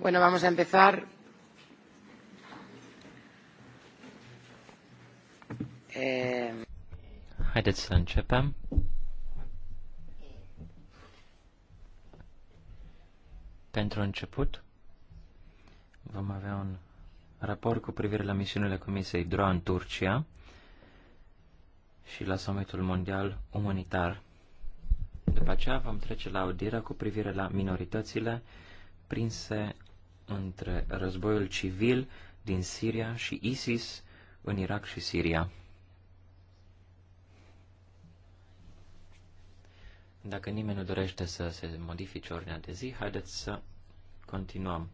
Bueno, vamos a empezar. Eh, Haideți să începem. Pentru început, vom avea un raport cu privire la misiunile Comisiei DRO în Turcia și la summitul mondial umanitar. După aceea vom trece la audirea cu privire la minoritățile prinse între războiul civil din Siria și ISIS în Irak și Siria. Dacă nimeni nu dorește să se modifice ordinea de zi, haideți să continuăm.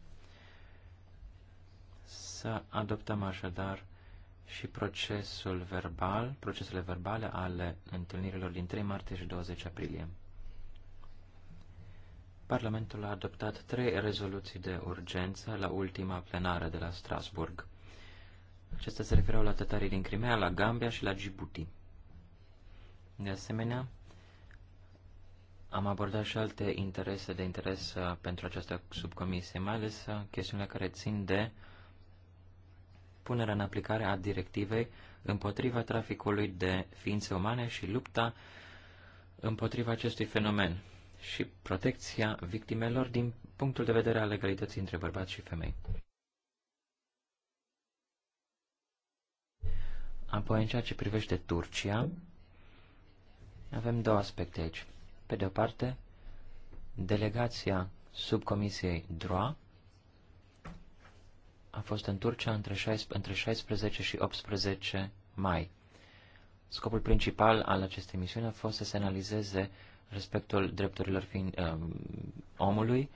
Să adoptăm așadar și procesul verbal, procesele verbale ale întâlnirilor din 3 martie și 20 aprilie. Parlamentul a adoptat trei rezoluții de urgență la ultima plenară de la Strasburg. Acestea se refereau la tătarii din Crimea, la Gambia și la Djibouti. De asemenea, am abordat și alte interese de interes uh, pentru această subcomisie, mai ales uh, chestiunile care țin de punerea în aplicare a directivei împotriva traficului de ființe umane și lupta împotriva acestui fenomen și protecția victimelor din punctul de vedere al legalității între bărbați și femei. Apoi, în ceea ce privește Turcia, avem două aspecte aici. Pe de o parte, delegația subcomisiei DROA a fost în Turcia între 16, între 16 și 18 mai. Scopul principal al acestei misiuni a fost să se analizeze respectul drepturilor fiind, uh, omului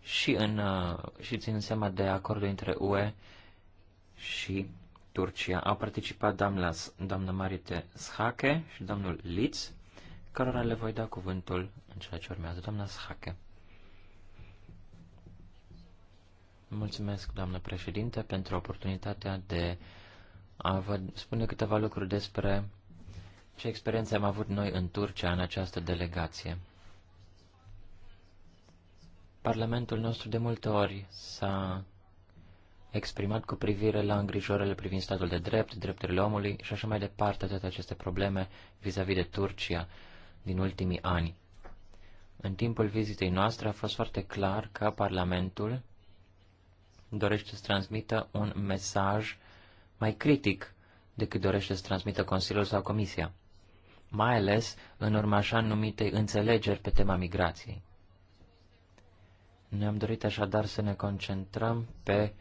și, în, uh, și țin seama de acordul între UE și Turcia. Au participat doamna, doamna Marite Schake și domnul Litz, cărora le voi da cuvântul în ceea ce urmează. Doamna Schake. Mulțumesc, doamnă președinte, pentru oportunitatea de a vă spune câteva lucruri despre ce experiențe am avut noi în Turcia în această delegație? Parlamentul nostru de multe ori s-a exprimat cu privire la îngrijorările privind statul de drept, drepturile omului și așa mai departe, toate aceste probleme vis-a-vis -vis de Turcia din ultimii ani. În timpul vizitei noastre a fost foarte clar că Parlamentul dorește să transmită un mesaj mai critic decât dorește să transmită Consiliul sau Comisia mai ales în urma așa numitei înțelegeri pe tema migrației. Ne-am dorit așadar să ne concentrăm pe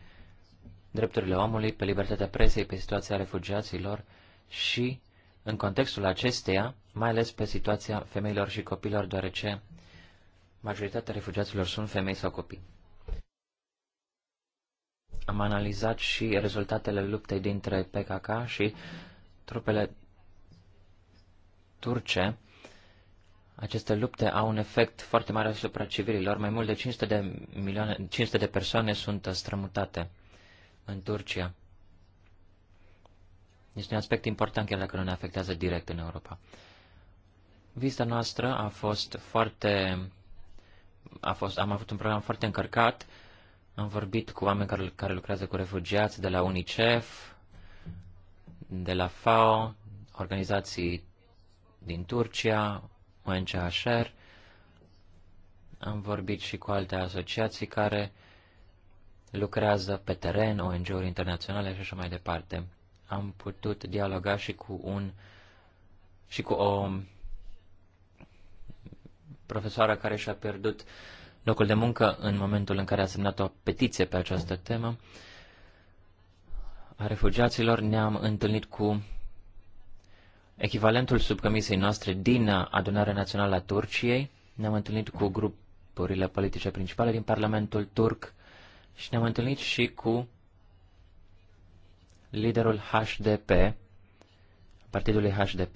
drepturile omului, pe libertatea presei, pe situația refugiaților și, în contextul acesteia, mai ales pe situația femeilor și copilor, deoarece majoritatea refugiaților sunt femei sau copii. Am analizat și rezultatele luptei dintre PKK și trupele turce, aceste lupte au un efect foarte mare asupra civililor. Mai mult de 500 de, milioane, 500 de persoane sunt strămutate în Turcia. Este un aspect important, chiar dacă nu ne afectează direct în Europa. Vizita noastră a fost foarte... A fost, am avut un program foarte încărcat. Am vorbit cu oameni care, care lucrează cu refugiați de la UNICEF, de la FAO, organizații din Turcia, UNCHR, am vorbit și cu alte asociații care lucrează pe teren, ONG-uri internaționale și așa mai departe. Am putut dialoga și cu un și cu o profesoară care și-a pierdut locul de muncă în momentul în care a semnat o petiție pe această temă a refugiaților. Ne-am întâlnit cu echivalentul subcomisiei noastre din Adunarea Națională a Turciei. Ne-am întâlnit cu grupurile politice principale din Parlamentul turc și ne-am întâlnit și cu liderul HDP, partidului HDP,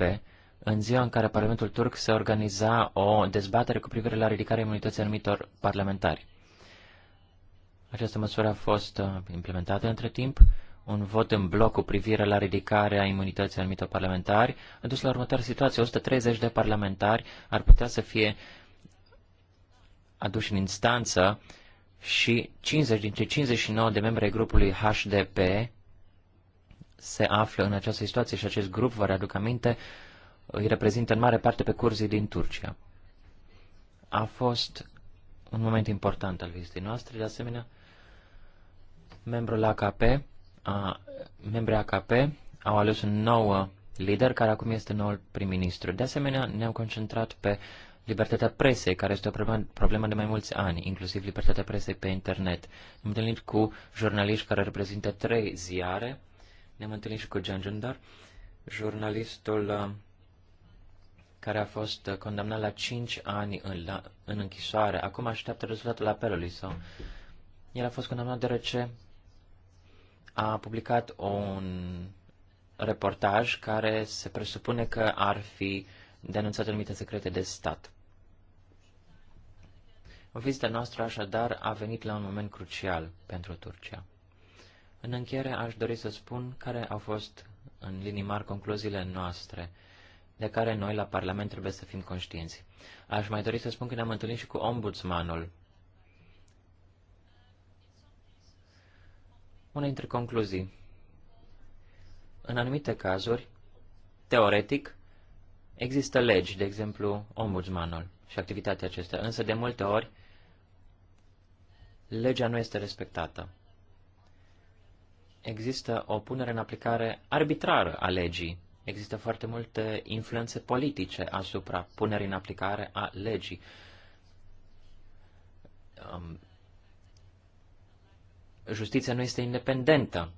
în ziua în care Parlamentul turc se organiza o dezbatere cu privire la ridicarea imunității anumitor parlamentari. Această măsură a fost uh, implementată între timp un vot în bloc cu privire la ridicarea imunității anumitor parlamentari a dus la următoare situație. 130 de parlamentari ar putea să fie aduși în instanță și 50 dintre 59 de membri ai grupului HDP se află în această situație și acest grup, vă readuc aminte, îi reprezintă în mare parte pe curzii din Turcia. A fost un moment important al vizitei noastre, de asemenea, membrul AKP, a membrii AKP au ales un nou uh, lider, care acum este noul prim-ministru. De asemenea, ne-am concentrat pe libertatea presei, care este o problemă, de mai mulți ani, inclusiv libertatea presei pe internet. Ne-am întâlnit cu jurnaliști care reprezintă trei ziare, ne-am întâlnit și cu Jean Jundar, jurnalistul uh, care a fost uh, condamnat la 5 ani în, la, în închisoare. Acum așteaptă rezultatul apelului sau El a fost condamnat deoarece a publicat un reportaj care se presupune că ar fi denunțat anumite secrete de stat. O vizită noastră așadar a venit la un moment crucial pentru Turcia. În încheiere aș dori să spun care au fost în linii mari concluziile noastre, de care noi la Parlament trebuie să fim conștienți. Aș mai dori să spun că ne-am întâlnit și cu ombudsmanul Una dintre concluzii. În anumite cazuri, teoretic, există legi, de exemplu, ombudsmanul și activitatea acestea, însă de multe ori legea nu este respectată. Există o punere în aplicare arbitrară a legii. Există foarte multe influențe politice asupra punerii în aplicare a legii. Um, justiția nu este independentă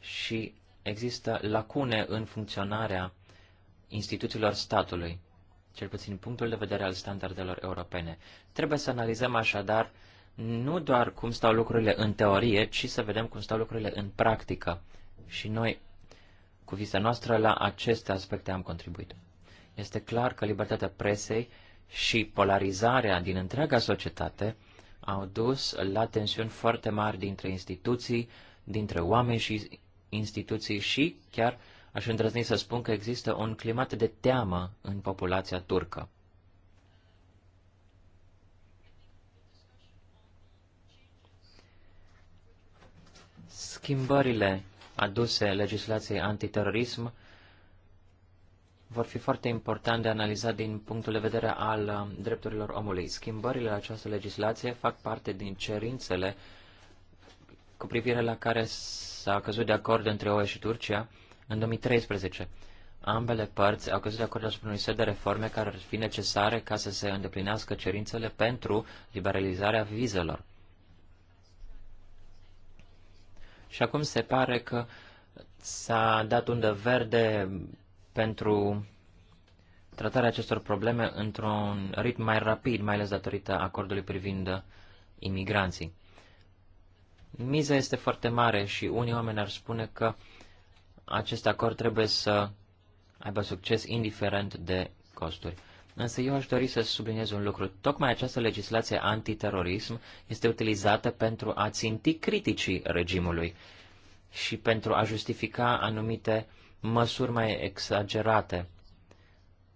și există lacune în funcționarea instituțiilor statului, cel puțin punctul de vedere al standardelor europene. Trebuie să analizăm așadar nu doar cum stau lucrurile în teorie, ci să vedem cum stau lucrurile în practică. Și noi, cu visa noastră, la aceste aspecte am contribuit. Este clar că libertatea presei și polarizarea din întreaga societate au dus la tensiuni foarte mari dintre instituții, dintre oameni și instituții și chiar aș îndrăzni să spun că există un climat de teamă în populația turcă. Schimbările aduse legislației antiterorism vor fi foarte important de analizat din punctul de vedere al um, drepturilor omului. Schimbările la această legislație fac parte din cerințele cu privire la care s-a căzut de acord între UE și Turcia în 2013. Ambele părți au căzut de acord asupra unui set de reforme care ar fi necesare ca să se îndeplinească cerințele pentru liberalizarea vizelor. Și acum se pare că s-a dat undă verde pentru tratarea acestor probleme într-un ritm mai rapid, mai ales datorită acordului privind imigranții. Miza este foarte mare și unii oameni ar spune că acest acord trebuie să aibă succes indiferent de costuri. Însă eu aș dori să subliniez un lucru. Tocmai această legislație antiterorism este utilizată pentru a ținti criticii regimului și pentru a justifica anumite uh, măsuri mai exagerate,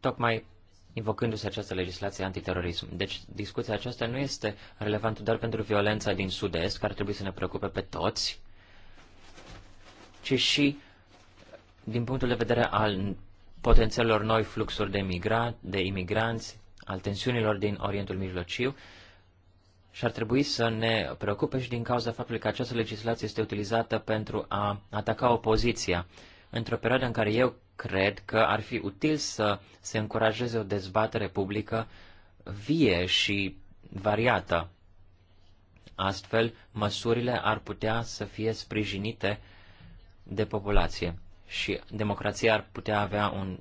tocmai invocându-se această legislație antiterorism. Deci discuția aceasta nu este relevantă doar pentru violența din sud-est, care trebuie să ne preocupe pe toți, ci și din punctul de vedere al potențialelor noi fluxuri de, migra- de imigranți, al tensiunilor din Orientul Mijlociu și ar trebui să ne preocupe și din cauza faptului că această legislație este utilizată pentru a ataca opoziția într-o perioadă în care eu cred că ar fi util să se încurajeze o dezbatere publică vie și variată. Astfel, măsurile ar putea să fie sprijinite de populație și democrația ar putea avea un,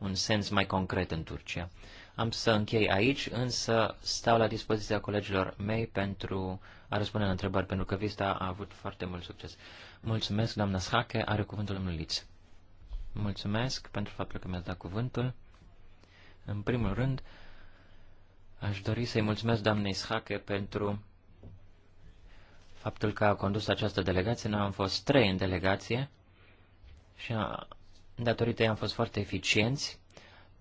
un sens mai concret în Turcia. Am să închei aici, însă stau la dispoziția colegilor mei pentru a răspunde la întrebări, pentru că Vista a avut foarte mult succes. Mulțumesc, doamna Schache, are cuvântul domnul Liț. Mulțumesc pentru faptul că mi-ați dat cuvântul. În primul rând, aș dori să-i mulțumesc doamnei Schache pentru faptul că a condus această delegație. Noi am fost trei în delegație și a, datorită ei am fost foarte eficienți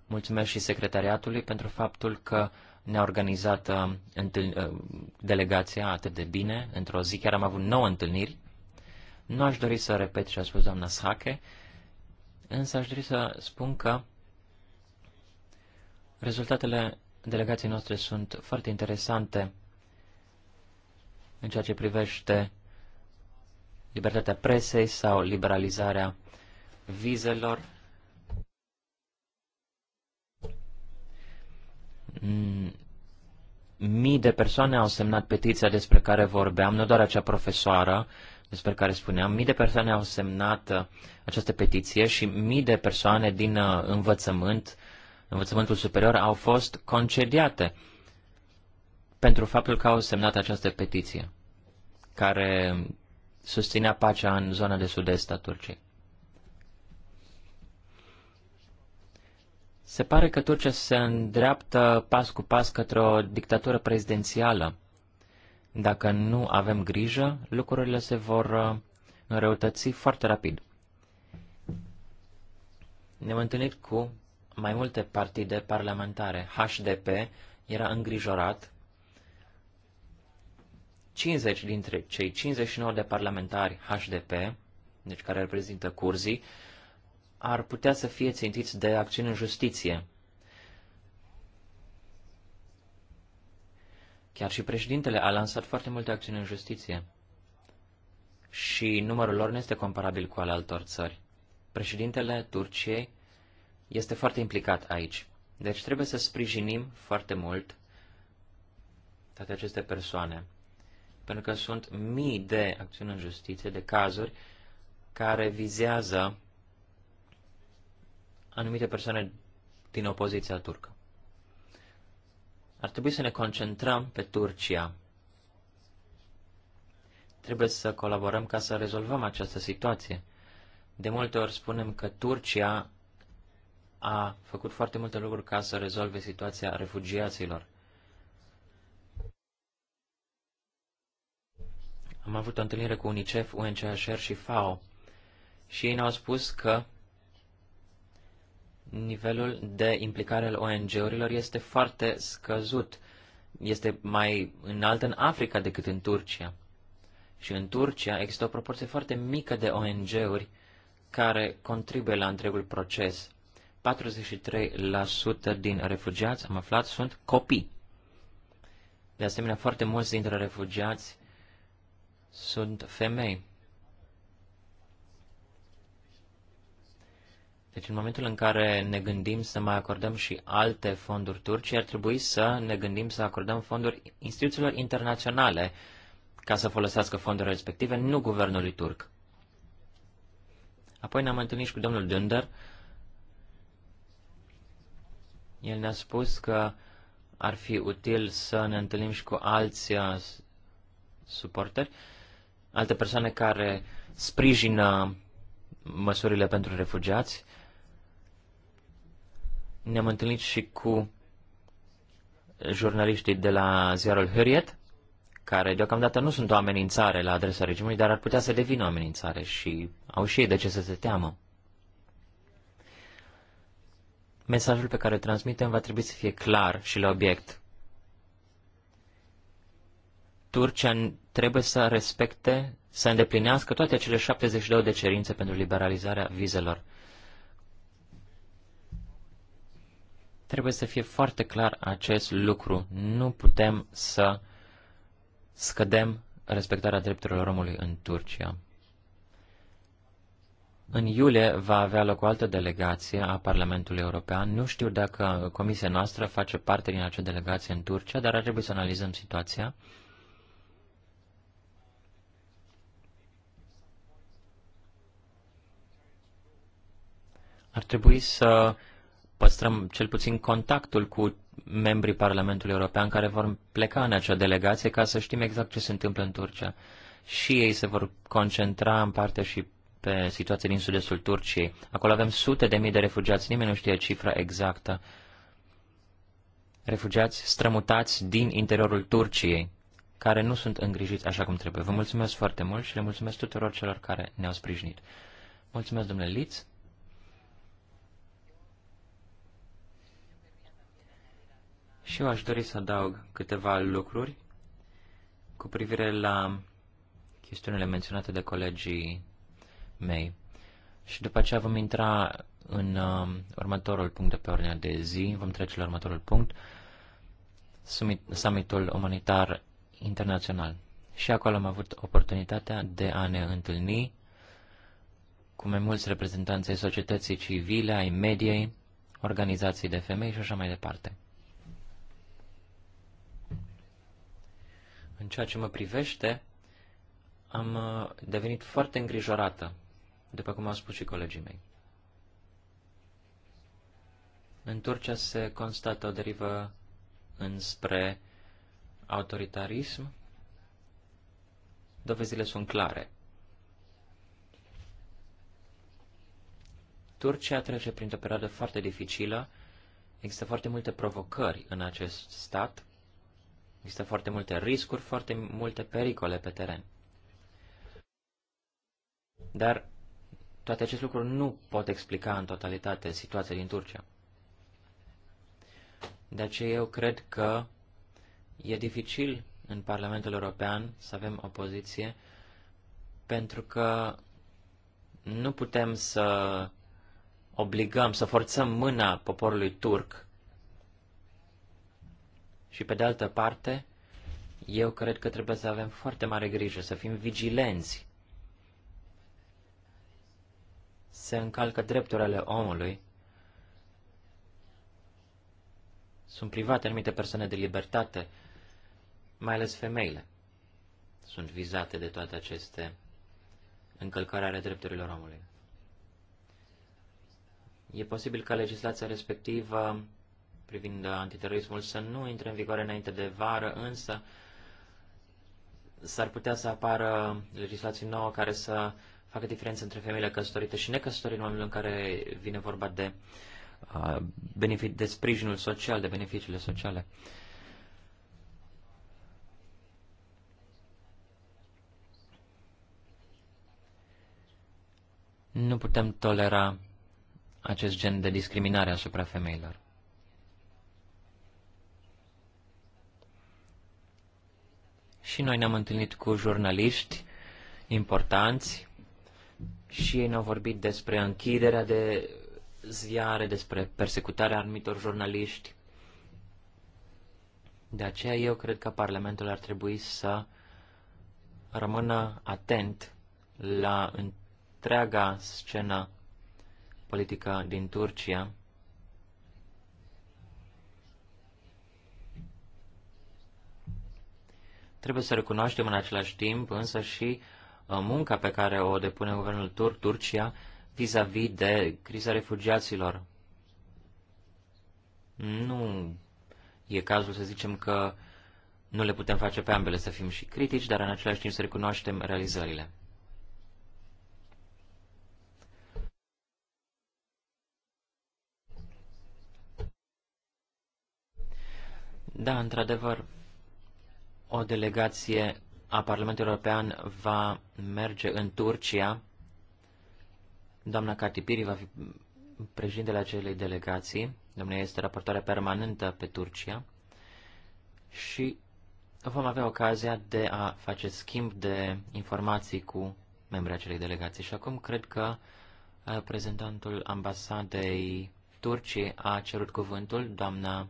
Mulțumesc și secretariatului pentru faptul că ne-a organizat uh, uh, delegația atât de bine. Într-o zi chiar am avut nouă întâlniri. Nu aș dori să repet ce a spus doamna Sache, însă aș dori să spun că rezultatele delegației noastre sunt foarte interesante în ceea ce privește libertatea presei sau liberalizarea vizelor Mm, mii de persoane au semnat petiția despre care vorbeam, nu doar acea profesoară despre care spuneam, mii de persoane au semnat uh, această petiție și mii de persoane din uh, învățământ, învățământul superior, au fost concediate pentru faptul că au semnat această petiție, care susținea pacea în zona de sud-est a Turciei. Se pare că Turcia se îndreaptă pas cu pas către o dictatură prezidențială. Dacă nu avem grijă, lucrurile se vor uh, înrăutăți foarte rapid. Ne-am întâlnit cu mai multe partide parlamentare. HDP era îngrijorat. 50 dintre cei 59 de parlamentari HDP, deci care reprezintă curzii, ar putea să fie țintiți de acțiuni în justiție. Chiar și președintele a lansat foarte multe acțiuni în justiție și numărul lor nu este comparabil cu al altor țări. Președintele Turciei este foarte implicat aici. Deci trebuie să sprijinim foarte mult toate aceste persoane, pentru că sunt mii de acțiuni în justiție, de cazuri care vizează anumite persoane din opoziția turcă. Ar trebui să ne concentrăm pe Turcia. Trebuie să colaborăm ca să rezolvăm această situație. De multe ori spunem că Turcia a făcut foarte multe lucruri ca să rezolve situația refugiaților. Am avut o întâlnire cu UNICEF, UNCHR și FAO și ei ne-au spus că nivelul de implicare al ONG-urilor este foarte scăzut. Este mai înalt în Africa decât în Turcia. Și în Turcia există o proporție foarte mică de ONG-uri care contribuie la întregul proces. 43% din refugiați, am aflat, sunt copii. De asemenea, foarte mulți dintre refugiați sunt femei. Deci în momentul în care ne gândim să mai acordăm și alte fonduri turci, ar trebui să ne gândim să acordăm fonduri instituțiilor internaționale ca să folosească fondurile respective, nu guvernului turc. Apoi ne-am întâlnit și cu domnul Dündar. El ne-a spus că ar fi util să ne întâlnim și cu alți uh, suporteri, alte persoane care sprijină măsurile pentru refugiați. Ne-am întâlnit și cu jurnaliștii de la ziarul Hurriet, care deocamdată nu sunt o amenințare la adresa regimului, dar ar putea să devină o amenințare și au și ei de ce să se teamă. Mesajul pe care îl transmitem va trebui să fie clar și la obiect. Turcia trebuie să respecte, să îndeplinească toate acele 72 de cerințe pentru liberalizarea vizelor. Trebuie să fie foarte clar acest lucru. Nu putem să scădem respectarea drepturilor omului în Turcia. În iulie va avea loc o altă delegație a Parlamentului European. Nu știu dacă comisia noastră face parte din acea delegație în Turcia, dar ar trebui să analizăm situația. Ar trebui să păstrăm cel puțin contactul cu membrii Parlamentului European care vor pleca în acea delegație ca să știm exact ce se întâmplă în Turcia. Și ei se vor concentra în parte și pe situația din sud-estul Turciei. Acolo avem sute de mii de refugiați, nimeni nu știe cifra exactă. Refugiați strămutați din interiorul Turciei, care nu sunt îngrijiți așa cum trebuie. Vă mulțumesc foarte mult și le mulțumesc tuturor celor care ne-au sprijinit. Mulțumesc, domnule Liț. Și eu aș dori să adaug câteva lucruri cu privire la chestiunile menționate de colegii mei. Și după aceea vom intra în uh, următorul punct de pe ordinea de zi, vom trece la următorul punct, summit, summitul umanitar internațional. Și acolo am avut oportunitatea de a ne întâlni cu mai mulți reprezentanți ai societății civile, ai mediei, organizații de femei și așa mai departe. În ceea ce mă privește, am uh, devenit foarte îngrijorată, după cum au spus și colegii mei. În Turcia se constată o derivă înspre autoritarism. Dovezile sunt clare. Turcia trece printr-o perioadă foarte dificilă. Există foarte multe provocări în acest stat Există foarte multe riscuri, foarte multe pericole pe teren. Dar toate aceste lucruri nu pot explica în totalitate situația din Turcia. De aceea eu cred că e dificil în Parlamentul European să avem opoziție, pentru că nu putem să obligăm, să forțăm mâna poporului turc și pe de altă parte, eu cred că trebuie să avem foarte mare grijă, să fim vigilenți. Se încalcă drepturile omului. Sunt private anumite persoane de libertate, mai ales femeile. Sunt vizate de toate aceste încălcări ale drepturilor omului. E posibil ca legislația respectivă privind antiterorismul să nu intre în vigoare înainte de vară, însă s-ar putea să apară legislații nouă care să facă diferență între femeile căsătorite și necăsătorite în momentul în care vine vorba de, uh, de sprijinul social, de beneficiile sociale. Nu putem tolera acest gen de discriminare asupra femeilor. și noi ne-am întâlnit cu jurnaliști importanți și ei ne-au vorbit despre închiderea de ziare, despre persecutarea anumitor jurnaliști. De aceea eu cred că Parlamentul ar trebui să rămână atent la întreaga scenă politică din Turcia Trebuie să recunoaștem în același timp însă și uh, munca pe care o depune guvernul turc, Turcia, vis-a-vis -vis de criza refugiaților. Nu e cazul să zicem că nu le putem face pe ambele, să fim și critici, dar în același timp să recunoaștem realizările. Da, într-adevăr, o delegație a Parlamentului European va merge în Turcia. Doamna Katipiri va fi președintele acelei delegații. Domnul este raportoare permanentă pe Turcia. Și vom avea ocazia de a face schimb de informații cu membrii acelei delegații. Și acum cred că uh, reprezentantul ambasadei Turciei a cerut cuvântul, doamna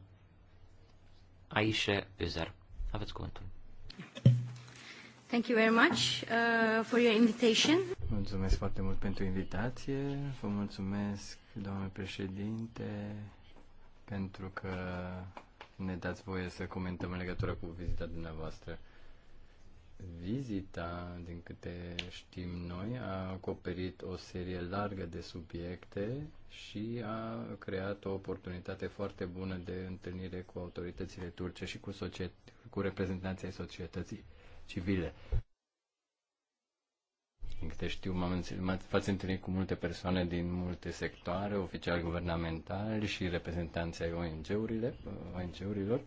Aisha Üzer. Aveți cuvântul. Thank you very much uh, for your invitation. Mulțumesc foarte mult pentru invitație. Vă mulțumesc, domnule președinte, pentru că ne dați voie să comentăm în legătură cu vizita dumneavoastră. Vizita, din câte știm noi, a acoperit o serie largă de subiecte și a creat o oportunitate foarte bună de întâlnire cu autoritățile turce și cu, societ- cu reprezentanții societății civile. Din câte știu, m-ați întâlnit cu multe persoane din multe sectoare, oficiali guvernamentali și reprezentanții ONG-urilor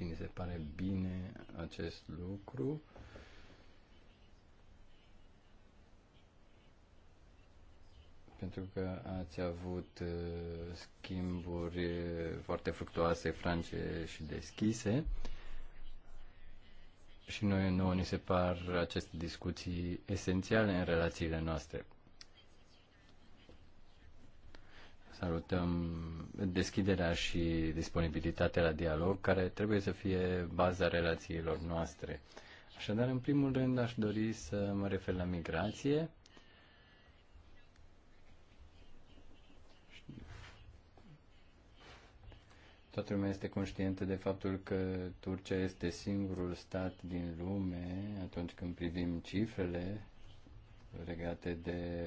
și ni se pare bine acest lucru. Pentru că ați avut uh, schimburi uh, foarte fructuoase, france și deschise. Și noi nouă ni se par aceste discuții esențiale în relațiile noastre. Salutăm deschiderea și disponibilitatea la dialog, care trebuie să fie baza relațiilor noastre. Așadar, în primul rând, aș dori să mă refer la migrație. Toată lumea este conștientă de faptul că Turcia este singurul stat din lume, atunci când privim cifrele, legate de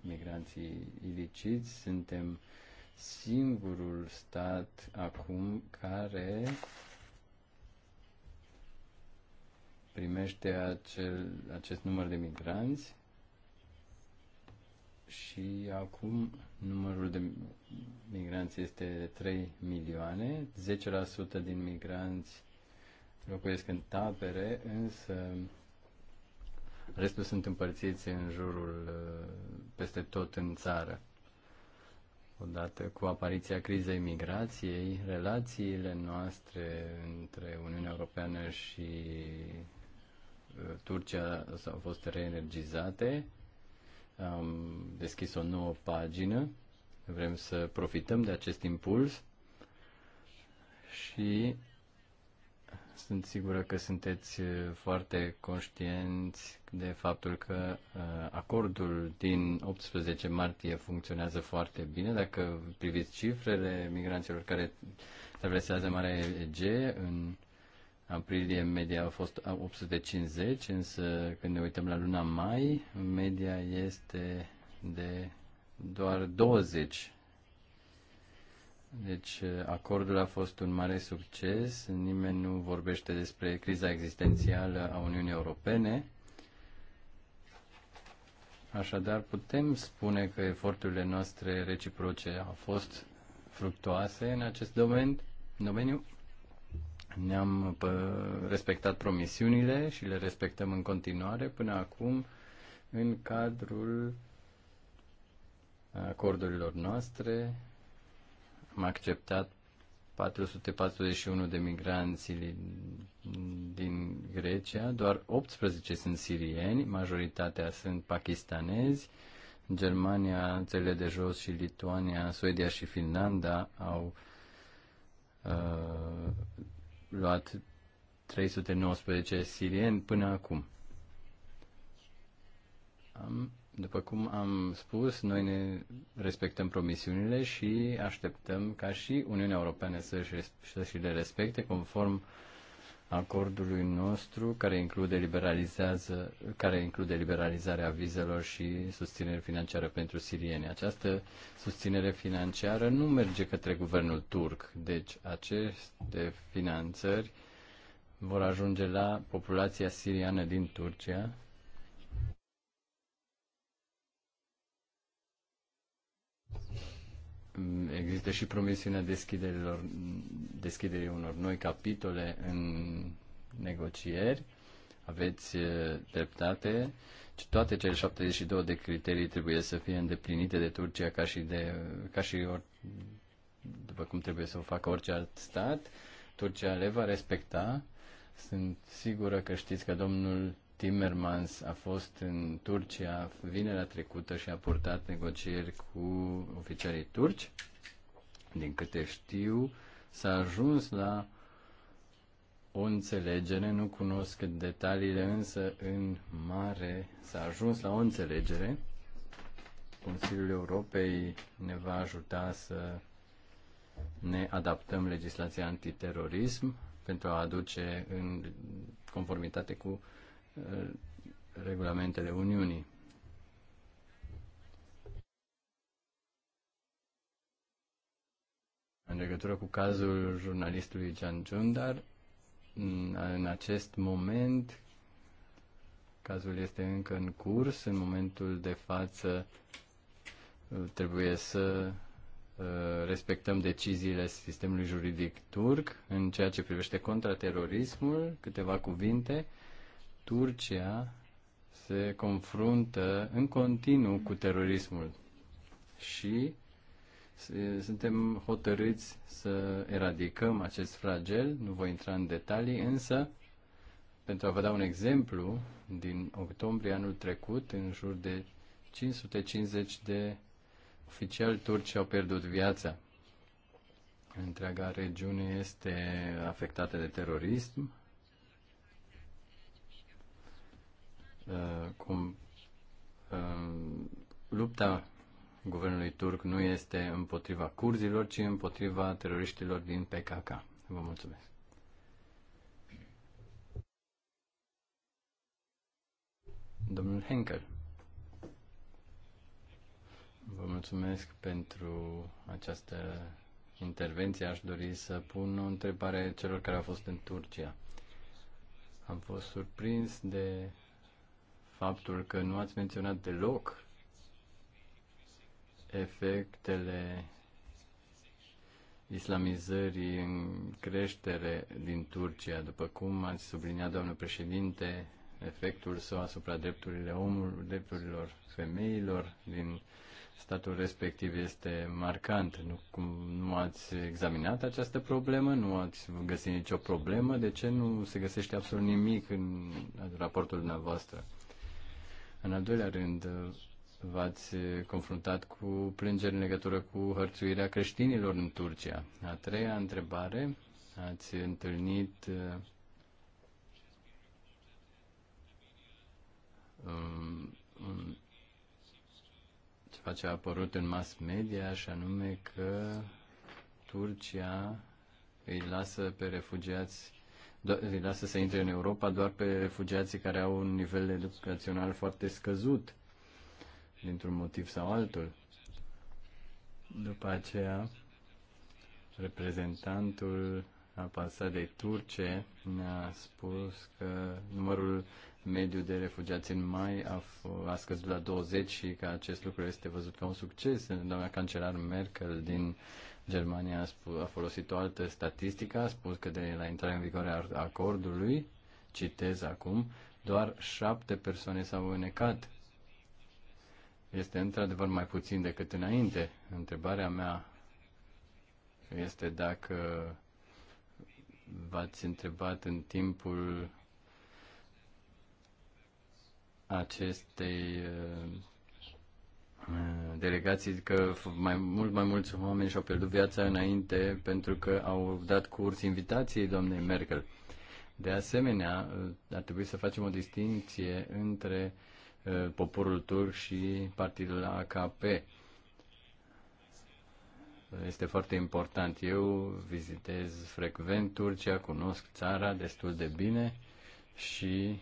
migranții iliciți. Suntem singurul stat acum care primește acel, acest număr de migranți și acum numărul de migranți este 3 milioane, 10% din migranți locuiesc în tabere, însă Restul sunt împărțiți în jurul, uh, peste tot în țară. Odată cu apariția crizei migrației, relațiile noastre între Uniunea Europeană și uh, Turcia s au fost reenergizate. Am deschis o nouă pagină. Vrem să profităm de acest impuls și sunt sigură că sunteți uh, foarte conștienți de faptul că uh, acordul din 18 martie funcționează foarte bine. Dacă priviți cifrele migranților care traversează Marea Egee, în aprilie media a fost 850, însă când ne uităm la luna mai, media este de doar 20 deci uh, acordul a fost un mare succes, nimeni nu vorbește despre criza existențială a Uniunii Europene. Așadar, putem spune că eforturile noastre reciproce au fost fructoase în acest domeniu. Ne-am respectat promisiunile și le respectăm în continuare până acum în cadrul acordurilor noastre am acceptat 441 de migranți din Grecia, doar 18 sunt sirieni, majoritatea sunt pakistanezi. Germania, țările de jos și Lituania, Suedia și Finlanda au uh, luat 319 sirieni până acum. Am după cum am spus, noi ne respectăm promisiunile și așteptăm ca și Uniunea Europeană să-și, să le respecte conform acordului nostru care include, liberalizează, care include liberalizarea vizelor și susținere financiară pentru sirieni. Această susținere financiară nu merge către guvernul turc, deci aceste finanțări vor ajunge la populația siriană din Turcia, Există și promisiunea deschiderilor, deschiderii unor noi capitole în negocieri. Aveți uh, dreptate. Toate cele 72 de criterii trebuie să fie îndeplinite de Turcia ca și, de, ca și or, după cum trebuie să o facă orice alt stat. Turcia le va respecta. Sunt sigură că știți că domnul Timmermans a fost în Turcia vinerea trecută și a purtat negocieri cu oficialii turci. Din câte știu, s-a ajuns la o înțelegere, nu cunosc detaliile, însă în mare s-a ajuns la o înțelegere. Consiliul Europei ne va ajuta să ne adaptăm legislația antiterorism pentru a aduce în conformitate cu Uh, regulamentele Uniunii. În legătură cu cazul jurnalistului Jan Jundar, în acest moment cazul este încă în curs. În momentul de față uh, trebuie să uh, respectăm deciziile sistemului juridic turc în ceea ce privește contraterorismul. Câteva cuvinte. Turcia se confruntă în continuu cu terorismul și suntem hotărâți să eradicăm acest fragel, nu voi intra în detalii, însă, pentru a vă da un exemplu, din octombrie anul trecut, în jur de 550 de oficiali turci au pierdut viața. Întreaga regiune este afectată de terorism Uh, cum uh, lupta guvernului turc nu este împotriva curzilor, ci împotriva teroriștilor din PKK. Vă mulțumesc. Domnul Henkel. Vă mulțumesc pentru această intervenție. Aș dori să pun o întrebare celor care au fost în Turcia. Am fost surprins de faptul că nu ați menționat deloc efectele islamizării în creștere din Turcia, după cum ați subliniat, domnul președinte, efectul său asupra drepturile omului, drepturilor femeilor din statul respectiv este marcant. Nu, cum, nu ați examinat această problemă, nu ați găsit nicio problemă, de ce nu se găsește absolut nimic în raportul dumneavoastră? În al doilea rând, v-ați confruntat cu plângeri în legătură cu hărțuirea creștinilor în Turcia. A treia întrebare, ați întâlnit um, um ceva ce a apărut în mass media și anume că Turcia îi lasă pe refugiați lasă da, să intre în Europa doar pe refugiații care au un nivel educațional foarte scăzut, dintr-un motiv sau altul. După aceea, reprezentantul ambasadei turce ne-a spus că numărul mediu de refugiați în mai a, a scăzut la 20 și că acest lucru este văzut ca un succes. Doamna cancelar Merkel din Germania a, spus, a folosit o altă statistică, a spus că de la intrarea în vigoare a acordului, citez acum, doar șapte persoane s-au înecat. Este într-adevăr mai puțin decât înainte. Întrebarea mea este dacă v-ați întrebat în timpul acestei Eh, delegații că mai mult mai mulți oameni și-au pierdut viața înainte pentru că au dat curs invitației doamnei Merkel. De asemenea, eh, ar trebui să facem o distinție între eh, poporul turc și partidul AKP. Este foarte important. Eu vizitez frecvent Turcia, cunosc țara destul de bine și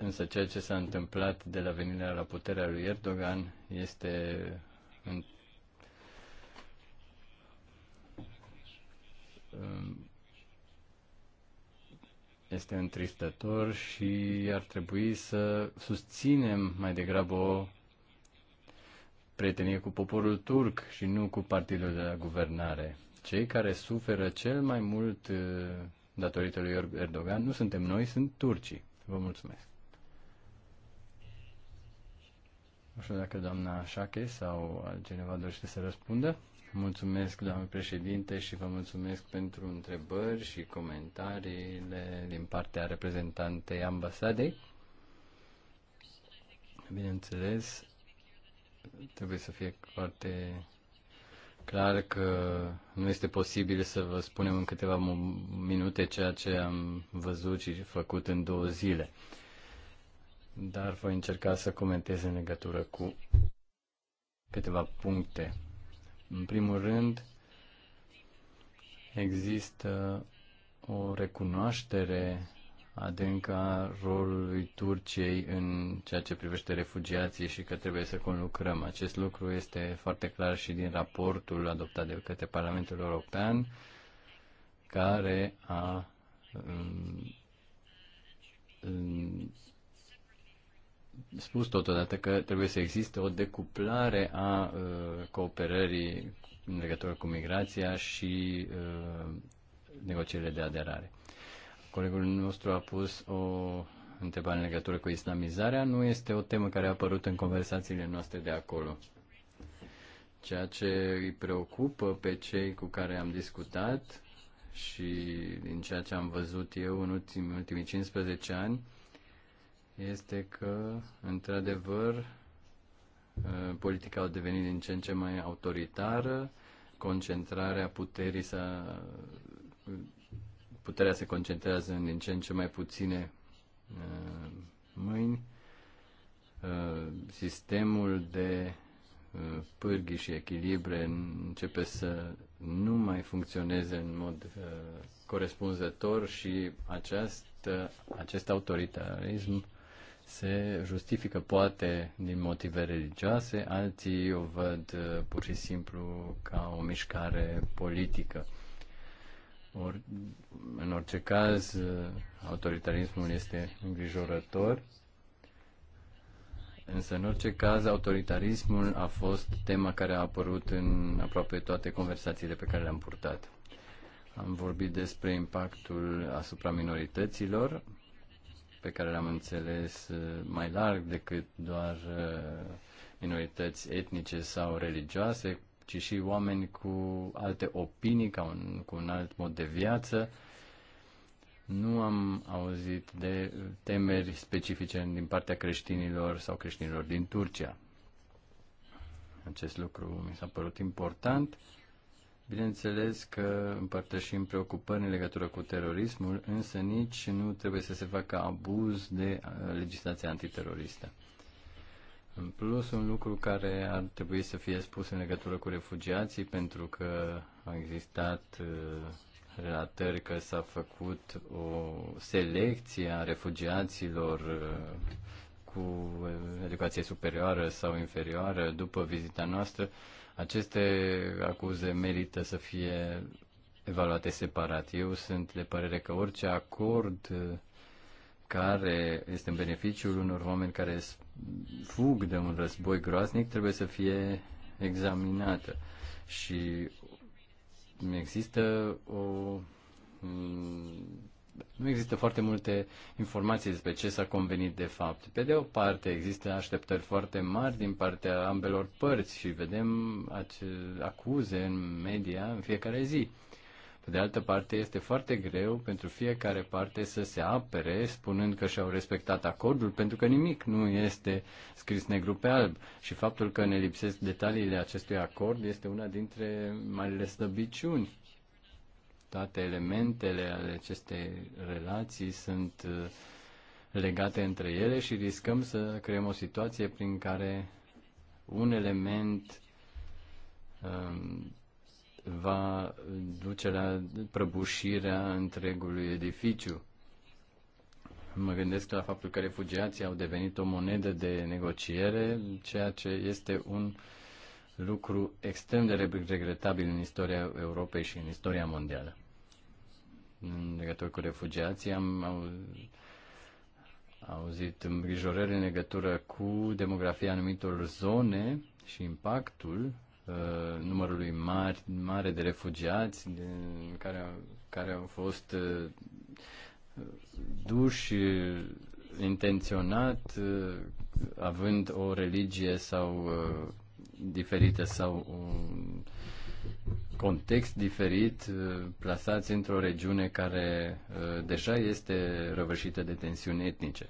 Însă ceea ce s-a întâmplat de la venirea la puterea lui Erdogan este în, este întristător și ar trebui să susținem mai degrabă o prietenie cu poporul turc și nu cu partidul de la guvernare. Cei care suferă cel mai mult eh, datorită lui Erdogan nu suntem noi, sunt turcii. Vă mulțumesc. Nu știu dacă doamna Șache sau altcineva dorește să răspundă. Mulțumesc, doamnă președinte, și vă mulțumesc pentru întrebări și comentariile din partea reprezentantei ambasadei. Bineînțeles, trebuie să fie foarte clar că nu este posibil să vă spunem în câteva minute ceea ce am văzut și făcut în două zile dar voi încerca să comentez în legătură cu câteva puncte. În primul rând, există o recunoaștere adâncă a rolului Turciei în ceea ce privește refugiații și că trebuie să conlucrăm. Acest lucru este foarte clar și din raportul adoptat de către Parlamentul European, care a um, spus totodată că trebuie să existe o decuplare a uh, cooperării în legătură cu migrația și uh, negocierile de aderare. Colegul nostru a pus o întrebare în legătură cu islamizarea. Nu este o temă care a apărut în conversațiile noastre de acolo. Ceea ce îi preocupă pe cei cu care am discutat și din ceea ce am văzut eu în ultimii, ultimii 15 ani, este că, într-adevăr, uh, politica a devenit din ce în ce mai autoritară, concentrarea puterii s-a, puterea se concentrează în din ce în ce mai puține uh, mâini, uh, sistemul de pârghi și echilibre începe să nu mai funcționeze în mod corespunzător și această, acest autoritarism se justifică poate din motive religioase, alții o văd uh, pur și simplu ca o mișcare politică. Or, în orice caz, uh, autoritarismul este îngrijorător, însă în orice caz, autoritarismul a fost tema care a apărut în aproape toate conversațiile pe care le-am purtat. Am vorbit despre impactul asupra minorităților, pe care le am înțeles uh, mai larg decât doar uh, minorități etnice sau religioase, ci și oameni cu alte opinii, ca un, cu un alt mod de viață. Nu am auzit de temeri specifice din partea creștinilor sau creștinilor din Turcia. Acest lucru mi s-a părut important Bineînțeles că împărtășim preocupări în legătură cu terorismul, însă nici nu trebuie să se facă abuz de uh, legislația antiteroristă. În plus, un lucru care ar trebui să fie spus în legătură cu refugiații, pentru că au existat uh, relatări că s-a făcut o selecție a refugiaților uh, cu educație superioară sau inferioară după vizita noastră, aceste acuze merită să fie evaluate separat. Eu sunt de părere că orice acord care este în beneficiul unor oameni care fug de un război groaznic trebuie să fie examinată. Și există o mm, nu există foarte multe informații despre ce s-a convenit de fapt. Pe de o parte, există așteptări foarte mari din partea ambelor părți și vedem acuze în media în fiecare zi. Pe de altă parte, este foarte greu pentru fiecare parte să se apere spunând că și-au respectat acordul, pentru că nimic nu este scris negru pe alb. Și faptul că ne lipsesc detaliile acestui acord este una dintre marile slăbiciuni toate elementele ale acestei relații sunt uh, legate între ele și riscăm să creăm o situație prin care un element um, va duce la prăbușirea întregului edificiu. Mă gândesc la faptul că refugiații au devenit o monedă de negociere, ceea ce este un uh, lucru extrem de regretabil în istoria Europei și în istoria mondială. În legătură cu refugiații am auzit îngrijorări în legătură cu demografia anumitor zone și impactul uh, numărului mari, mare de refugiați de, care, care au fost uh, duși uh, intenționat, având o religie sau diferite sau un context diferit, uh, plasați într-o regiune care uh, deja este răvășită de tensiuni etnice.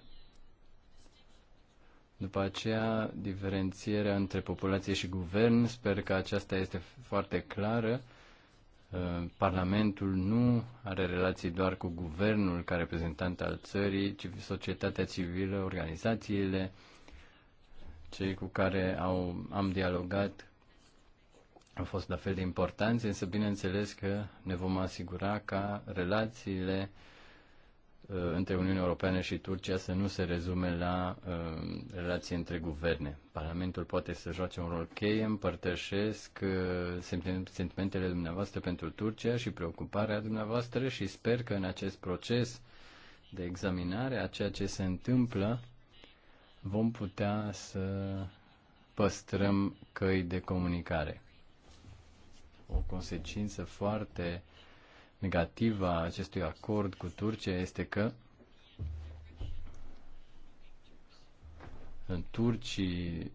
După aceea, diferențierea între populație și guvern, sper că aceasta este foarte clară. Uh, Parlamentul nu are relații doar cu guvernul ca reprezentant al țării, ci societatea civilă, organizațiile, cei cu care au, am dialogat au fost la fel de importanți, însă bineînțeles că ne vom asigura ca relațiile uh, între Uniunea Europeană și Turcia să nu se rezume la uh, relații între guverne. Parlamentul poate să joace un rol cheie, împărtășesc uh, sentimentele dumneavoastră pentru Turcia și preocuparea dumneavoastră și sper că în acest proces de examinare a ceea ce se întâmplă vom putea să păstrăm căi de comunicare. O consecință foarte negativă a acestui acord cu Turcia este că în turcii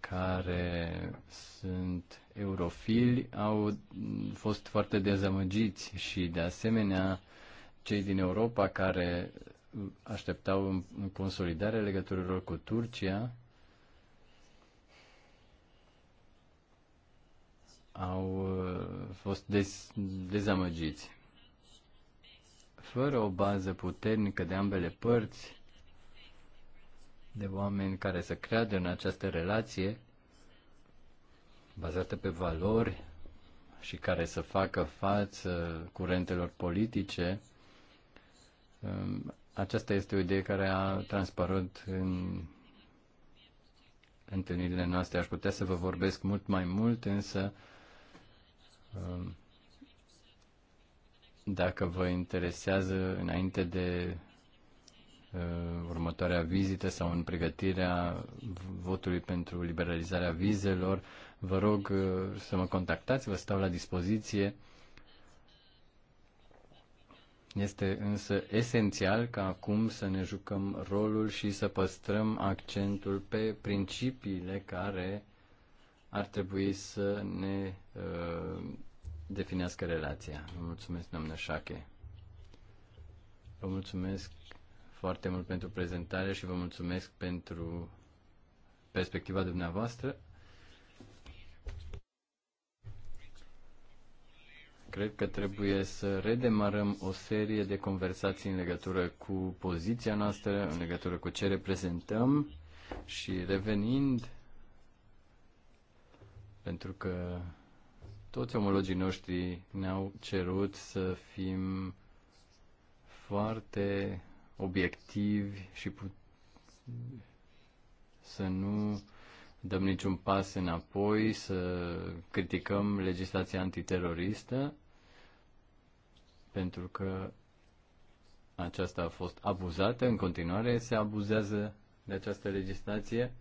care sunt eurofili au fost foarte dezamăgiți și de asemenea cei din Europa care așteptau în consolidarea legăturilor cu Turcia, au uh, fost dez, dezamăgiți. Fără o bază puternică de ambele părți, de oameni care să creadă în această relație, bazată pe valori și care să facă față curentelor politice, um, aceasta este o idee care a transparut în întâlnirile noastre. Aș putea să vă vorbesc mult mai mult, însă um, dacă vă interesează înainte de uh, următoarea vizită sau în pregătirea votului pentru liberalizarea vizelor, vă rog uh, să mă contactați, vă stau la dispoziție este însă esențial ca acum să ne jucăm rolul și să păstrăm accentul pe principiile care ar trebui să ne uh, definească relația. Vă mulțumesc, doamnă Șache. Vă mulțumesc foarte mult pentru prezentare și vă mulțumesc pentru perspectiva dumneavoastră. Cred că trebuie să redemarăm o serie de conversații în legătură cu poziția noastră, în legătură cu ce reprezentăm și revenind, pentru că toți omologii noștri ne-au cerut să fim foarte obiectivi și put- să nu dăm niciun pas înapoi, să criticăm legislația antiteroristă, pentru că aceasta a fost abuzată, în continuare se abuzează de această legislație.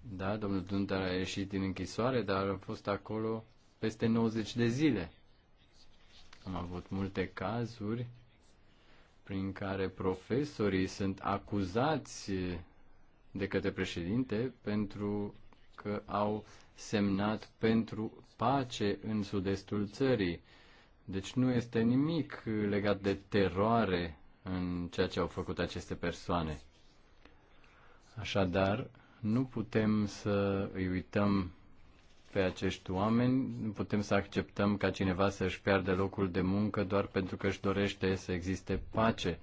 Da, domnul Dundar a ieșit din închisoare, dar a fost acolo peste 90 de zile. Am avut multe cazuri prin care profesorii sunt acuzați de către președinte pentru că au semnat pentru pace în sud-estul țării deci nu este nimic legat de teroare în ceea ce au făcut aceste persoane. Așadar, nu putem să îi uităm pe acești oameni, nu putem să acceptăm ca cineva să-și piardă locul de muncă doar pentru că își dorește să existe pace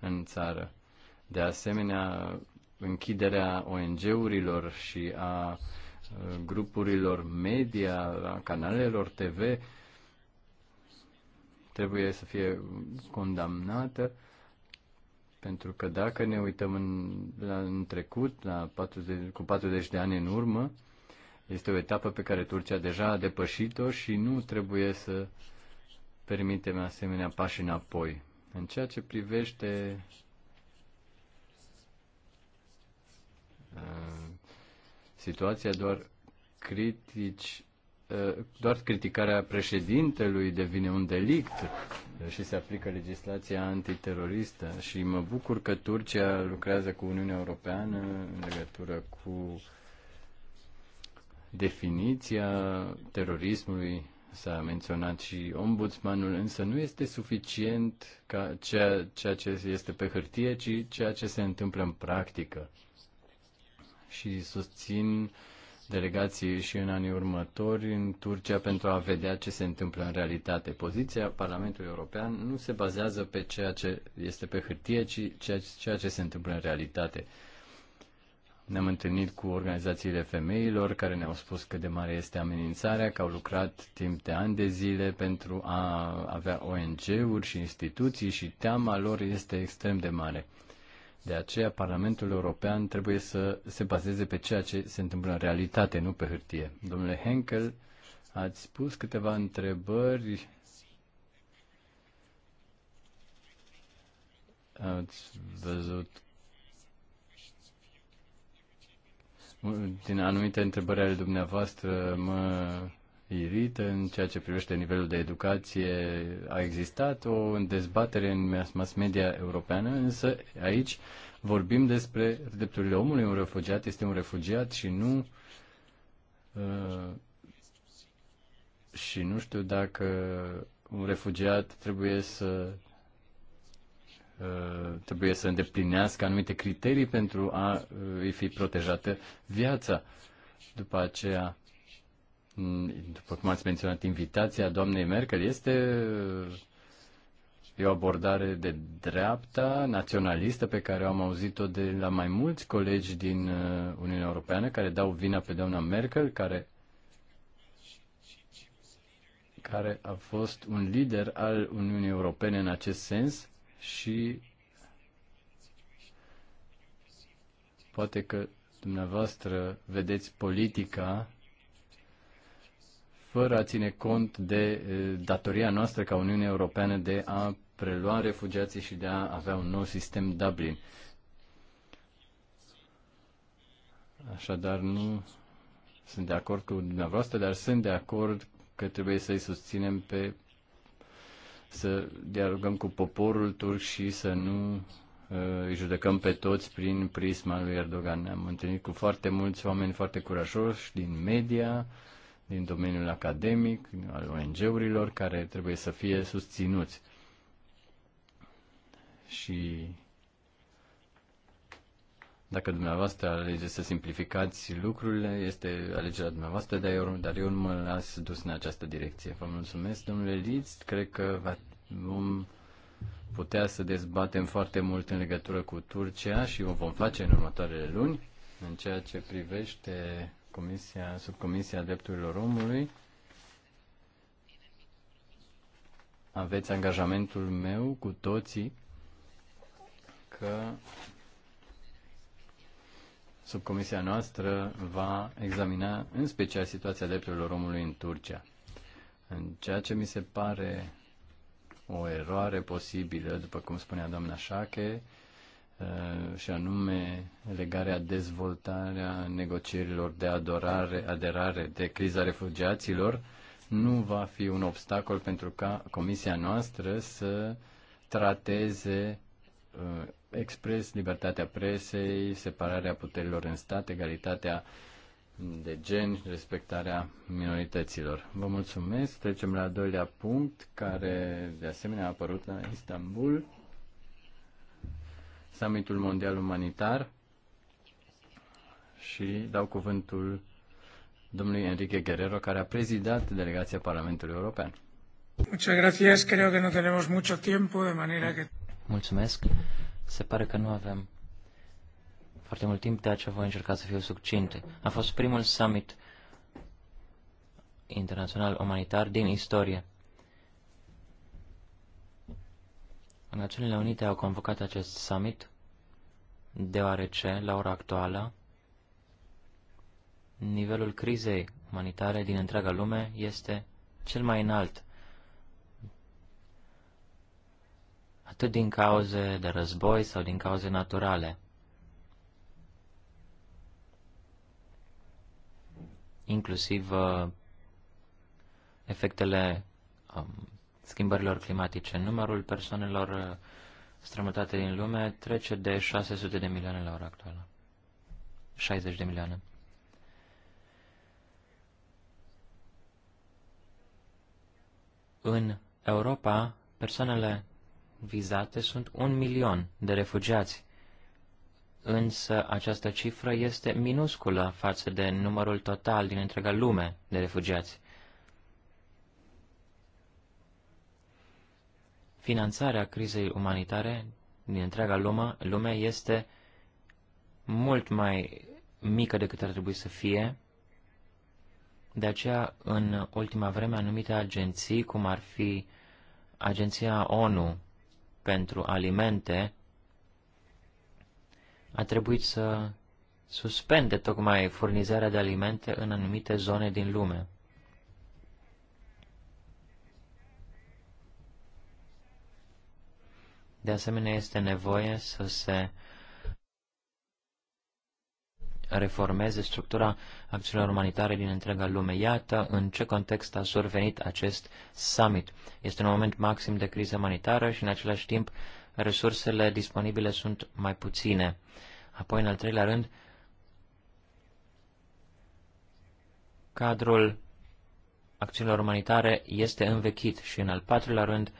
în țară. De asemenea, închiderea ONG-urilor și a uh, grupurilor media, a canalelor TV, trebuie să fie condamnată, pentru că dacă ne uităm în, la, în trecut, la 40, cu 40 de ani în urmă, este o etapă pe care Turcia deja a depășit-o și nu trebuie să permitem asemenea pași înapoi. În ceea ce privește uh, situația doar critici Eh, doar criticarea președintelui devine un delict eh, și se aplică legislația antiteroristă și mă bucur că Turcia lucrează cu Uniunea Europeană în legătură cu definiția terorismului s-a menționat și ombudsmanul, însă nu este suficient ca ceea, ceea ce este pe hârtie, ci ceea ce se întâmplă în practică. Și susțin uh, delegații și în anii următori în Turcia pentru a vedea ce se întâmplă în realitate. Poziția Parlamentului European nu se bazează pe ceea ce este pe hârtie, ci ceea ce se întâmplă în realitate. Ne-am întâlnit cu organizațiile femeilor care ne-au spus cât de mare este amenințarea, că au lucrat timp de ani de zile pentru a avea ONG-uri și instituții și teama lor este extrem de mare. De aceea, Parlamentul European trebuie să se bazeze pe ceea ce se întâmplă în realitate, nu pe hârtie. Domnule Henkel, ați spus câteva întrebări. Ați văzut din anumite întrebări ale dumneavoastră mă irite în ceea ce privește nivelul de educație. A existat o dezbatere în mass media europeană, însă aici vorbim despre drepturile omului. Un refugiat este un refugiat și nu uh, și nu știu dacă un refugiat trebuie să uh, trebuie să îndeplinească anumite criterii pentru a uh, îi fi protejată viața. După aceea, după cum ați menționat, invitația doamnei Merkel este e o abordare de dreapta naționalistă pe care am auzit-o de la mai mulți colegi din uh, Uniunea Europeană care dau vina pe doamna Merkel, care care a fost un lider al Uniunii Europene în acest sens și poate că dumneavoastră vedeți politica fără a ține cont de datoria noastră ca Uniune Europeană de a prelua refugiații și de a avea un nou sistem Dublin. Așadar, nu sunt de acord cu dumneavoastră, dar sunt de acord că trebuie să-i susținem pe să dialogăm cu poporul turc și să nu uh, îi judecăm pe toți prin prisma lui Erdogan. Ne-am întâlnit cu foarte mulți oameni foarte curajoși din media, uh, din domeniul academic, al ONG-urilor, care trebuie să fie susținuți. Și dacă dumneavoastră alegeți să simplificați lucrurile, este alegerea dumneavoastră, dar eu, dar eu nu mă las dus în această direcție. Vă mulțumesc, domnule Liz, Cred că vom putea să dezbatem foarte mult în legătură cu Turcia și o vom face în următoarele luni în ceea ce privește comisia, subcomisia drepturilor omului, aveți angajamentul meu cu toții că subcomisia noastră va examina în special situația drepturilor omului în Turcia. În ceea ce mi se pare o eroare posibilă, după cum spunea doamna Șache, Uh, și anume legarea dezvoltarea negocierilor de adorare, aderare de criza refugiaților, nu va fi un obstacol pentru ca comisia noastră să trateze uh, expres libertatea presei, separarea puterilor în stat, egalitatea de gen, respectarea minorităților. Vă mulțumesc. Trecem la al doilea punct, care de asemenea a apărut la Istanbul summitul mondial umanitar și dau cuvântul domnului Enrique Guerrero, care a prezidat delegația Parlamentului European. Muchas gracias, creo que no tenemos mucho tiempo, de manera que... Mulțumesc. Se pare că nu avem foarte mult timp, de aceea voi încerca să fiu succint. A fost primul summit internațional umanitar din istorie. Națiunile Unite au convocat acest summit deoarece, la ora actuală, nivelul crizei umanitare din întreaga lume este cel mai înalt, atât din cauze de război sau din cauze naturale. inclusiv uh, efectele um, schimbărilor climatice. Numărul persoanelor uh, strămutate din lume trece de 600 de milioane la ora actuală. 60 de milioane. În Europa, persoanele vizate sunt un milion de refugiați, însă această cifră este minusculă față de numărul total din întreaga lume de refugiați. Finanțarea crizei umanitare din întreaga lume, lume este mult mai mică decât ar trebui să fie. De aceea, în ultima vreme, anumite agenții, cum ar fi Agenția ONU pentru Alimente, a trebuit să suspende tocmai furnizarea de alimente în anumite zone din lume. De asemenea, este nevoie să se reformeze structura acțiunilor umanitare din întreaga lume. Iată în ce context a survenit acest summit. Este un moment maxim de criză umanitară și, în același timp, resursele disponibile sunt mai puține. Apoi, în al treilea rând, cadrul acțiunilor umanitare este învechit și, în al patrulea rând,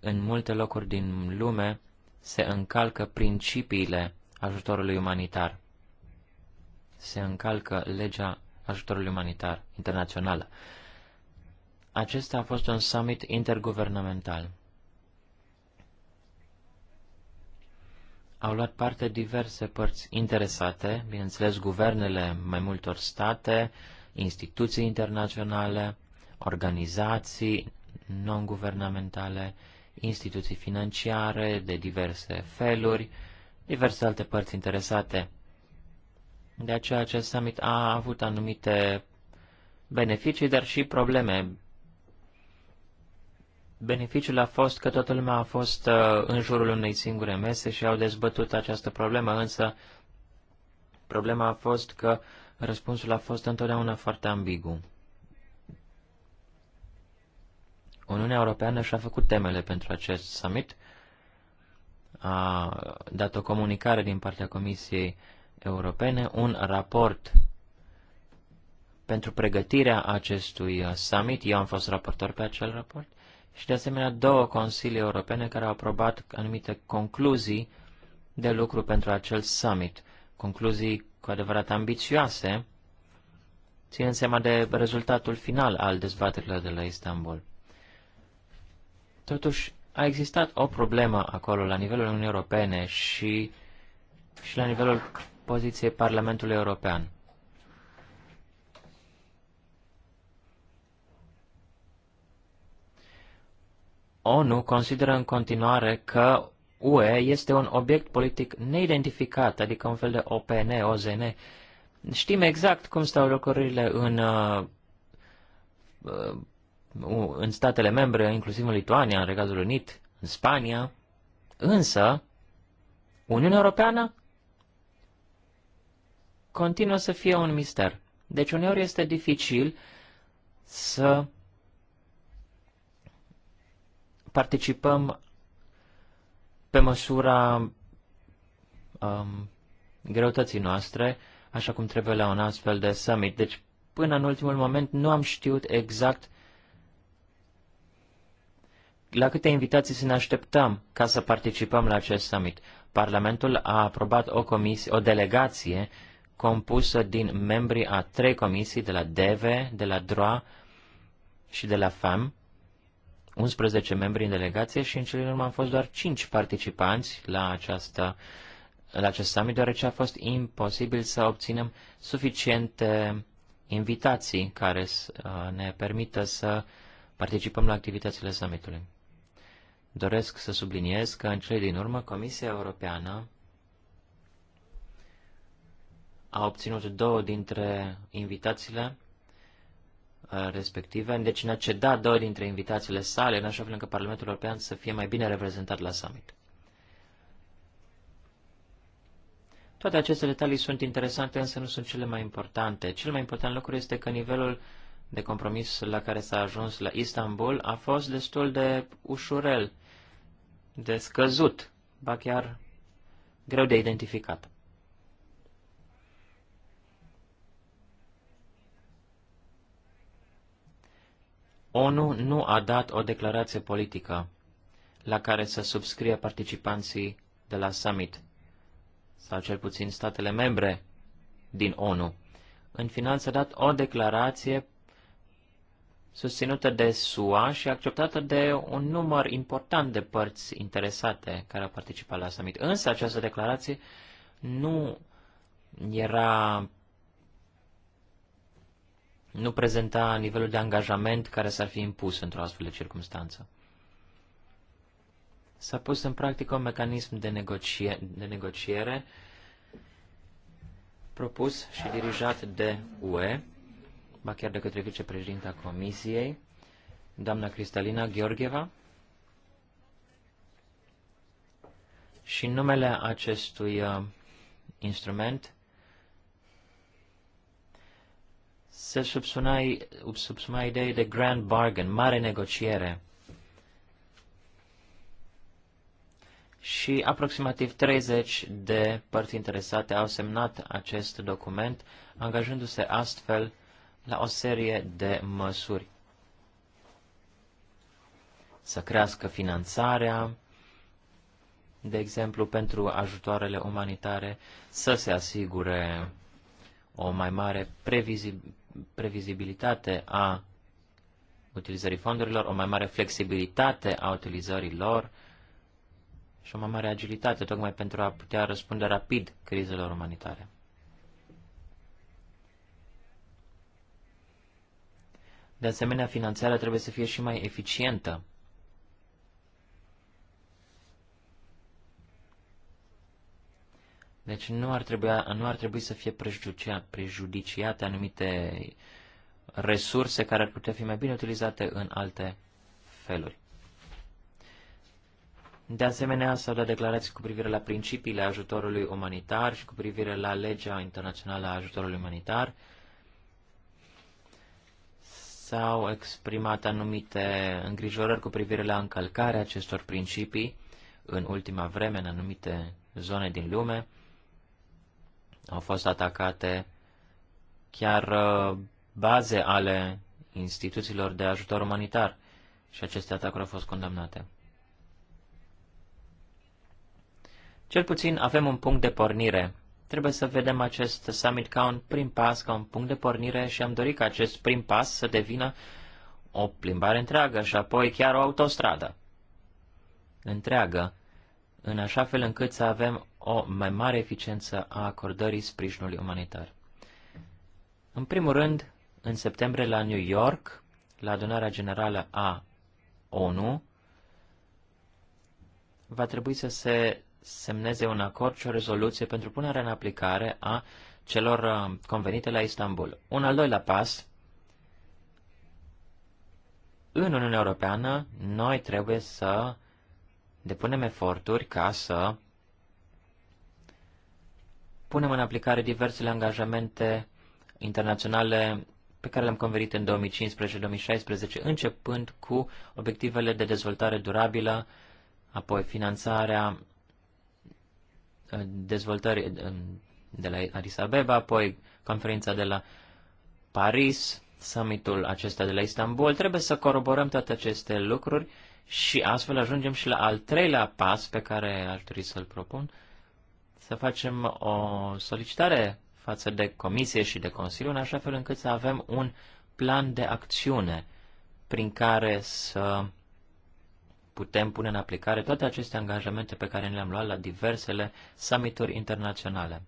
în multe locuri din lume se încalcă principiile ajutorului umanitar. Se încalcă legea ajutorului umanitar internațională. Acesta a fost un summit interguvernamental. Au luat parte diverse părți interesate, bineînțeles guvernele mai multor state, instituții internaționale, organizații non-guvernamentale, instituții financiare de diverse feluri, diverse alte părți interesate. De aceea acest summit a avut anumite beneficii, dar și probleme. Beneficiul a fost că toată lumea a fost uh, în jurul unei singure mese și au dezbătut această problemă, însă problema a fost că răspunsul a fost întotdeauna foarte ambigu. Uniunea Europeană și-a făcut temele pentru acest summit, a dat o comunicare din partea Comisiei Europene, un raport pentru pregătirea acestui summit, eu am fost raportor pe acel raport, și de asemenea două consilii europene care au aprobat anumite concluzii de lucru pentru acel summit, concluzii cu adevărat ambițioase, ținând seama de rezultatul final al dezbaterilor de la Istanbul. Totuși, a existat o problemă acolo la nivelul Uniunii Europene și, și la nivelul poziției Parlamentului European. ONU consideră în continuare că UE este un obiect politic neidentificat, adică un fel de OPN, OZN. Știm exact cum stau lucrurile în uh, uh în statele membre, inclusiv în Lituania, în Regatul Unit, în Spania, însă Uniunea Europeană continuă să fie un mister. Deci uneori este dificil să participăm pe măsura um, greutății noastre, așa cum trebuie la un astfel de summit. Deci, până în ultimul moment, nu am știut exact la câte invitații să ne așteptăm ca să participăm la acest summit? Parlamentul a aprobat o, comisie, o delegație compusă din membrii a trei comisii de la DEVE, de la DROA și de la FAM, 11 membri în delegație și în cele urmă am fost doar 5 participanți la, această, la acest summit, deoarece a fost imposibil să obținem suficiente invitații care să uh, ne permită să participăm la activitățile summitului. Doresc să subliniez că în cele din urmă Comisia Europeană a obținut două dintre invitațiile uh, respective, deci ne-a cedat două dintre invitațiile sale, în așa fel încât Parlamentul European să fie mai bine reprezentat la summit. Toate aceste detalii sunt interesante, însă nu sunt cele mai importante. Cel mai important lucru este că nivelul de compromis la care s-a ajuns la Istanbul a fost destul de ușurel, de scăzut, ba chiar greu de identificat. ONU nu a dat o declarație politică la care să subscrie participanții de la summit, sau cel puțin statele membre din ONU. În final s-a dat o declarație susținută de SUA și acceptată de un număr important de părți interesate care au participat la summit. Însă această declarație nu era nu prezenta nivelul de angajament care s-ar fi impus într-o astfel de circunstanță. S-a pus în practică un mecanism de, negocie, de negociere propus și dirijat de UE, ba chiar de către vicepreședinta Comisiei, doamna Cristalina Gheorgheva. Și numele acestui uh, instrument se subsuma ideea de grand bargain, mare negociere. Și aproximativ 30 de părți interesate au semnat acest document, angajându-se astfel la o serie de măsuri. Să crească finanțarea, de exemplu, pentru ajutoarele umanitare, să se asigure o mai mare previzibilitate a utilizării fondurilor, o mai mare flexibilitate a utilizării lor și o mai mare agilitate, tocmai pentru a putea răspunde rapid crizelor umanitare. De asemenea, finanțarea trebuie să fie și mai eficientă. Deci nu ar, trebui, nu ar trebui să fie prejudiciate anumite resurse care ar putea fi mai bine utilizate în alte feluri. De asemenea, s-au dat declarații cu privire la principiile ajutorului umanitar și cu privire la legea internațională a ajutorului umanitar s-au exprimat anumite îngrijorări cu privire la încălcarea acestor principii în ultima vreme în anumite zone din lume. Au fost atacate chiar uh, baze ale instituțiilor de ajutor umanitar și aceste atacuri au fost condamnate. Cel puțin avem un punct de pornire Trebuie să vedem acest summit ca un prim pas, ca un punct de pornire și am dorit ca acest prim pas să devină o plimbare întreagă și apoi chiar o autostradă întreagă, în așa fel încât să avem o mai mare eficiență a acordării sprijinului umanitar. În primul rând, în septembrie la New York, la adunarea generală a ONU, va trebui să se semneze un acord și o rezoluție pentru punerea în aplicare a celor uh, convenite la Istanbul. Un al doilea pas, în Uniunea Europeană, noi trebuie să depunem eforturi ca să punem în aplicare diversele angajamente internaționale pe care le-am convenit în 2015-2016, începând cu obiectivele de dezvoltare durabilă, apoi finanțarea dezvoltări de la Addis Abeba, apoi conferința de la Paris, summitul acesta de la Istanbul. Trebuie să coroborăm toate aceste lucruri și astfel ajungem și la al treilea pas pe care aș dori să-l propun, să facem o solicitare față de Comisie și de Consiliu, în așa fel încât să avem un plan de acțiune prin care să putem pune în aplicare toate aceste angajamente pe care le-am luat la diversele summituri internaționale.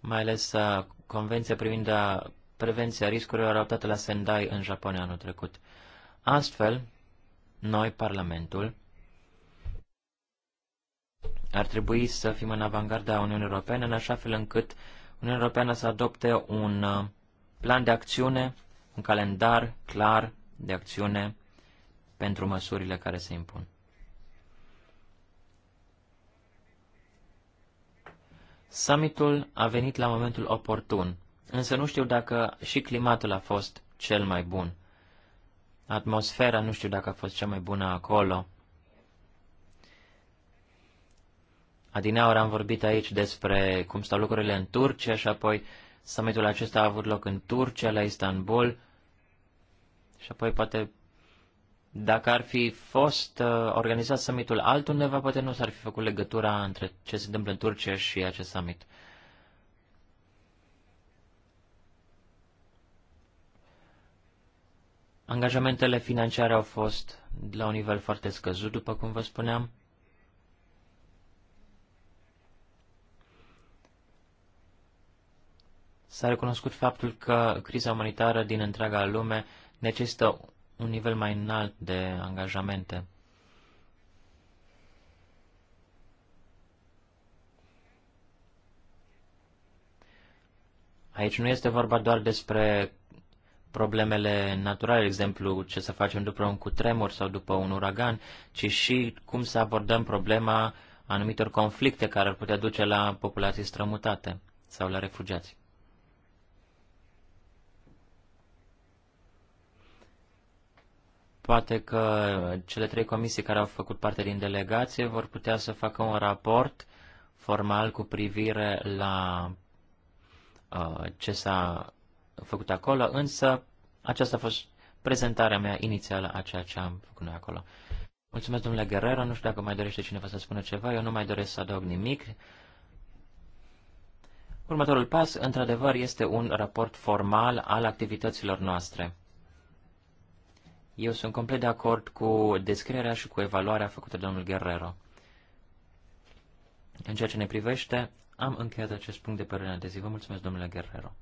Mai ales uh, convenția privind uh, prevenția riscurilor adoptate la Sendai în Japonia anul trecut. Astfel, noi, Parlamentul, ar trebui să fim în avangarda Uniunii Europene, în așa fel încât Uniunea Europeană să adopte un uh, plan de acțiune, un calendar clar de acțiune pentru măsurile care se impun. Summitul a venit la momentul oportun, însă nu știu dacă și climatul a fost cel mai bun. Atmosfera nu știu dacă a fost cea mai bună acolo. Adineaur am vorbit aici despre cum stau lucrurile în Turcia și apoi summitul acesta a avut loc în Turcia, la Istanbul și apoi poate dacă ar fi fost uh, organizat summitul altundeva, poate nu s-ar fi făcut legătura între ce se întâmplă în Turcia și acest summit. Angajamentele financiare au fost la un nivel foarte scăzut, după cum vă spuneam. S-a recunoscut faptul că criza umanitară din întreaga lume necesită un nivel mai înalt de angajamente. Aici nu este vorba doar despre problemele naturale, exemplu, ce să facem după un cutremur sau după un uragan, ci și cum să abordăm problema anumitor conflicte care ar putea duce la populații strămutate sau la refugiați. Poate că cele trei comisii care au făcut parte din delegație vor putea să facă un raport formal cu privire la uh, ce s-a făcut acolo, însă aceasta a fost prezentarea mea inițială a ceea ce am făcut noi acolo. Mulțumesc, domnule Guerrero. Nu știu dacă mai dorește cineva să spună ceva. Eu nu mai doresc să adaug nimic. Următorul pas, într-adevăr, este un raport formal al activităților noastre. Eu sunt complet de acord cu descrierea și cu evaluarea făcută de domnul Guerrero. În ceea ce ne privește, am încheiat acest punct de părere de zi. Vă mulțumesc, domnule Guerrero.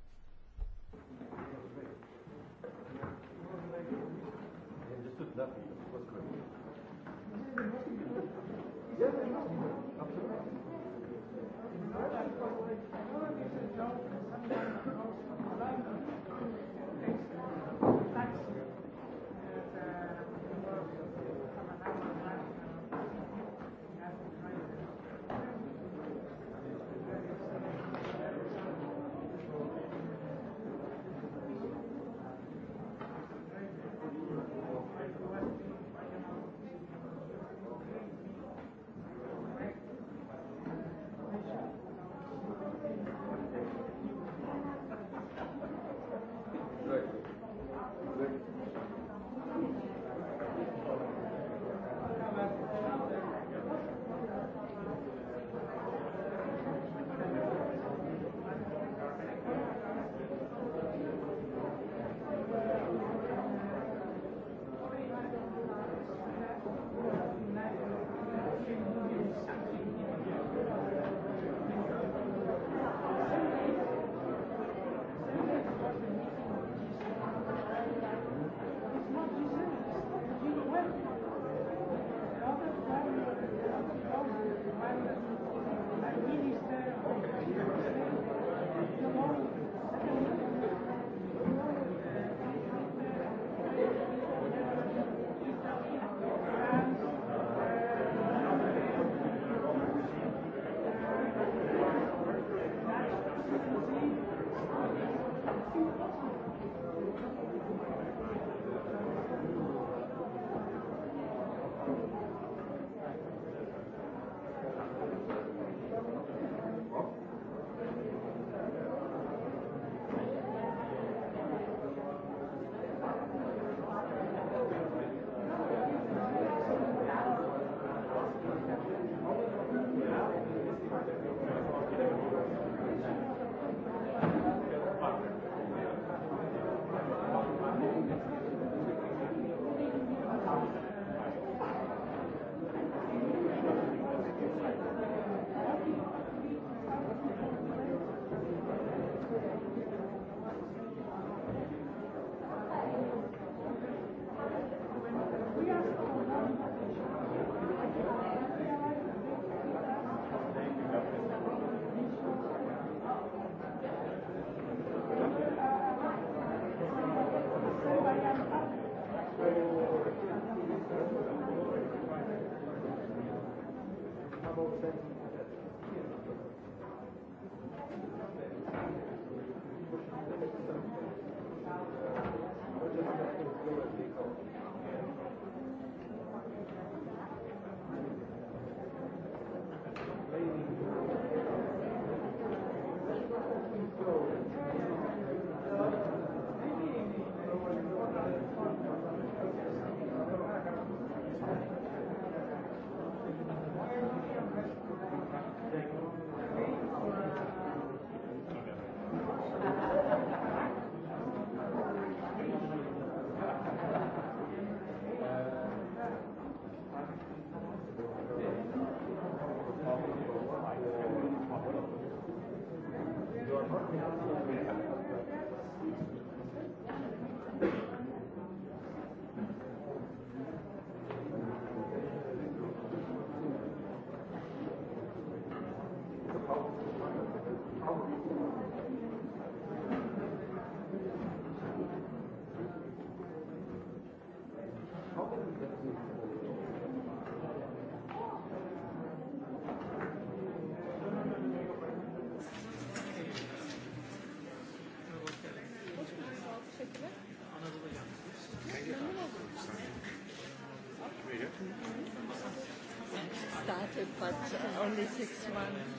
but only six months.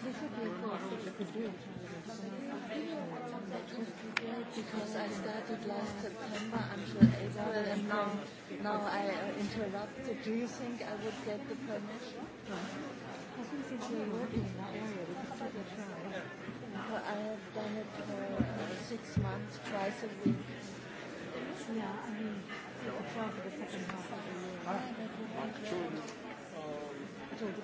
Because I started last September until April, and now, now I uh, interrupted. Do you think I would get the permission? I think since you're working in that area, try. Well, I have done it for uh, six months, twice a week. Yeah, I mean, for the second half of the year. Ah, deci,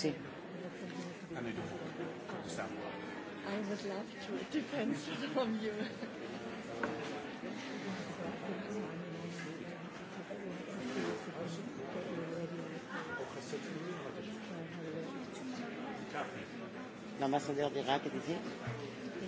Sì. I would love to. It depends on you. L'ambassadeur d'Irak est ici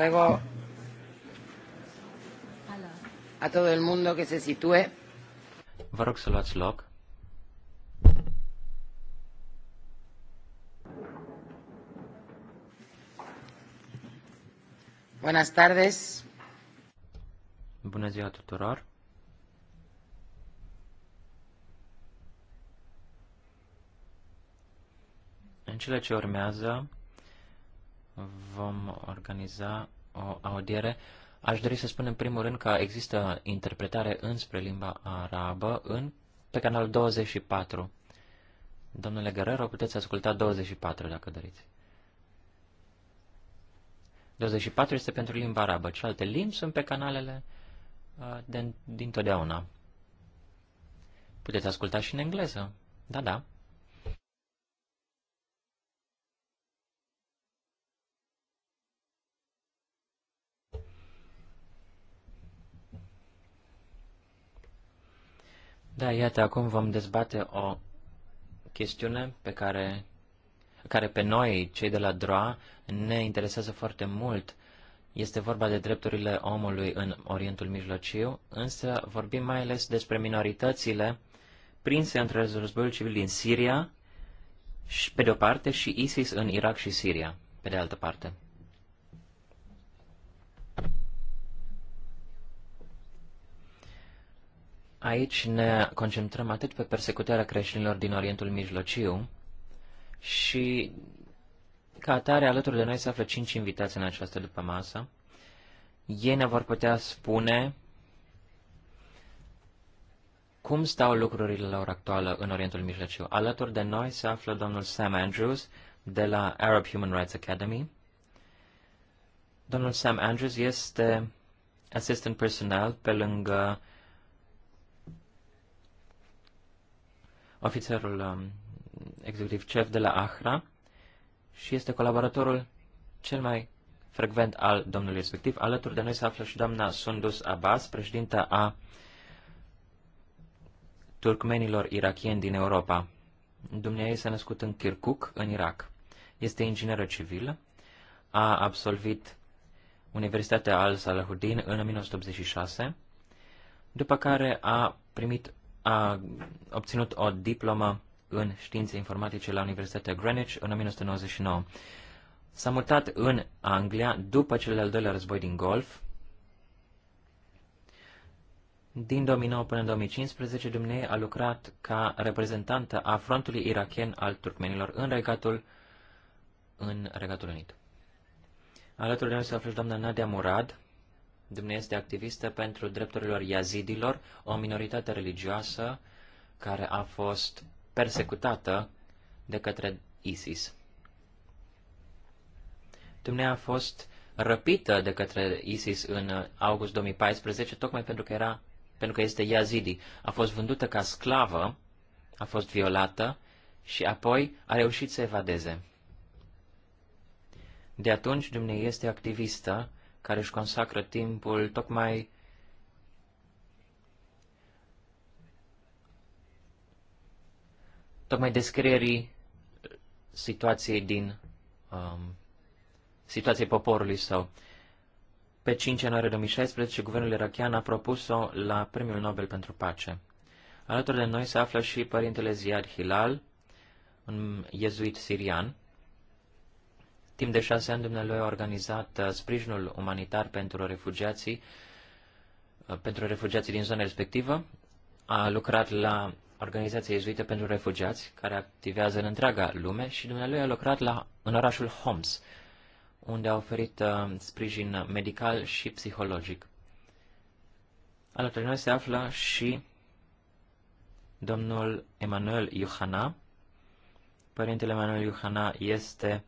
Ruego a todo el mundo que se sitúe. Vă rog să luați loc. Buenas tardes. Bună ziua tuturor. În cele ce urmează, vom organiza o audiere. Aș dori să spun în primul rând că există interpretare înspre limba arabă în, pe canal 24. Domnule Guerrero, puteți asculta 24 dacă doriți. 24 este pentru limba arabă, celelalte limbi sunt pe canalele uh, de, dintotdeauna. Puteți asculta și în engleză. Da, da. Da, iată, acum vom dezbate o chestiune pe care, care pe noi, cei de la DROA, ne interesează foarte mult. Este vorba de drepturile omului în Orientul Mijlociu, însă vorbim mai ales despre minoritățile prinse între războiul civil din Siria, pe de o parte, și ISIS în Irak și Siria, pe de altă parte. Aici ne concentrăm atât pe persecutarea creștinilor din Orientul Mijlociu și ca atare alături de noi se află cinci invitați în această după masă. Ei ne vor putea spune cum stau lucrurile la ora actuală în Orientul Mijlociu. Alături de noi se află domnul Sam Andrews de la Arab Human Rights Academy. Domnul Sam Andrews este assistant personal pe lângă ofițerul um, executiv chef de la AHRA și este colaboratorul cel mai frecvent al domnului respectiv. Alături de noi se află și doamna Sundus Abbas, președinta a turcmenilor irakieni din Europa. Dumnezeu s-a născut în Kirkuk, în Irak. Este ingineră civilă, a absolvit Universitatea al Salahuddin în 1986, după care a primit a obținut o diplomă în științe informatice la Universitatea Greenwich în 1999. S-a mutat în Anglia după cel de-al doilea război din Golf. Din 2009 până în 2015, Dumnezeu a lucrat ca reprezentantă a frontului irachien al turcmenilor în regatul, în regatul Unit. Alături de noi se află și doamna Nadia Murad, Dumnezeu este activistă pentru drepturilor yazidilor, o minoritate religioasă care a fost persecutată de către ISIS. Dumnezeu a fost răpită de către ISIS în august 2014, tocmai pentru că, era, pentru că este yazidi. A fost vândută ca sclavă, a fost violată și apoi a reușit să evadeze. De atunci, Dumnezeu este activistă care își consacră timpul tocmai tocmai descrierii situației din um, situației poporului său. Pe 5 ianuarie 2016, guvernul irachian a propus-o la Premiul Nobel pentru Pace. Alături de noi se află și părintele Ziad Hilal, un iezuit sirian, Timp de șase ani, dumnealui a organizat uh, sprijinul umanitar pentru refugiații, uh, pentru refugiații din zona respectivă. A lucrat la Organizația Iezuită pentru Refugiați, care activează în întreaga lume, și dumnealui a lucrat la, în orașul Homs, unde a oferit uh, sprijin medical și psihologic. Alături noi se află și domnul Emanuel Iuhana. Părintele Emanuel Iuhana este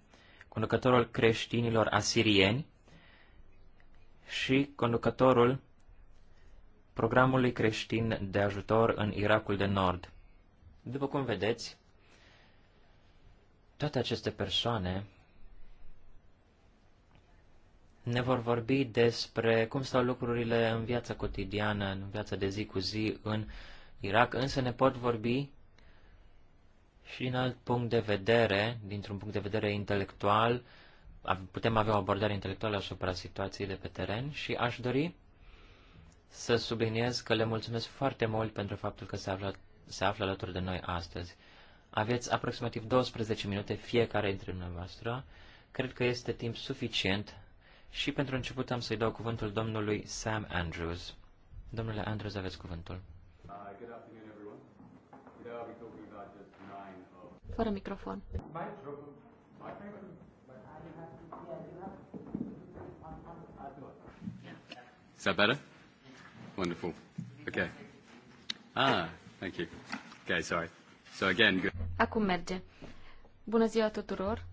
conducătorul creștinilor asirieni și conducătorul programului creștin de ajutor în Irakul de Nord. După cum vedeți, toate aceste persoane ne vor vorbi despre cum stau lucrurile în viața cotidiană, în viața de zi cu zi în Irak, însă ne pot vorbi și în alt punct de vedere, dintr-un punct de vedere intelectual, putem avea o abordare intelectuală asupra situației de pe teren și aș dori să subliniez că le mulțumesc foarte mult pentru faptul că se află, se află alături de noi astăzi. Aveți aproximativ 12 minute fiecare dintre dumneavoastră. Cred că este timp suficient și pentru început am să-i dau cuvântul domnului Sam Andrews. Domnule Andrews, aveți cuvântul. Uh, Fără microfon. Is that better? Wonderful. Okay. Ah, thank you. Okay, sorry. So again, good. Acum merge. Bună ziua tuturor.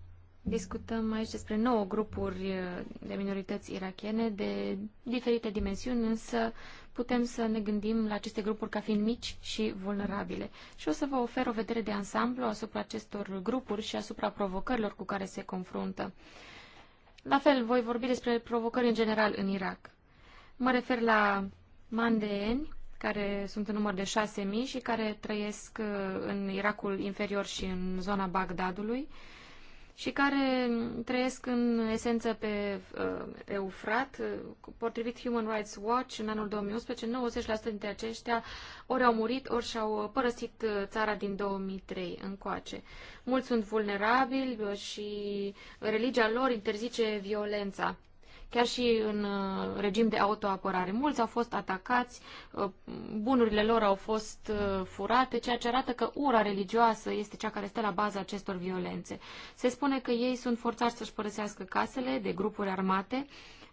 Discutăm aici despre nouă grupuri eh, de minorități irachiene de diferite dimensiuni, însă putem să ne gândim la aceste grupuri ca fiind mici și vulnerabile. Și o să vă ofer o vedere de ansamblu asupra acestor grupuri și asupra provocărilor cu care se confruntă. La fel, voi vorbi despre provocări în general în Irak. Mă refer la mandeeni, care sunt în număr de 6.000 și care trăiesc eh, în Irakul inferior și în zona Bagdadului, și care trăiesc în esență pe uh, Eufrat. Potrivit Human Rights Watch, în anul 2011, 90% dintre aceștia ori au murit, ori și-au uh, părăsit uh, țara din 2003 încoace. Mulți sunt vulnerabili și religia lor interzice violența chiar și în uh, regim de autoapărare. Mulți au fost atacați, uh, bunurile lor au fost uh, furate, ceea ce arată că ura religioasă este cea care stă la baza acestor violențe. Se spune că ei sunt forțați să-și părăsească casele de grupuri armate,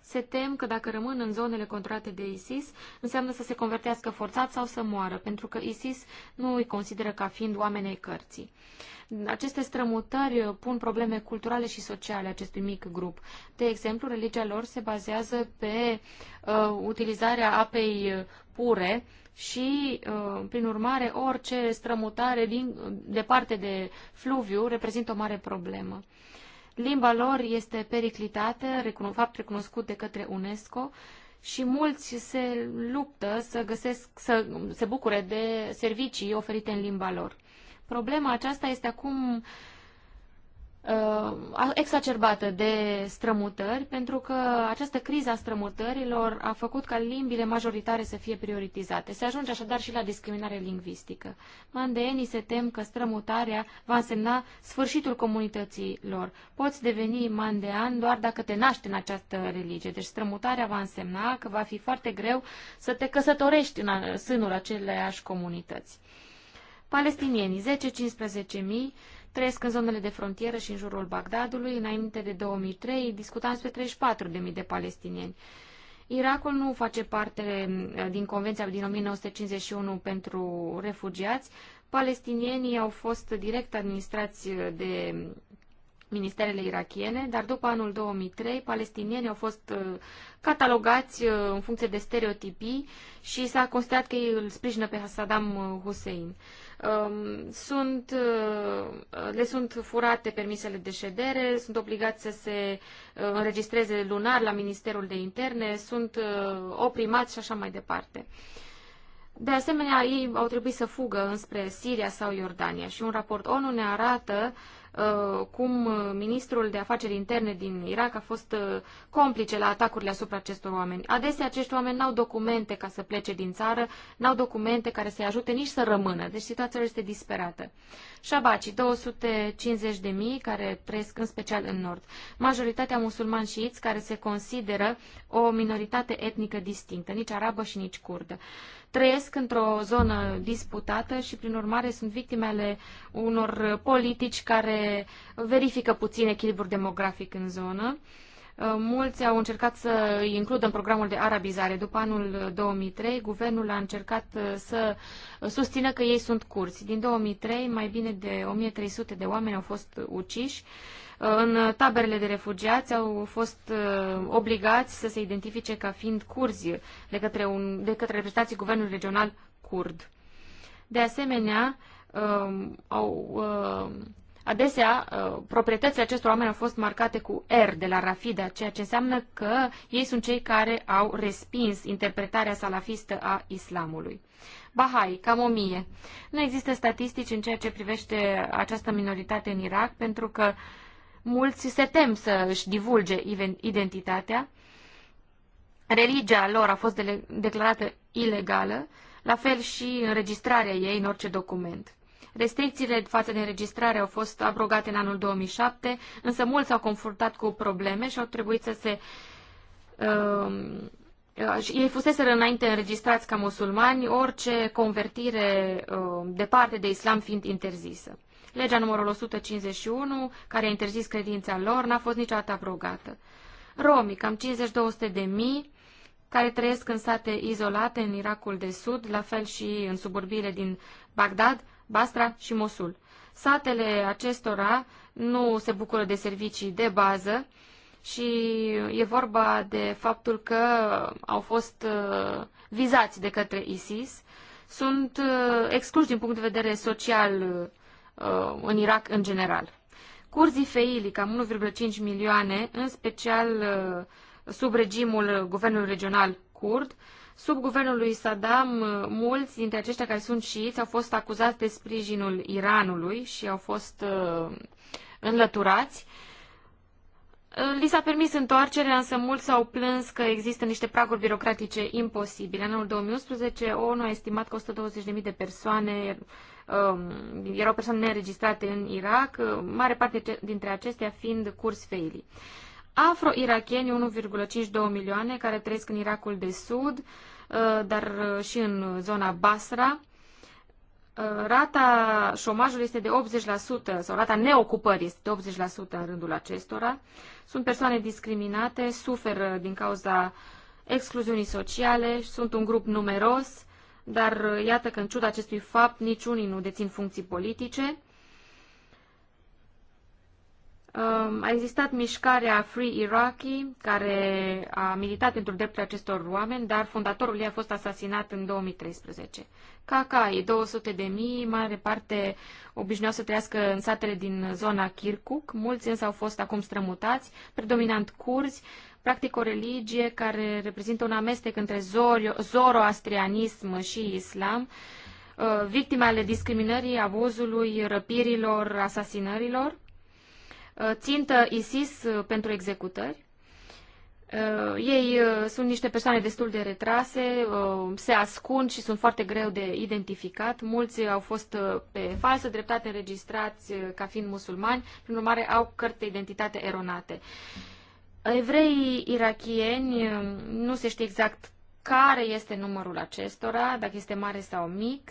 se tem că dacă rămân în zonele controlate de ISIS, înseamnă să se convertească forțat sau să moară, pentru că ISIS nu îi consideră ca fiind oamenii cărții. Aceste strămutări pun probleme culturale și sociale acestui mic grup. De exemplu, religia lor se bazează pe uh, utilizarea apei pure și, uh, prin urmare, orice strămutare din, departe de fluviu reprezintă o mare problemă. Limba lor este periclitată, recuno, fapt recunoscut de către UNESCO și mulți se luptă să, găsesc, să se bucure de servicii oferite în limba lor. Problema aceasta este acum uh, Uh, exacerbată de strămutări, pentru că această criză a strămutărilor a făcut ca limbile majoritare să fie prioritizate. Se ajunge așadar și la discriminare lingvistică. Mandeenii se tem că strămutarea va însemna sfârșitul comunității lor. Poți deveni mandean doar dacă te naști în această religie. Deci strămutarea va însemna că va fi foarte greu să te căsătorești în sânul aceleiași comunități. Palestinienii, 10-15 mii, trăiesc în zonele de frontieră și în jurul Bagdadului. Înainte de 2003 discutam despre 34.000 de palestinieni. Irakul nu face parte eh, din Convenția din 1951 pentru refugiați. Palestinienii au fost direct administrați de ministerele irachiene, dar după anul 2003 palestinienii au fost eh, catalogați eh, în funcție de stereotipii și s-a considerat că ei îl sprijină pe Saddam Hussein. Um, sunt, uh, le sunt furate permisele de ședere, sunt obligați să se uh, înregistreze lunar la Ministerul de Interne, sunt uh, oprimați și așa mai departe. De asemenea, ei au trebuit să fugă înspre Siria sau Iordania și un raport ONU ne arată uh, Uh, cum ministrul de afaceri interne din Irak a fost uh, complice la atacurile asupra acestor oameni. Adesea acești oameni n-au documente ca să plece din țară, n-au documente care să-i ajute nici să rămână, deci situația este disperată. Șabacii, 250 de mii care trăiesc în special în nord. Majoritatea musulmani șiiți care se consideră o minoritate etnică distinctă, nici arabă și nici curdă trăiesc într-o zonă disputată și, prin urmare, sunt victime ale unor politici care verifică puțin echilibrul demografic în zonă. Uh, Uh, mulți au încercat să îi includă în programul de arabizare. După anul 2003, uh, guvernul a încercat uh, să susțină că ei sunt curți. Din 2003, mai bine de 1300 de oameni au fost uciși. În taberele de refugiați au fost obligați să se identifice ca fiind curzi de către, un, de către reprezentații guvernului regional curd. De asemenea, um, au Adesea, uh, proprietățile acestor oameni au fost marcate cu R de la Rafida, ceea ce înseamnă că ei sunt cei care au respins interpretarea salafistă a islamului. Bahai, cam o mie. Nu există statistici în ceea ce privește această minoritate în Irak, pentru că mulți se tem să își divulge identitatea. Religia lor a fost declarată ilegală, la fel și înregistrarea ei în orice document. Restricțiile față de înregistrare au fost abrogate în anul 2007, însă mulți s-au confruntat cu probleme și au trebuit să se... Uh, ei fuseseră înainte înregistrați ca musulmani, orice convertire uh, um, departe de islam fiind interzisă. Legea numărul 151, care a interzis credința lor, n-a fost niciodată abrogată. Romii, cam 50-200 de mii, care trăiesc în sate izolate în Irakul de Sud, la fel și în suburbiile din Bagdad, Bastra și Mosul. Satele acestora nu se bucură de servicii de bază și e vorba de faptul că au fost uh, vizați de către ISIS. Sunt uh, excluși din punct de vedere social uh, în Irak în general. Curzii feili, cam 1,5 milioane, în special sub regimul guvernului regional kurd, Sub guvernul lui Saddam, uh, mulți dintre aceștia care sunt șiiți au fost acuzați de sprijinul Iranului și au fost uh, înlăturați. Uh, li s-a permis întoarcerea, însă mulți s-au plâns că există niște praguri birocratice imposibile. În anul 2011, ONU a estimat că 120.000 de persoane um, erau persoane neregistrate în Irak, uh, mare parte dintre acestea fiind curs feilii afro-iracheni 1,52 milioane care trăiesc în Irakul de Sud, uh, dar uh, și în zona Basra. Uh, rata șomajului este de 80% sau rata neocupării este de 80% în rândul acestora. Sunt persoane discriminate, suferă din cauza excluziunii sociale, sunt un grup numeros, dar iată că în ciuda acestui fapt niciunii nu dețin funcții politice. Um, a existat mișcarea Free Iraqi, care a militat pentru dreptul acestor oameni, dar fondatorul ei a fost asasinat în 2013. Kakai, 200 de mii, mare parte obișnuiau să trăiască în satele din zona Kirkuk, mulți însă au fost acum strămutați, predominant curzi, practic o religie care reprezintă un amestec între zoroastrianism și islam, uh, victime ale discriminării, abuzului, răpirilor, asasinărilor Uh, țintă ISIS uh, pentru executări. Uh, ei sunt niște persoane destul de retrase, se ascund și sunt foarte greu de identificat. Mulți au fost pe falsă dreptate înregistrați ca fiind musulmani, prin urmare au cărți de identitate eronate. Evrei irachieni, nu se știe exact care este numărul acestora, dacă este mare sau mic,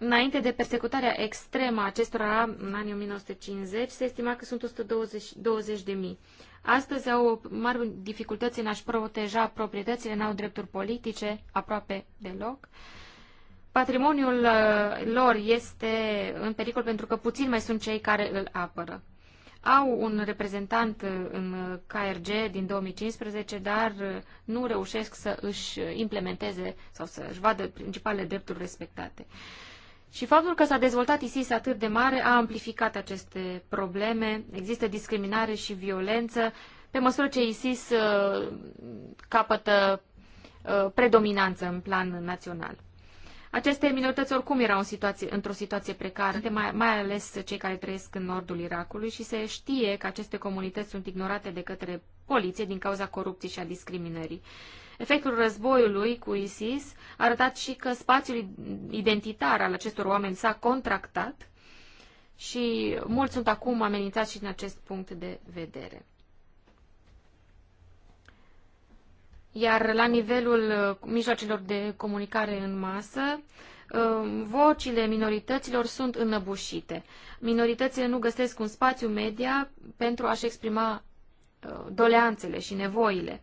Înainte de persecutarea extremă a acestora în anii 1950, se estima că sunt 120 de mii. Astăzi au mari dificultăți în a-și proteja proprietățile, n-au drepturi politice aproape deloc. Patrimoniul uh, lor este în pericol pentru că puțin mai sunt cei care îl apără. Au un reprezentant uh, în KRG din 2015, dar uh, nu reușesc să își implementeze sau să își vadă principalele drepturi respectate. Uh, și faptul că s-a dezvoltat ISIS atât de mare a amplificat aceste probleme. Există discriminare și violență. Pe măsură ce ISIS uh, capătă uh, predominanță în plan național. Aceste minorități oricum erau în situație, într-o situație precară, mai, mai ales cei care trăiesc în nordul Irakului și se știe că aceste comunități sunt ignorate de către poliție din cauza corupției și a discriminării. Uh, Efectul războiului cu ISIS a arătat și că spațiul identitar al acestor oameni s-a contractat și mulți sunt acum amenințați și din acest punct de vedere. Iar la nivelul mijloacelor de comunicare în masă, um, vocile minorităților sunt înăbușite. Minoritățile nu găsesc un spațiu media pentru a-și exprima uh, doleanțele și nevoile.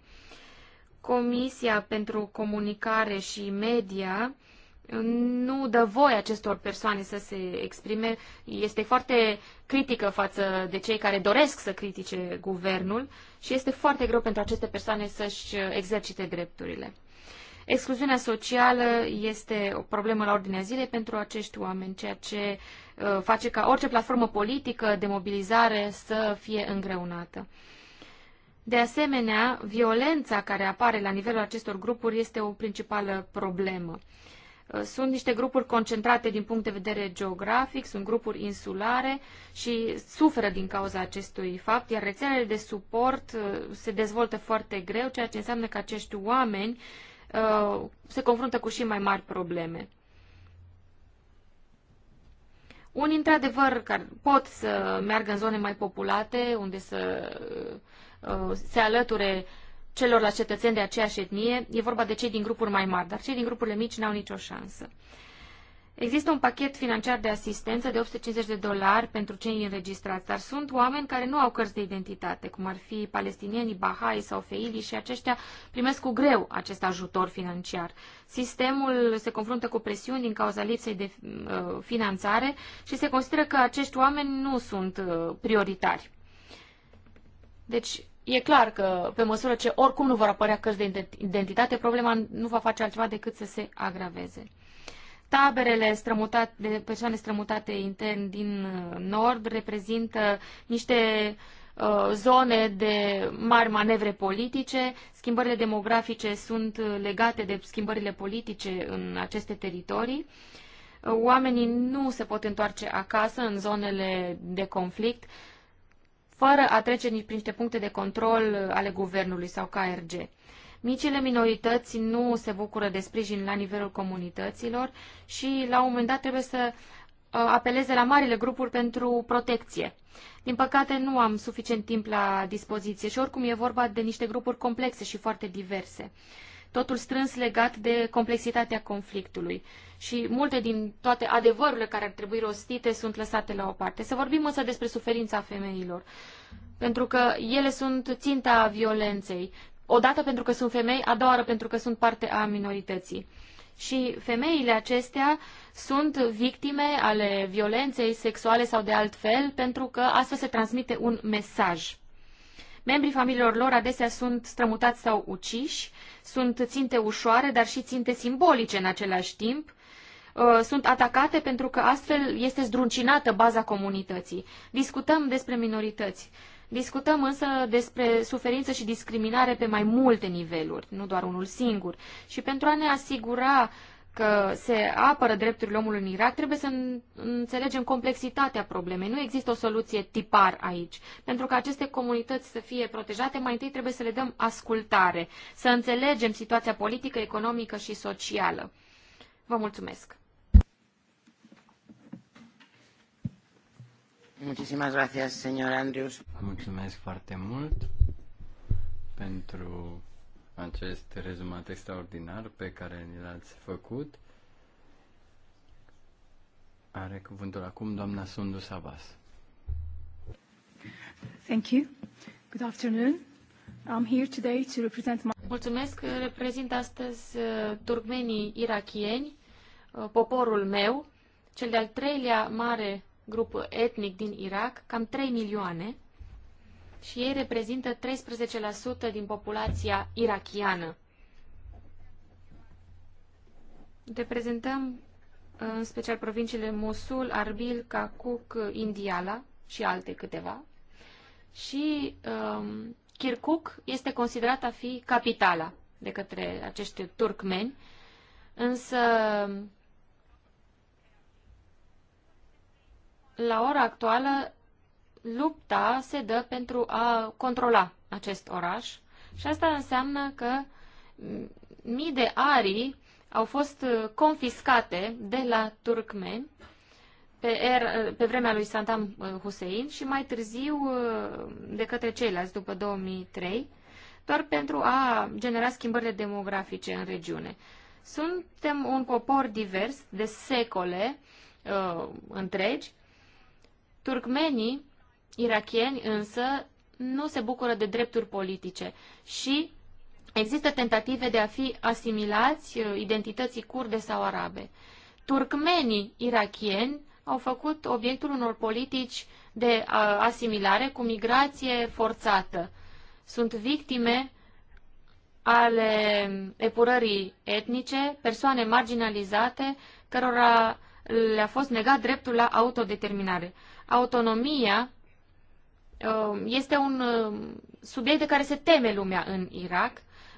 Comisia pentru Comunicare și Media nu dă voie acestor persoane să se exprime, este foarte critică față de cei care doresc să critique guvernul și este foarte greu pentru aceste persoane să-și exercite drepturile. Excluziunea socială este o problemă la ordinea zilei pentru acești oameni, ceea ce uh, face ca orice platformă politică de mobilizare să fie îngreunată. De asemenea, violența care apare la nivelul acestor grupuri este o principală problemă. Uh, sunt niște grupuri concentrate din punct de vedere geografic, sunt grupuri insulare și suferă din cauza acestui fapt, iar rețelele de suport uh, se dezvoltă foarte greu, ceea ce înseamnă că acești oameni uh, se confruntă cu și mai mari probleme. Unii, într-adevăr, pot să meargă în zone mai populate, unde să Uh, se alăture celor la cetățeni de aceeași etnie, e vorba de cei din grupuri mai mari, dar cei din grupurile mici n-au nicio șansă. Există un pachet financiar de asistență de 850 de dolari pentru cei înregistrați, dar sunt oameni care nu au cărți de identitate, cum ar fi palestinienii, bahai sau feili și aceștia primesc cu greu acest ajutor financiar. Sistemul se confruntă cu presiuni din cauza lipsei de uh, finanțare și se consideră că acești oameni nu sunt uh, prioritari. Deci e clar că pe măsură ce oricum nu vor apărea cărți de identitate, problema nu va face altceva decât să se agraveze. Taberele strămutate, de persoane strămutate intern din uh, nord reprezintă niște uh, zone de mari manevre politice. Schimbările demografice sunt uh, legate de schimbările politice în aceste teritorii. Oamenii nu se pot întoarce acasă în zonele de conflict fără a trece nici prin niște puncte de control uh, ale guvernului sau KRG. Micile minorități nu se bucură de sprijin la nivelul comunităților și la un moment dat trebuie să uh, apeleze la marile grupuri pentru protecție. Din păcate nu am suficient timp la dispoziție și oricum e vorba de niște grupuri complexe și foarte diverse. Totul strâns legat de complexitatea conflictului și multe din toate adevărurile care ar trebui rostite sunt lăsate la o parte. Să vorbim însă despre suferința femeilor, pentru că ele sunt ținta violenței. Odată pentru că sunt femei, a doua oară pentru că sunt parte a minorității. Și femeile acestea sunt victime ale violenței sexuale sau de alt fel, pentru că astfel se transmite un mesaj. Membrii familiilor lor adesea sunt strămutați sau uciși, sunt ținte ușoare, dar și ținte simbolice în același timp, Uh, sunt atacate pentru că astfel este zdruncinată baza comunității. Discutăm despre minorități. Discutăm însă despre suferință și discriminare pe mai multe niveluri, nu doar unul singur. Și pentru a ne asigura că se apără drepturile omului în Irak, trebuie să înțelegem complexitatea problemei. Nu există o soluție tipar aici. Pentru că aceste comunități să fie protejate, mai întâi trebuie să le dăm ascultare, să înțelegem situația politică, economică și socială. Vă mulțumesc! Muchísimas gracias, señor Andrews. Mulțumesc foarte mult pentru acest rezumat extraordinar pe care ni l-ați făcut. Are cuvântul acum doamna Sundu Sabas. Thank you. Good afternoon. I'm here today to represent my... Mulțumesc. Reprezint astăzi uh, turcmenii irakieni, uh, poporul meu, cel de-al treilea mare grup etnic din Irak, cam 3 milioane, și ei reprezintă 13% din populația irachiană. Reprezentăm în special provinciile Mosul, Arbil, Kakuk, Indiala și alte câteva. Și um, Kirkuk este considerată a fi capitala de către acești turcmeni, însă la ora actuală, lupta se dă pentru a controla acest oraș și asta înseamnă că mii de arii au fost confiscate de la turcmeni pe, er, pe vremea lui Saddam uh, Hussein și mai târziu uh, de către ceilalți după 2003, doar pentru a genera schimbările demografice în regiune. Suntem un popor divers de secole uh, întregi Turkmenii irachieni însă nu se bucură de drepturi politice și există tentative de a fi asimilați uh, identității curde sau arabe. Turkmenii irachieni au făcut obiectul unor politici de uh, asimilare cu migrație forțată. Sunt victime ale epurării etnice, persoane marginalizate, cărora le-a fost negat dreptul la autodeterminare. Autonomia um, este un um, subiect de care se teme lumea în Irak.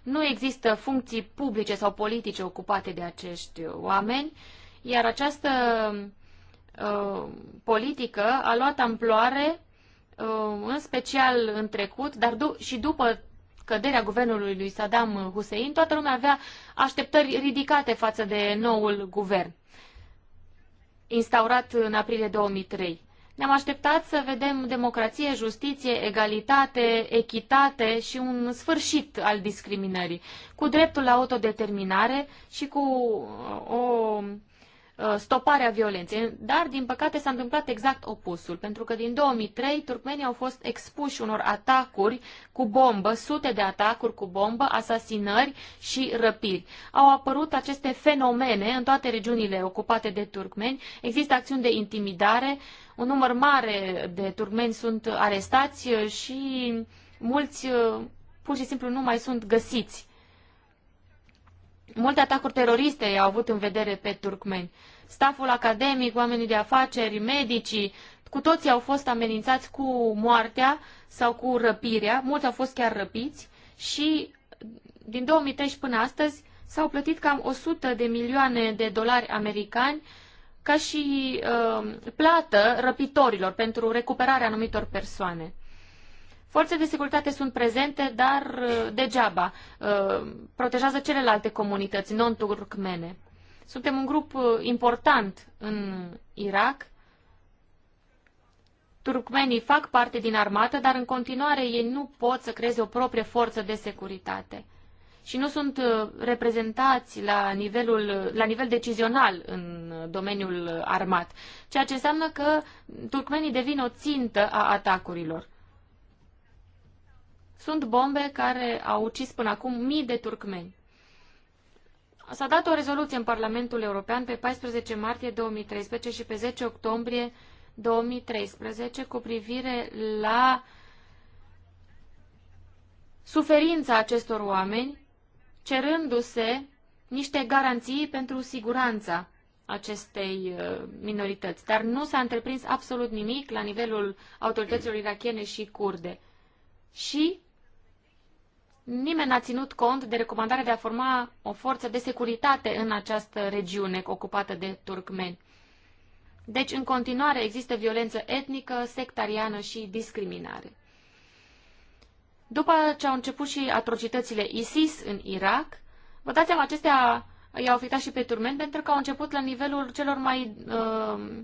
Nu există funcții publice sau politice ocupate de acești oameni, iar această um, politică a luat amploare în special în trecut, dar și după căderea guvernului lui Saddam Hussein, toată lumea avea așteptări ridicate față de noul guvern instaurat în aprilie 2003. Ne-am așteptat să vedem democrație, justiție, egalitate, echitate și un sfârșit al discriminării, cu dreptul la autodeterminare și cu uh, o Uh, stoparea violenței. Dar, din păcate, s-a întâmplat exact opusul, pentru că din 2003 turcmenii au fost expuși unor atacuri cu bombă, sute de atacuri cu bombă, asasinări și răpiri. Au apărut aceste fenomene în toate regiunile ocupate de turcmeni. Există acțiuni de intimidare, un număr mare de turcmeni sunt arestați și mulți uh, pur și simplu nu mai sunt găsiți. Multe atacuri teroriste au avut în vedere pe turcmeni. Staful academic, oamenii de afaceri, medicii, cu toții au fost amenințați cu moartea sau cu răpirea, mulți au fost chiar răpiți și din 2013 până astăzi s-au plătit cam 100 de milioane de dolari americani ca și uh, plată răpitorilor pentru recuperarea anumitor persoane. Forțele de securitate sunt prezente, dar uh, degeaba. Uh, protejează celelalte comunități non-turcmene. Suntem un grup uh, important în Irak. Turcmenii fac parte din armată, dar în continuare ei nu pot să creeze o proprie forță de securitate și nu sunt reprezentați la, nivelul, la nivel decizional în domeniul armat, ceea ce înseamnă că turcmenii devin o țintă a atacurilor. Sunt bombe care au ucis până acum mii de turcmeni. S-a dat o rezoluție în Parlamentul European pe 14 martie 2013 și pe 10 octombrie 2013 cu privire la suferința acestor oameni, cerându-se niște garanții pentru siguranța acestei uh, minorități. Dar nu s-a întreprins absolut nimic la nivelul autorităților irachiene și curde. Și nimeni n-a ținut cont de recomandarea de a forma o forță de securitate în această regiune ocupată de turcmeni. Deci, în continuare, există violență etnică, sectariană și discriminare. După ce au început și atrocitățile ISIS în Irak, vă dați seama, acestea i-au afectat și pe turmeni pentru că au început la nivelul celor mai uh,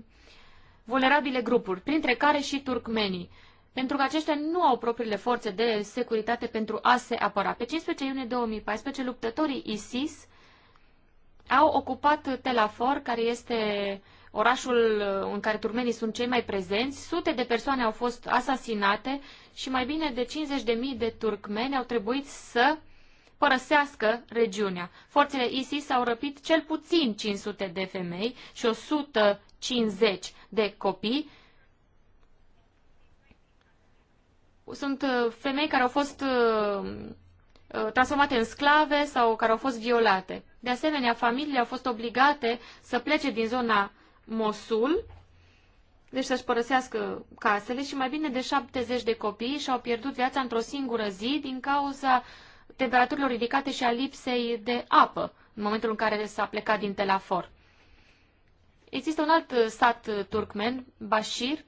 vulnerabile grupuri, printre care și turcmenii pentru că aceștia nu au propriile forțe de securitate pentru a se apăra. Pe 15 iunie 2014, luptătorii ISIS au ocupat Telafor, care este orașul în care turmenii sunt cei mai prezenți. Sute de persoane au fost asasinate și mai bine de 50.000 de turcmeni au trebuit să părăsească regiunea. Forțele ISIS au răpit cel puțin 500 de femei și 150 de copii sunt uh, femei care au fost uh, uh, transformate în sclave sau care au fost violate. De asemenea, familiile au fost obligate să plece din zona Mosul, deci să-și părăsească casele și mai bine de 70 de copii și-au pierdut viața într-o singură zi din cauza temperaturilor ridicate și a lipsei de apă în momentul în care s-a plecat din Telafor. Există un alt sat turcmen, Bashir,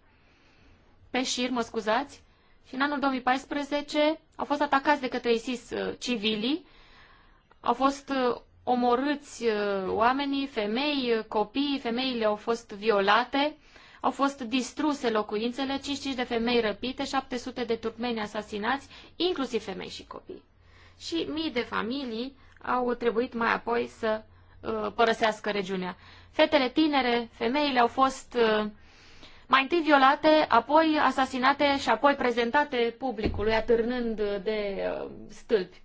Peșir, mă scuzați, și în anul 2014 au fost atacați de către ISIS uh, civilii, au fost uh, omorâți uh, oamenii, femei, copii, femeile au fost violate, au fost distruse locuințele, 55 de femei răpite, 700 de turcmeni asasinați, inclusiv femei și copii. Și mii de familii au trebuit mai apoi să părăsească regiunea. Fetele tinere, femeile au fost uh, mai întâi violate, apoi asasinate și apoi prezentate publicului, atârnând de uh, stâlpi.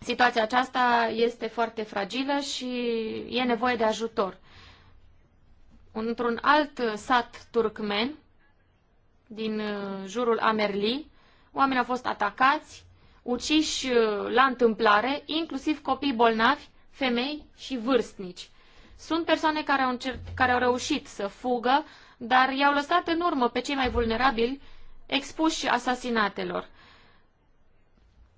Situația aceasta este foarte fragilă și e nevoie de ajutor. Într-un alt sat turcmen, din uh, jurul Amerli, oamenii au fost atacați, uciși uh, la întâmplare, inclusiv copii bolnavi, femei și vârstnici. Sunt persoane care au, încer- care au reușit să fugă, dar i-au lăsat în urmă pe cei mai vulnerabili expuși asasinatelor.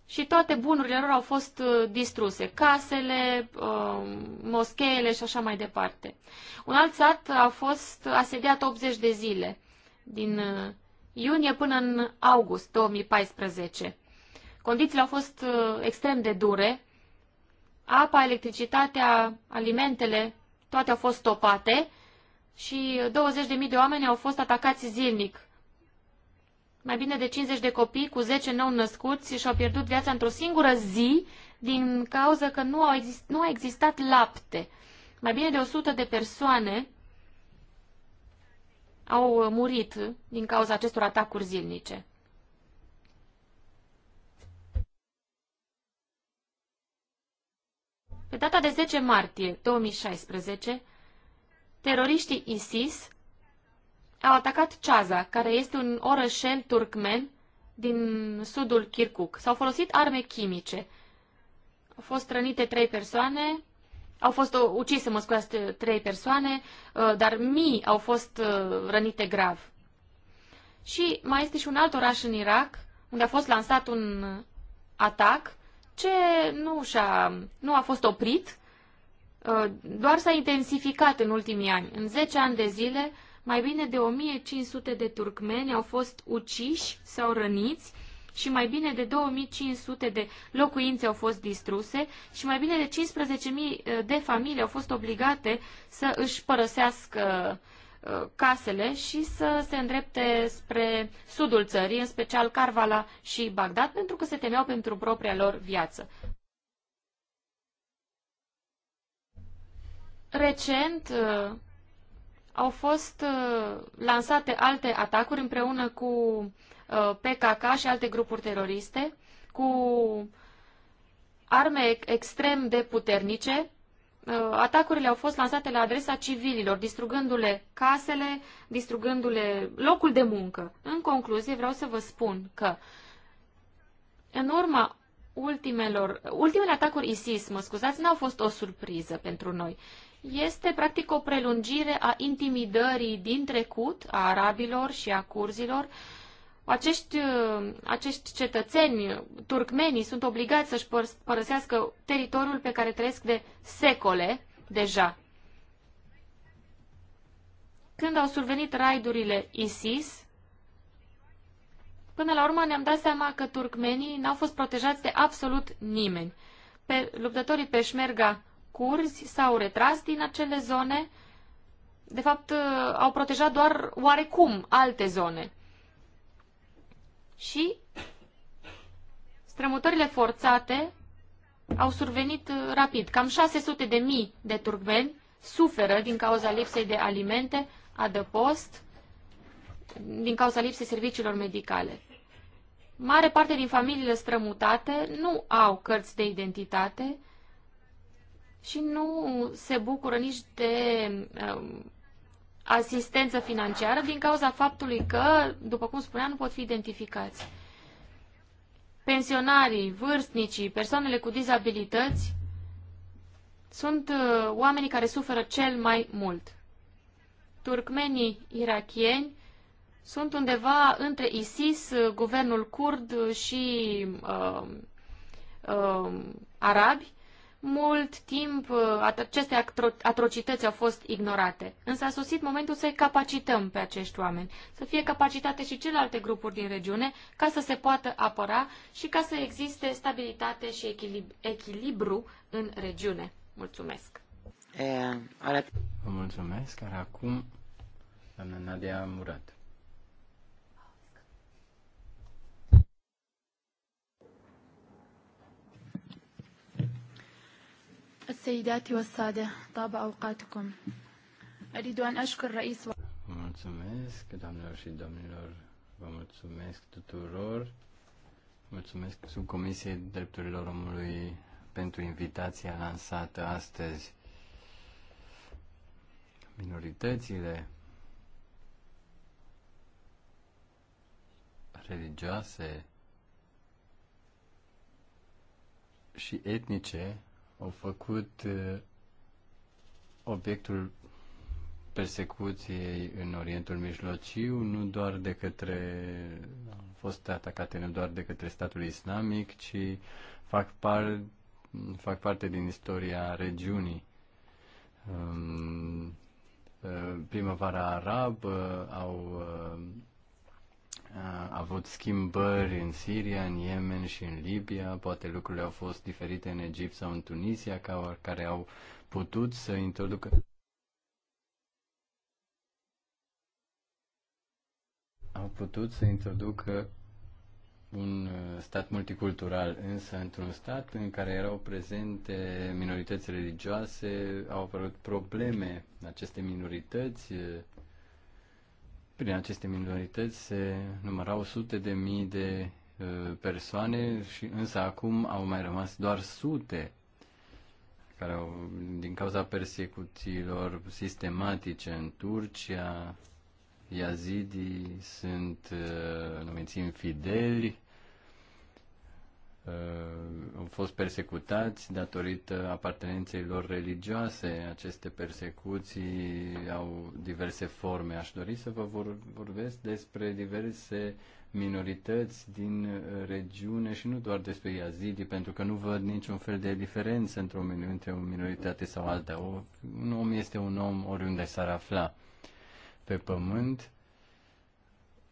Și toate bunurile lor au fost uh, distruse, casele, um, moscheele și așa mai departe. Un alt sat a fost asediat 80 de zile, din uh, iunie până în august 2014. Condițiile au fost uh, extrem de dure. Apa, electricitatea, alimentele toate au fost stopate și 20.000 de oameni au fost atacați zilnic. Mai bine de 50 de copii cu 10 nou născuți și-au pierdut viața într-o singură zi din cauza că nu, au exist- nu a existat lapte. Mai bine de 100 de persoane au murit din cauza acestor atacuri zilnice. Pe data de 10 martie 2016, teroriștii ISIS au atacat Chaza, care este un orășel turcmen din sudul Kirkuk. S-au folosit arme chimice. Au fost rănite trei persoane, au fost ucise, mă trei persoane, uh, dar mii au fost uh, rănite grav. Și mai este și un alt oraș în Irak, unde a fost lansat un atac ce nu, și-a, nu a fost oprit, uh, doar s-a intensificat în ultimii ani. În 10 ani de zile, mai bine de 1500 de turcmeni au fost uciși sau răniți și mai bine de 2500 de locuințe au fost distruse și mai bine de 15.000 uh, de familii au fost obligate să își părăsească casele și să se îndrepte spre sudul țării, în special Carvala și Bagdad, pentru că se temeau pentru propria lor viață. Recent uh, au fost uh, lansate alte atacuri împreună cu uh, PKK și alte grupuri teroriste, cu arme extrem de puternice, Uh, atacurile au fost lansate la adresa civililor, distrugându-le casele, distrugându-le locul de muncă. În concluzie, vreau să vă spun că în urma ultimelor, ultimele atacuri ISIS, mă scuzați, n-au fost o surpriză pentru noi. Este practic o prelungire a intimidării din trecut, a arabilor și a curzilor, uh, acești, uh, acești cetățeni turcmenii sunt obligați să-și părăsească teritoriul pe care trăiesc de secole deja. Când au survenit raidurile ISIS, până la urmă ne-am dat seama că turcmenii n-au fost protejați de absolut nimeni. Pe, luptătorii peșmerga curzi s-au retras din acele zone, de fapt uh, au protejat doar oarecum alte zone și strămutările forțate au survenit uh, rapid. Cam 600 de mii de turcmeni suferă din cauza lipsei de alimente, adăpost, din cauza lipsei serviciilor medicale. Mare parte din familiile strămutate nu au cărți de identitate și nu se bucură nici de um, asistență financiară din cauza faptului că, după cum spuneam, nu pot fi identificați. Pensionarii, vârstnicii, persoanele cu dizabilități sunt uh, oamenii care suferă cel mai mult. Turcmenii irachieni sunt undeva între ISIS, uh, guvernul kurd și uh, uh, arabi mult timp uh, aceste atrocități au fost ignorate, însă a sosit momentul să-i capacităm pe acești oameni, să fie capacitate și celelalte grupuri din regiune ca să se poată apăra și ca să existe stabilitate și echilibru în regiune. Mulțumesc! Eh, Vă mulțumesc, iar acum doamna Nadia Murat. السيدات والسادة طاب أوقاتكم أريد أن أشكر رئيس و... Mulțumesc, doamnelor și domnilor, vă mulțumesc tuturor, mulțumesc Subcomisiei Drepturilor Omului pentru invitația lansată astăzi. Minoritățile religioase și etnice au făcut obiectul persecuției în Orientul Mijlociu, nu doar de către, au fost atacate nu doar de către statul islamic, ci fac, par, fac parte din istoria regiunii. Um, primăvara arabă au a avut schimbări în Siria, în Yemen și în Libia, poate lucrurile au fost diferite în Egipt sau în Tunisia, ca, care au putut să introducă. Au putut să introducă un uh, stat multicultural, însă într-un stat în care erau prezente minorități religioase, au apărut probleme aceste minorități uh, prin aceste minorități se numărau sute de mii de uh, persoane și însă acum au mai rămas doar sute care au, din cauza persecuțiilor sistematice în Turcia, Yazidii sunt uh, numiți infideli, Uh, au fost persecutați datorită apartenenței lor religioase. Aceste persecuții au diverse forme. Aș dori să vă vorbesc despre diverse minorități din regiune și nu doar despre iazidi, pentru că nu văd niciun fel de diferență între o, între o minoritate sau alta. O, un om este un om oriunde s-ar afla. Pe pământ,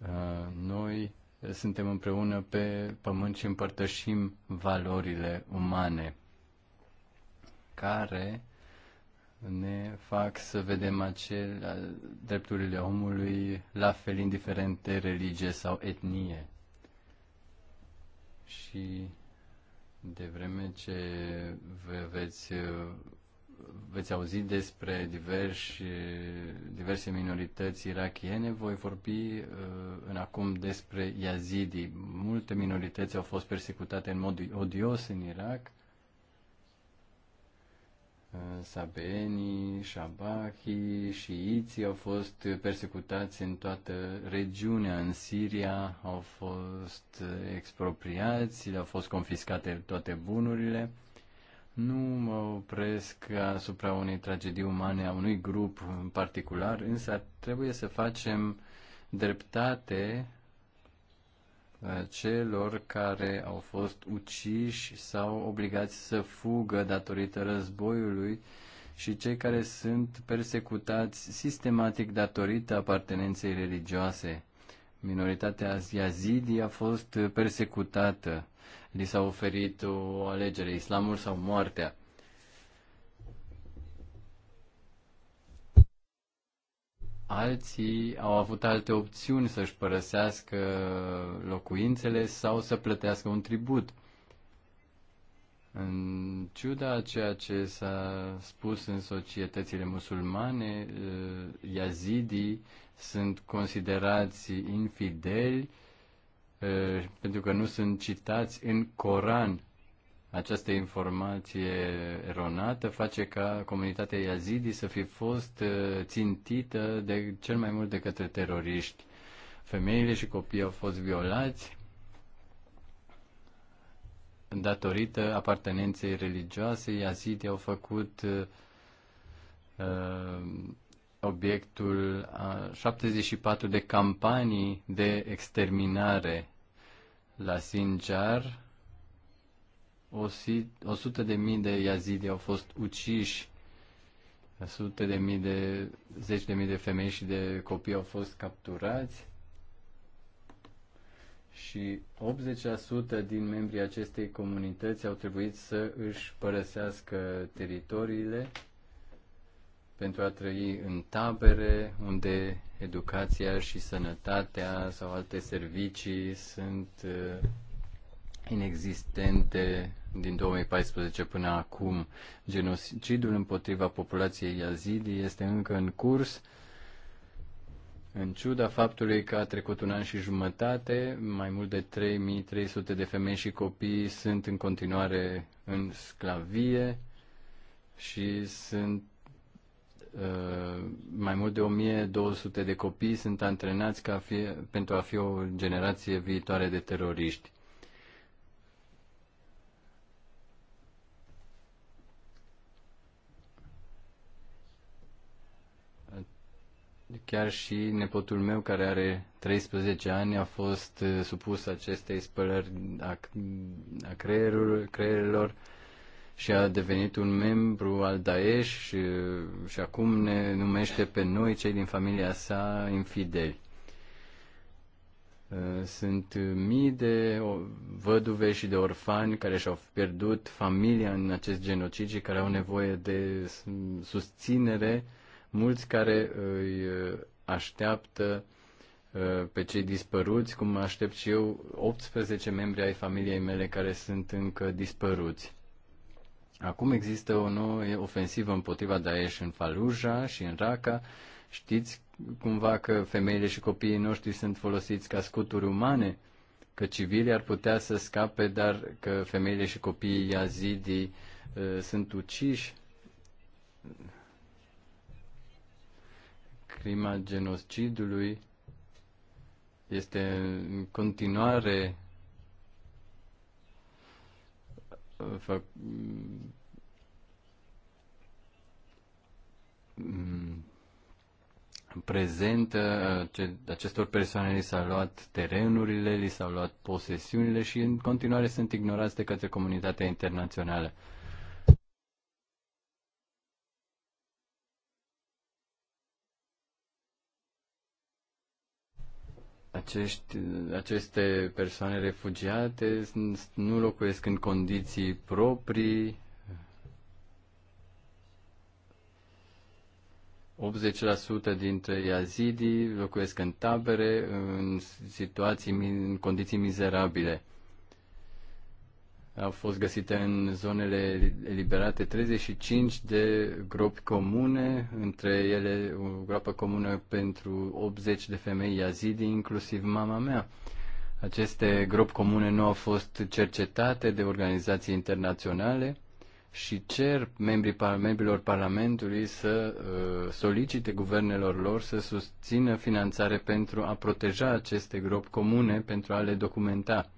uh, noi suntem împreună pe pământ și împărtășim valorile umane care ne fac să vedem acele drepturile omului la fel indiferent de religie sau etnie. Și de vreme ce vă veți veți auzi despre diversi, diverse minorități irachiene, voi vorbi uh, în acum despre yazidi. Multe minorități au fost persecutate în mod odios în Irak. Uh, Sabeni, Shabaki, șiiții au fost persecutați în toată regiunea. În Siria au fost uh, expropriați, le au fost confiscate toate bunurile. Nu mă opresc asupra unei tragedii umane a unui grup în particular, însă trebuie să facem dreptate uh, celor care au fost uciși sau obligați să fugă datorită războiului și cei care sunt persecutați sistematic datorită apartenenței religioase. Minoritatea yazidi a fost persecutată li s-a oferit o alegere, islamul sau moartea. Alții au avut alte opțiuni să-și părăsească locuințele sau să plătească un tribut. În ciuda a ceea ce s-a spus în societățile musulmane, iazidii eh, sunt considerați infideli pentru că nu sunt citați în Coran. Această informație eronată face ca comunitatea Yazidi să fi fost țintită de cel mai mult de către teroriști. Femeile și copiii au fost violați datorită apartenenței religioase. Yazidi au făcut uh, obiectul a 74 de campanii de exterminare la Sinjar, 100 de mii de yazidi au fost uciși, sute de mii de, zeci de mii de femei și de copii au fost capturați și 80% din membrii acestei comunități au trebuit să își părăsească teritoriile pentru a trăi în tabere unde educația și sănătatea sau alte servicii sunt uh, inexistente din 2014 până acum. Genocidul împotriva populației yazidi este încă în curs. În ciuda faptului că a trecut un an și jumătate, mai mult de 3300 de femei și copii sunt în continuare în sclavie și sunt Uh, mai mult de 1200 de copii sunt antrenați ca fi, pentru a fi o generație viitoare de teroriști. Chiar și nepotul meu, care are 13 ani, a fost uh, supus acestei spălări a creierul, creierilor și a devenit un membru al Daesh și, și acum ne numește pe noi, cei din familia sa, infideli. Uh, sunt mii de văduve și de orfani care și-au pierdut familia în acest genocid și care au nevoie de susținere, mulți care îi uh, așteaptă uh, pe cei dispăruți, cum aștept și eu 18 membri ai familiei mele care sunt încă dispăruți. Acum există o nouă ofensivă împotriva Daesh în Fallujah și în Raqqa. Știți cumva că femeile și copiii noștri sunt folosiți ca scuturi umane? Că civilii ar putea să scape, dar că femeile și copiii yazidii uh, sunt uciși? Crima genocidului este în continuare fă, prezentă, uh, acestor persoane li s-au luat terenurile, li s-au luat posesiunile și în continuare sunt ignorați de către comunitatea internațională. acești, aceste persoane refugiate nu locuiesc în condiții proprii. 80% dintre iazidii locuiesc în tabere, în situații, în condiții mizerabile. Au fost găsite în zonele eliberate 35 de gropi comune, între ele o groapă comună pentru 80 de femei yazidi, inclusiv mama mea. Aceste gropi comune nu au fost cercetate de organizații internaționale și cer membrii, membrilor Parlamentului să uh, solicite guvernelor lor să susțină finanțare pentru a proteja aceste gropi comune, pentru a le documenta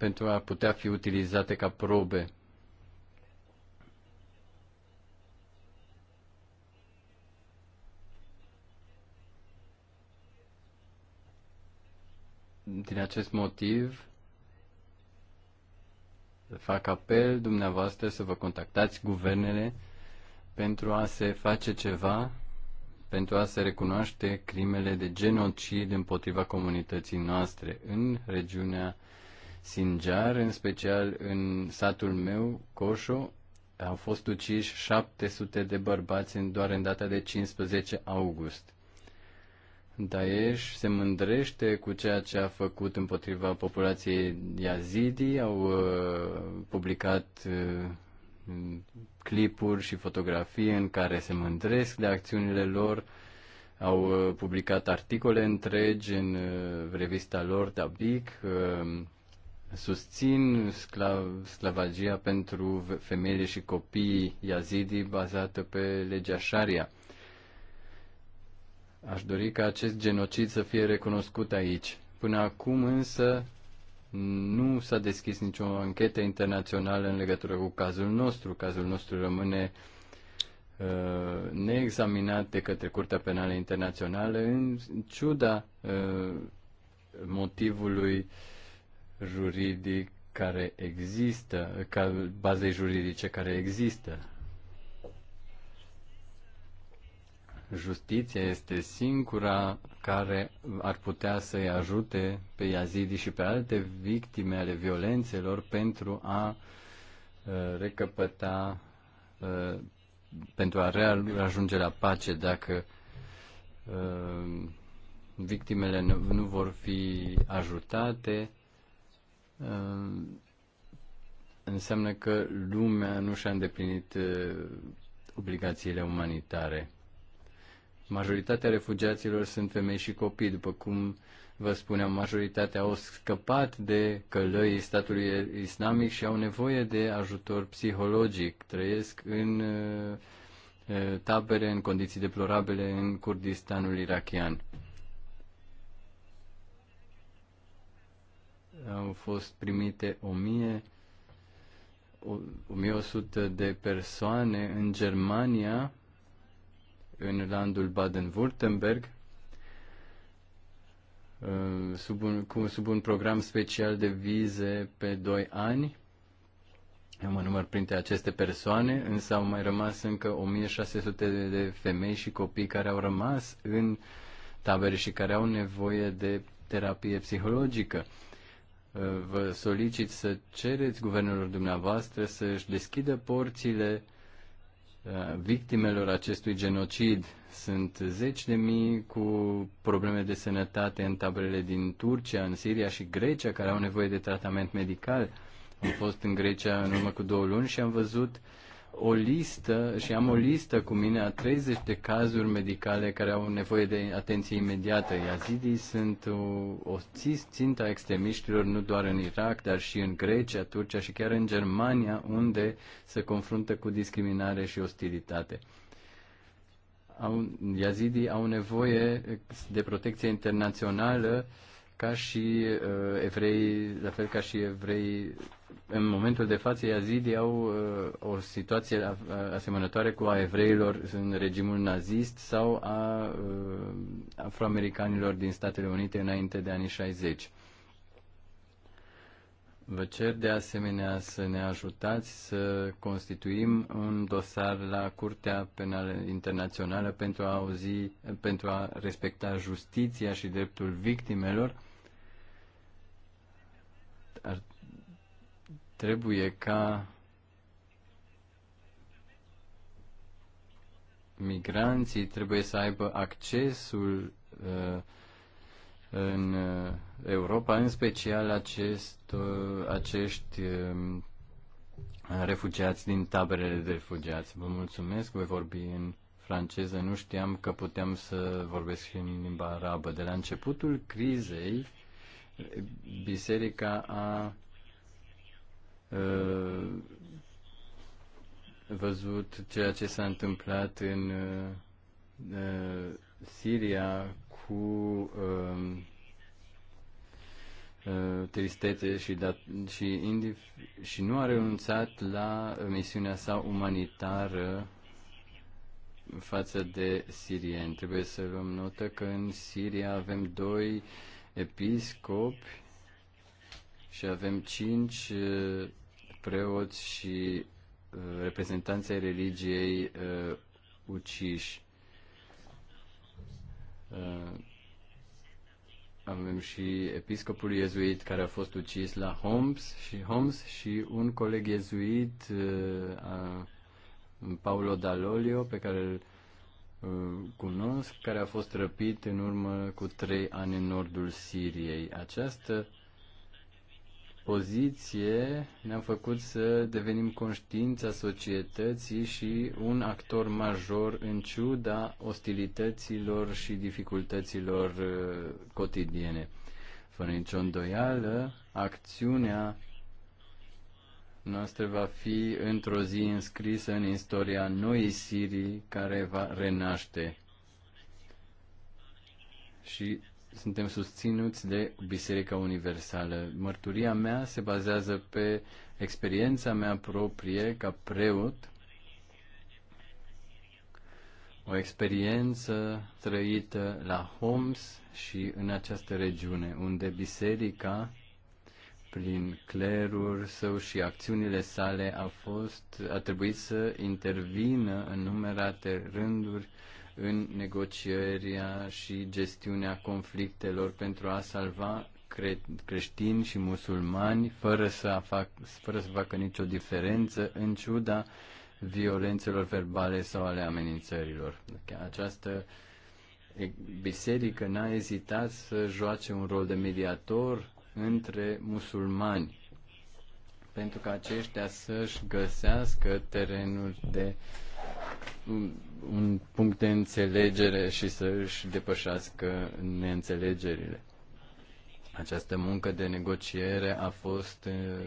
pentru a putea fi utilizate ca probe. Din acest motiv, fac apel dumneavoastră să vă contactați guvernele pentru a se face ceva, pentru a se recunoaște crimele de genocid împotriva comunității noastre în regiunea Sinjar, în special în satul meu, Coșo, au fost uciși 700 de bărbați în doar în data de 15 august. Daesh se mândrește cu ceea ce a făcut împotriva populației yazidi, au uh, publicat uh, clipuri și fotografii în care se mândresc de acțiunile lor, au uh, publicat articole întregi în uh, revista lor, Tabik, uh, susțin sclav, sclavagia pentru femeile și copii yazidi bazată pe legea Sharia. Aș dori ca acest genocid să fie recunoscut aici. Până acum însă nu s-a deschis nicio anchetă internațională în legătură cu cazul nostru. Cazul nostru rămâne uh, neexaminat de către Curtea Penală Internațională în ciuda uh, motivului uh, juridic care există, ca bazei juridice care există. Justiția este singura care ar putea să-i ajute pe Yazidi și pe alte victime ale violențelor pentru a uh, recăpăta, uh, pentru a ajunge la pace dacă uh, victimele nu vor fi ajutate înseamnă că lumea nu și-a îndeplinit obligațiile umanitare. Majoritatea refugiaților sunt femei și copii, după cum vă spuneam, majoritatea au scăpat de călăii statului islamic și au nevoie de ajutor psihologic. Trăiesc în tabere în condiții deplorabile în Kurdistanul irachian. au fost primite 1000, 1100 de persoane în Germania, în landul Baden-Württemberg, uh, sub un, cu, sub un program special de vize pe 2 ani. Eu mă număr printre aceste persoane, însă au mai rămas încă 1600 de femei și copii care au rămas în tabere și care au nevoie de terapie psihologică vă solicit să cereți guvernelor dumneavoastră să își deschidă porțile uh, victimelor acestui genocid. Sunt zeci de mii cu probleme de sănătate în taberele din Turcia, în Siria și Grecia, care au nevoie de tratament medical. Am fost în Grecia în urmă cu două luni și am văzut uh, o listă și am o listă cu mine a 30 de cazuri medicale care au nevoie de atenție imediată. Yazidii sunt o, o țintă a extremiștilor nu doar în Irak, dar și în Grecia, Turcia și chiar în Germania, unde se confruntă cu discriminare și ostilitate. Au, yazidii au nevoie de protecție internațională uh, ca și uh, evrei, la fel ca și evrei, în momentul de față, iazidii au uh, o situație uh, asemănătoare cu a evreilor în regimul nazist sau a uh, afroamericanilor din Statele Unite înainte de anii 60. Vă cer de asemenea să ne ajutați să constituim un dosar la Curtea Penală Internațională pentru a auzi, pentru a respecta justiția și dreptul victimelor Trebuie ca migranții trebuie să aibă accesul uh, în uh, Europa, în special acest, uh, acești uh, refugiați din taberele de refugiați. Vă mulțumesc, voi vorbi în franceză, nu știam că puteam să vorbesc și în limba arabă. De la începutul crizei, biserica a Uh, văzut ceea ce s-a întâmplat în uh, uh, Siria cu um, tristețe și, dat- și, indif- și nu a renunțat la misiunea sa umanitară față de sirieni. Trebuie să luăm notă că în Siria avem doi episcopi și avem cinci preoți și uh, reprezentanții religiei uh, uciși. Uh, avem și episcopul iezuit care a fost ucis la Homs și Homs și un coleg iezuit, Paulo Dalolio, pe care îl cunosc, care a fost răpit în urmă cu trei ani în nordul Siriei. Această poziție ne-am făcut să devenim conștiința societății și un actor major în ciuda ostilităților și dificultăților uh, cotidiene. Fără nicio îndoială, acțiunea noastră va fi într-o zi înscrisă în istoria noii Sirii care va renaște și suntem susținuți de Biserica Universală. Mărturia mea se bazează pe experiența mea proprie ca preot, o experiență trăită la Homs și în această regiune, unde biserica, prin clerul său și acțiunile sale, a, fost, a trebuit să intervină în numerate rânduri în negocierea și gestiunea conflictelor pentru a salva cre- creștini și musulmani fără să, fac, fără să facă nicio diferență în ciuda violențelor verbale sau ale amenințărilor. Această biserică n-a ezitat să joace un rol de mediator între musulmani pentru ca aceștia să-și găsească terenul de uh, un punct de înțelegere și să își depășească neînțelegerile. Această muncă de negociere a fost uh,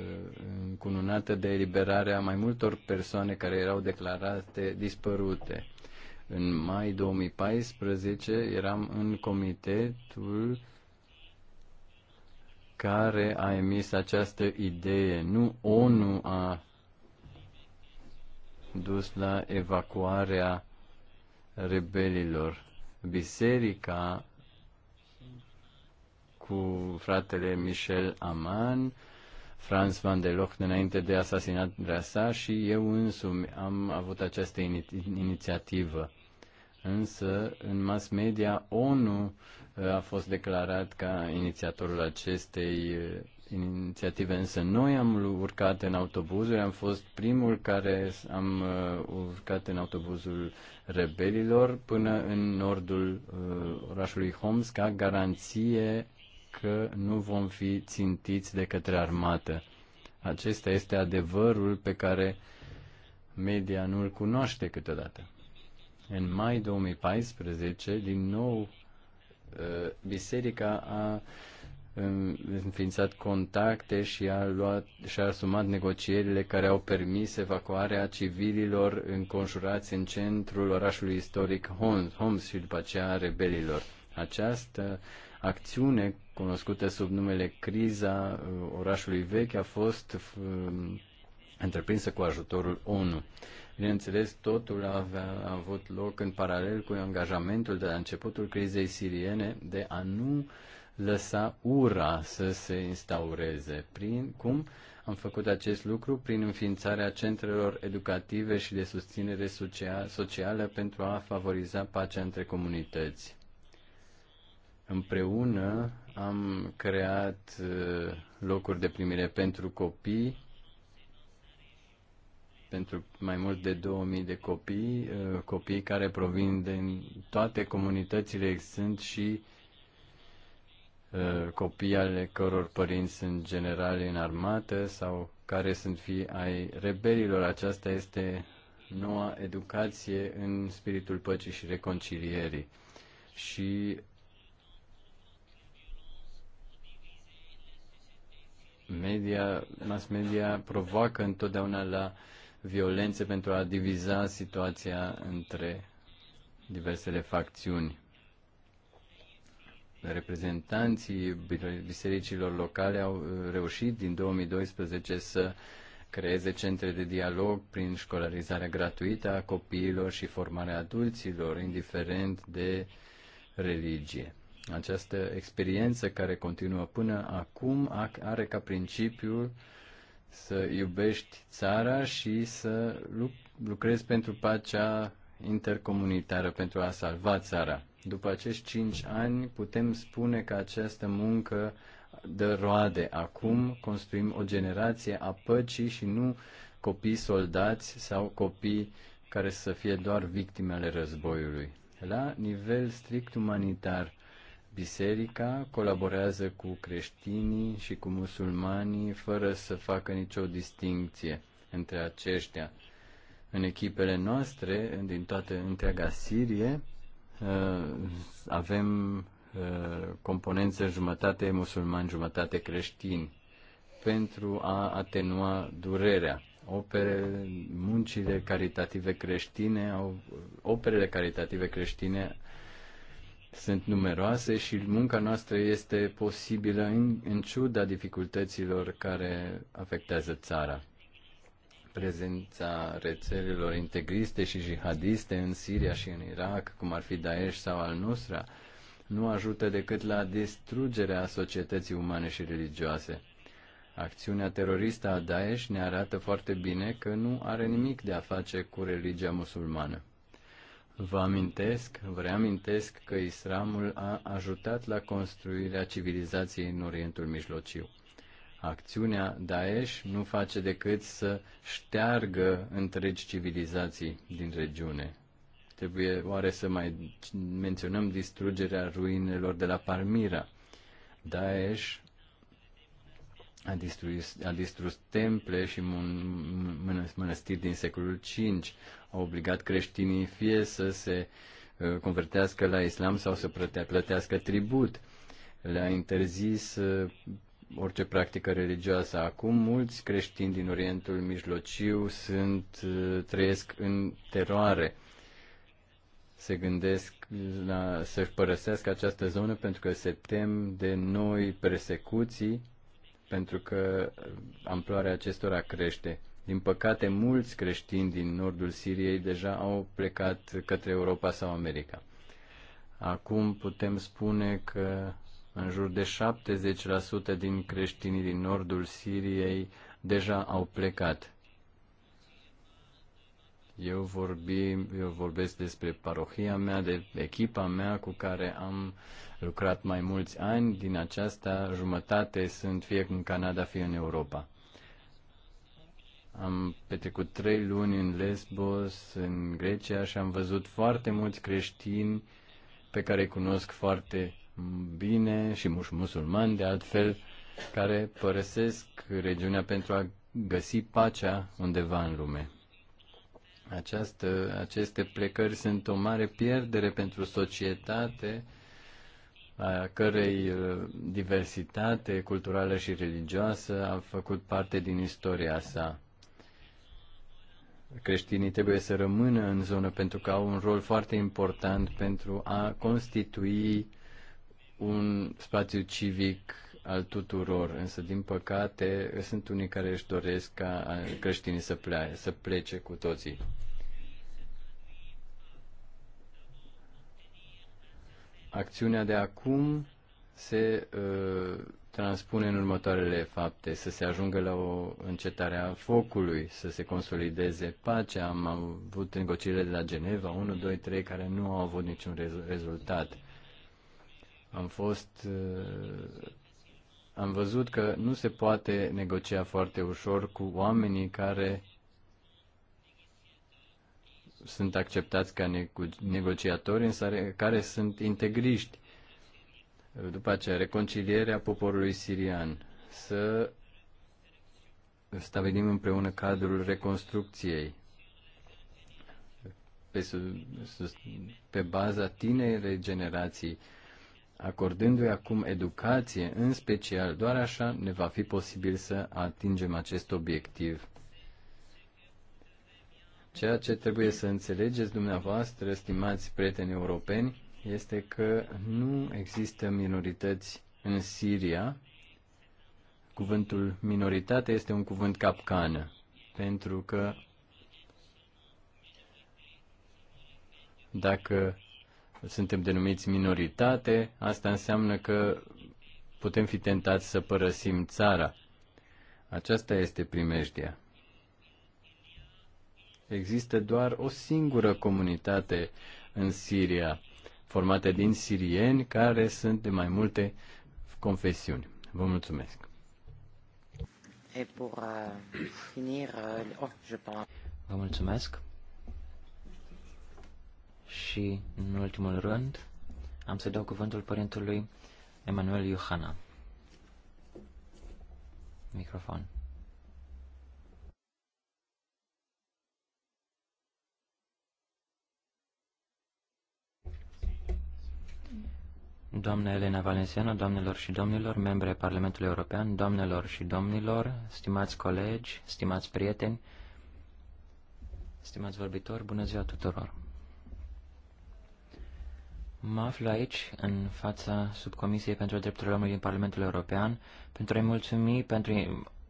încununată de eliberarea mai multor persoane care erau declarate dispărute. În mai 2014 eram în comitetul care a emis această idee. Nu ONU a dus la evacuarea rebelilor. Biserica cu fratele Michel Aman, Franz van der Loch înainte de asasinarea sa și eu însumi am avut această ini- inițiativă. Însă, în mass media, ONU uh, a fost declarat ca inițiatorul acestei uh, inițiative, însă noi am urcat în autobuzuri, am fost primul care am uh, urcat în autobuzul rebelilor până în nordul uh, orașului Homs ca garanție că nu vom fi țintiți de către armată. Acesta este adevărul pe care media nu îl cunoaște câteodată. În mai 2014, din nou, uh, biserica a înființat contacte și a, luat, și a asumat negocierile care au permis evacuarea civililor înconjurați în centrul orașului istoric Homs, Homs și după aceea rebelilor. Această acțiune, cunoscută sub numele Criza uh, orașului vechi, a fost um, întreprinsă cu ajutorul ONU. Bineînțeles, totul avea, a avut loc în paralel cu angajamentul de la începutul crizei siriene de a nu uh, lăsa ura să se instaureze. Prin cum am făcut acest lucru? Prin înființarea centrelor educative și de susținere socială pentru a favoriza pacea între comunități. Împreună am creat uh, locuri de primire pentru copii, pentru mai mult de 2000 de copii, uh, copii care provin din toate comunitățile, sunt și Uh, copii ale căror părinți sunt generali în armată sau care sunt fii ai rebelilor. Aceasta este noua educație în spiritul păcii și reconcilierii. Și media, mass media provoacă întotdeauna la violențe pentru a diviza situația între diversele facțiuni reprezentanții bisericilor locale au uh, reușit din 2012 să creeze centre de dialog prin școlarizarea gratuită a copiilor și formarea adulților, indiferent de religie. Această experiență care continuă până acum are ca principiu să iubești țara și să lucrezi pentru pacea intercomunitară, pentru a salva țara. După acești cinci ani putem spune că această muncă dă roade. Acum construim o generație a păcii și nu copii soldați sau copii care să fie doar victime ale războiului. La nivel strict umanitar, biserica colaborează cu creștinii și cu musulmanii fără să facă nicio distincție între aceștia. În echipele noastre, din toată întreaga Sirie, Uh, avem uh, componență jumătate musulmani, jumătate creștini pentru a atenua durerea. Opere, muncile caritative creștine au, operele caritative creștine sunt numeroase și munca noastră este posibilă în, în ciuda dificultăților care afectează țara prezența rețelelor integriste și jihadiste în Siria și în Irak, cum ar fi Daesh sau al-Nusra, nu ajută decât la distrugerea societății umane și religioase. Acțiunea teroristă a Daesh ne arată foarte bine că nu are nimic de a face cu religia musulmană. Vă amintesc, vă reamintesc că islamul a ajutat la construirea civilizației în Orientul Mijlociu. Acțiunea Daesh nu face decât să șteargă întregi civilizații din regiune. Trebuie oare să mai menționăm distrugerea ruinelor de la Palmira. Daesh a distrus, a distrus temple și mănăstiri din secolul V, a obligat creștinii fie să se uh, convertească la islam sau să plătească tribut, le-a interzis uh, orice practică religioasă. Acum mulți creștini din Orientul Mijlociu sunt, uh, trăiesc în teroare. Se gândesc la, să-și părăsească această zonă pentru că se tem de noi persecuții, pentru că amploarea acestora crește. Din păcate, mulți creștini din nordul Siriei deja au plecat către Europa sau America. Acum putem spune că în jur de 70% din creștinii din nordul Siriei deja au plecat. Eu, vorbi, eu vorbesc despre parohia mea, de echipa mea cu care am lucrat mai mulți ani. Din aceasta, jumătate sunt fie în Canada, fie în Europa. Am petrecut trei luni în Lesbos, în Grecia și am văzut foarte mulți creștini pe care îi cunosc foarte bine și musulmani, de altfel, care părăsesc regiunea pentru a găsi pacea undeva în lume. Această, aceste plecări sunt o mare pierdere pentru societate, a cărei uh, diversitate culturală și religioasă a făcut parte din istoria sa. Creștinii trebuie să rămână în zonă pentru că au un rol foarte important pentru a constitui uh, un spațiu civic al tuturor, însă din păcate sunt unii care își doresc ca creștinii să, plea, să plece cu toții. Acțiunea de acum se uh, transpune în următoarele fapte, să se ajungă la o încetare a focului, să se consolideze pacea. Am avut negocierile de la Geneva 1, 2, 3 care nu au avut niciun rezultat am fost am văzut că nu se poate negocia foarte ușor cu oamenii care sunt acceptați ca negociatori, însă care sunt integriști. După aceea, reconcilierea poporului sirian. Să stabilim împreună cadrul reconstrucției. Pe, pe baza tinerei generații acordându-i acum educație, în special, doar așa ne va fi posibil să atingem acest obiectiv. Ceea ce trebuie să înțelegeți dumneavoastră, stimați prieteni europeni, este că nu există minorități în Siria. Cuvântul minoritate este un cuvânt capcană, pentru că dacă suntem denumiți minoritate, asta înseamnă că putem fi tentați să părăsim țara. Aceasta este primejdia. Există doar o singură comunitate în Siria, formată din sirieni care sunt de mai multe confesiuni. Vă mulțumesc. Euh, euh, oh, Vă mulțumesc și, în ultimul rând, am să dau cuvântul părintelui Emanuel Iohana. Microfon. Doamna Elena Valenciano, doamnelor și domnilor, membre ai Parlamentului European, doamnelor și domnilor, stimați colegi, stimați prieteni, stimați vorbitori, bună ziua tuturor! Mă aflu aici, în fața Subcomisiei pentru Drepturile Omului din Parlamentul European, pentru a-i mulțumi pentru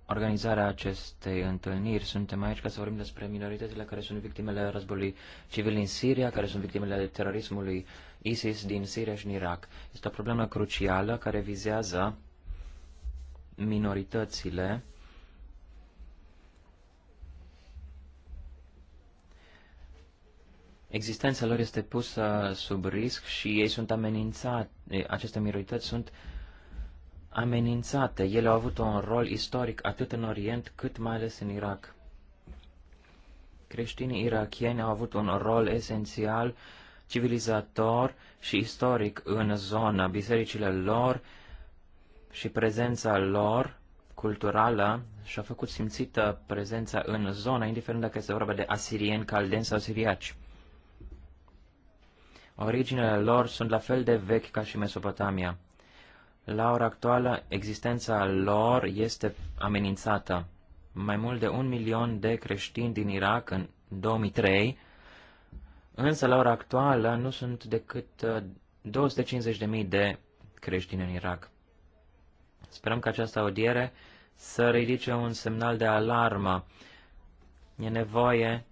organizarea acestei întâlniri. Suntem aici ca să vorbim despre minoritățile care sunt victimele războiului civil din Siria, care sunt victimele terorismului ISIS din Siria și în Irak. Este o problemă crucială care vizează minoritățile existența lor este pusă sub risc și ei sunt amenințați, aceste minorități sunt amenințate. Ele au avut un rol istoric atât în Orient cât mai ales în Irak. Creștinii irakieni au avut un rol esențial, civilizator și istoric în zona. Bisericile lor și prezența lor culturală și-a făcut simțită prezența în zona, indiferent dacă este vorba de asirieni, caldeni sau siriaci. Originele lor sunt la fel de vechi ca și Mesopotamia. La ora actuală, existența lor este amenințată. Mai mult de un milion de creștini din Irak în 2003, însă la ora actuală nu sunt decât 250.000 uh, de creștini în Irak. Sperăm că această audiere să ridice un semnal de alarmă. E nevoie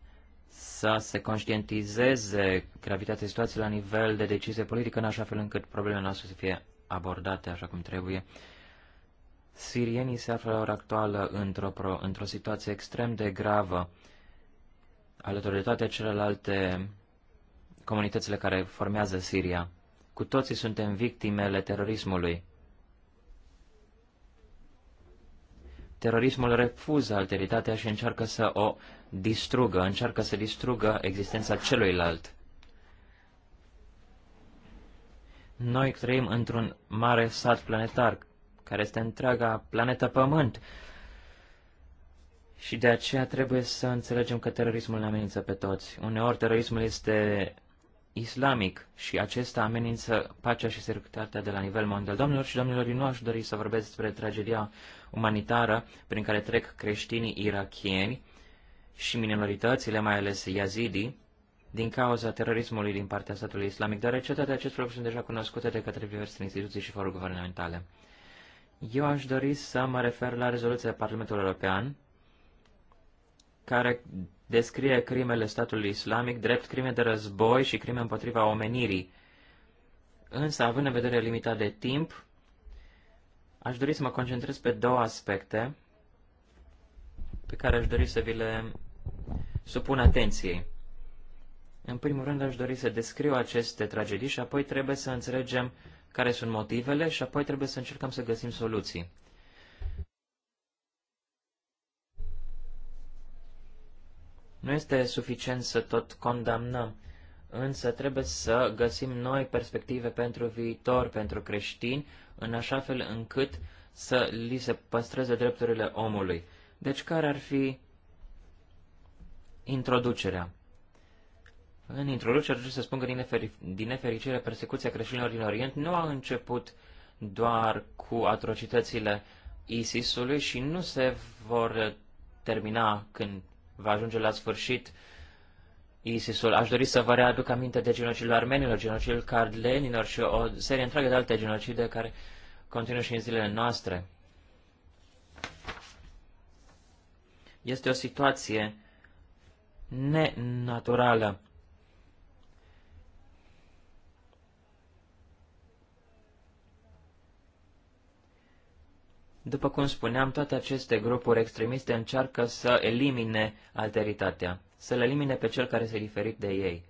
să se conștientizeze gravitatea situației la nivel de decizie politică, în așa fel încât problemele noastre să fie abordate așa cum trebuie. Sirienii se află la ora actuală într-o, într situație extrem de gravă, alături de toate celelalte comunitățile care formează Siria. Cu toții suntem victimele terorismului. Terorismul refuză alteritatea și încearcă să o distrugă, încearcă să distrugă existența celuilalt. Noi trăim într-un mare sat planetar, care este întreaga planetă Pământ. Și de aceea trebuie să înțelegem că terorismul ne amenință pe toți. Uneori terorismul este islamic și acesta amenință pacea și securitatea de la nivel mondial. Domnilor și domnilor, eu nu aș dori să vorbesc despre tragedia umanitară prin care trec creștinii irachieni și minoritățile, mai ales yazidii, din cauza terorismului din partea statului islamic, deoarece toate aceste lucruri sunt deja cunoscute de către diverse instituții și foruri guvernamentale. Eu aș dori să mă refer la rezoluția Parlamentului European, care descrie crimele statului islamic drept crime de război și crime împotriva omenirii. Însă, având în vedere limita de timp, Aș dori să mă concentrez pe două aspecte pe care aș dori să vi le supun atenției. În primul rând aș dori să descriu aceste tragedii și apoi trebuie să înțelegem care sunt motivele și apoi trebuie să încercăm să găsim soluții. Nu este suficient să tot condamnăm, însă trebuie să găsim noi perspective pentru viitor, pentru creștini în așa fel încât să li se păstreze drepturile omului. Deci care ar fi introducerea? În introducere trebuie să spun că, din, neferi, din nefericire, persecuția creștinilor din Orient nu a început doar cu atrocitățile ISIS-ului și nu se vor termina când va ajunge la sfârșit uh, ISIS-ul. Aș dori să vă readuc aminte de genocidul armenilor, genocidul carlenilor și o serie întreagă de alte genocide care continuă și în zilele noastre. Este o situație nenaturală. După cum spuneam, toate aceste grupuri extremiste încearcă să elimine alteritatea să-l elimine pe cel care se diferit de ei.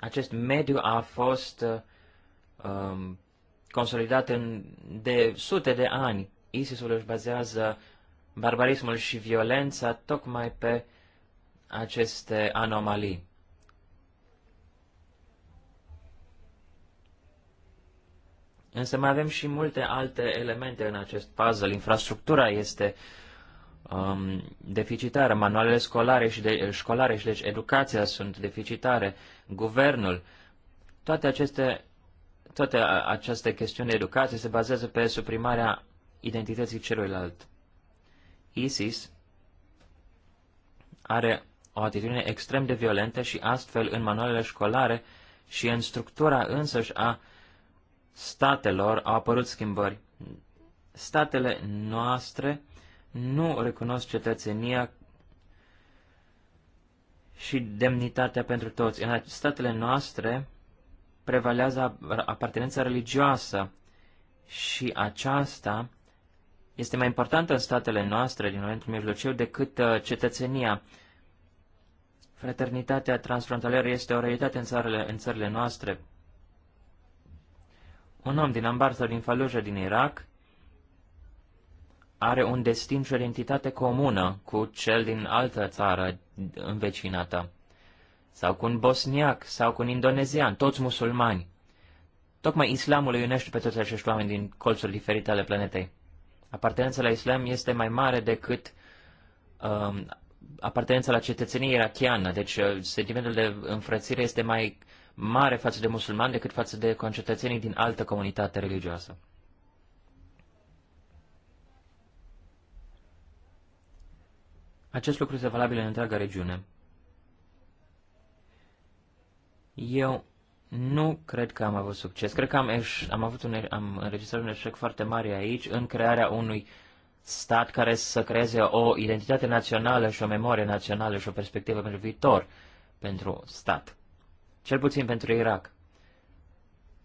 Acest mediu a fost uh, um, consolidat în, de sute de ani. ISIS-ul își bazează barbarismul și violența tocmai pe aceste anomalii. Însă mai avem și multe alte elemente în acest puzzle. Infrastructura este uh, um, deficitară, manualele școlare și, de, școlare și deci educația sunt deficitare, guvernul, toate aceste, toate aceste chestiuni de educație se bazează pe suprimarea identității celuilalt. ISIS are o atitudine extrem de violentă și astfel în manualele școlare și în structura însăși a statelor au apărut schimbări. Statele noastre nu recunosc cetățenia și demnitatea pentru toți. În statele noastre prevalează apartenența religioasă și aceasta este mai importantă în statele noastre din Orientul Mijlociu decât uh, cetățenia. Fraternitatea transfrontalieră este o realitate în țările, în țările noastre. Un om din Ambar sau din Faluja, din Irak are un destin și o identitate comună cu cel din altă țară învecinată, sau cu un bosniac, sau cu un indonezian, toți musulmani. Tocmai islamul îi unește pe toți acești oameni din colțuri diferite ale planetei. Apartenența la islam este mai mare decât um, apartenența la cetățenie irachiană, deci uh, sentimentul de înfrățire este mai mare față de musulmani decât față de concetățenii din altă comunitate religioasă. Acest lucru este valabil în întreaga regiune. Eu nu cred că am avut succes. Cred că am, eș- am, avut un, er, am înregistrat un eșec foarte mare aici în crearea unui stat care să creeze o identitate națională și o memorie națională și o perspectivă pentru viitor pentru stat. Cel puțin pentru Irak.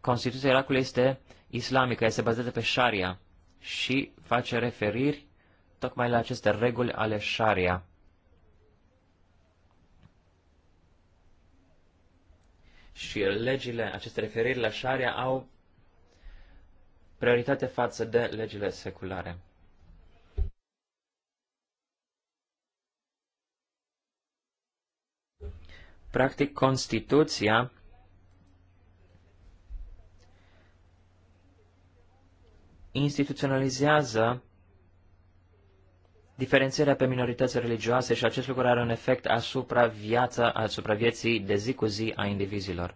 Constituția Irakului este islamică, este bazată pe Sharia și face referiri tocmai la aceste reguli ale Sharia. Și legile, aceste referiri la Sharia au prioritate față de legile seculare. Practic, Constituția instituționalizează diferențierea pe minorități religioase și acest lucru are un efect asupra, viața, asupra vieții de zi cu zi a indivizilor.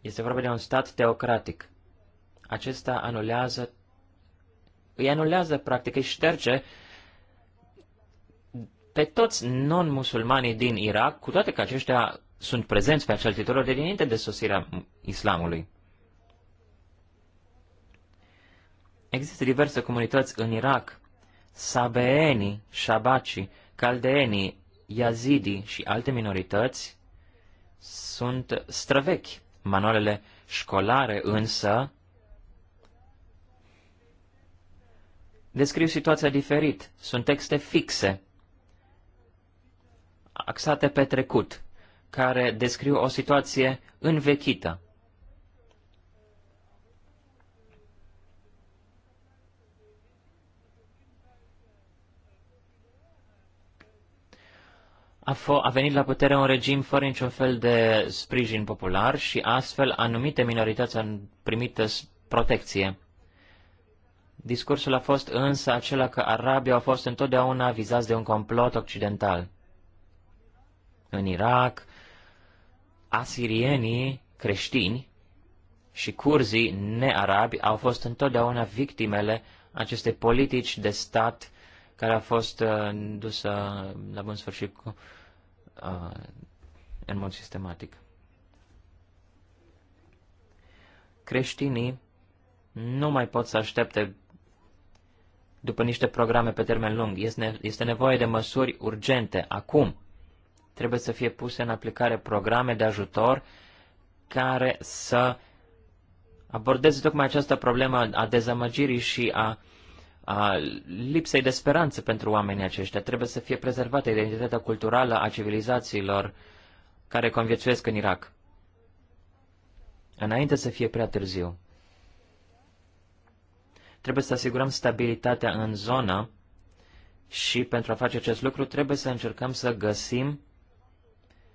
Este vorba de un stat teocratic. Acesta anulează, îi anulează, practic, îi șterge pe toți non-musulmanii din Irak, cu toate că aceștia sunt prezenți pe acel titolor de dinainte de sosirea islamului. Există diverse comunități în Irak sabeenii, șabacii, caldeenii, Yazidi și alte minorități sunt străvechi. Manualele școlare însă descriu situația diferit. Sunt texte fixe, axate pe trecut, care descriu o situație învechită. a, a venit la putere un regim fără niciun fel de sprijin popular și astfel anumite minorități au primit protecție. Discursul a fost însă acela că arabii au fost întotdeauna vizați de un complot occidental. În Irak, asirienii creștini și curzii nearabi au fost întotdeauna victimele acestei politici de stat care a fost uh, dusă la bun sfârșit cu în mod sistematic. Creștinii nu mai pot să aștepte după niște programe pe termen lung. Este, este nevoie de măsuri urgente, acum. Trebuie să fie puse în aplicare programe de ajutor care să abordeze tocmai această problemă a dezamăgirii și a uh, a lipsei de speranță pentru oamenii aceștia. Trebuie să fie prezervată identitatea culturală a civilizațiilor care conviețuiesc în Irak. Înainte să fie prea târziu. Trebuie să asigurăm stabilitatea în zonă și pentru a face acest lucru trebuie să încercăm să găsim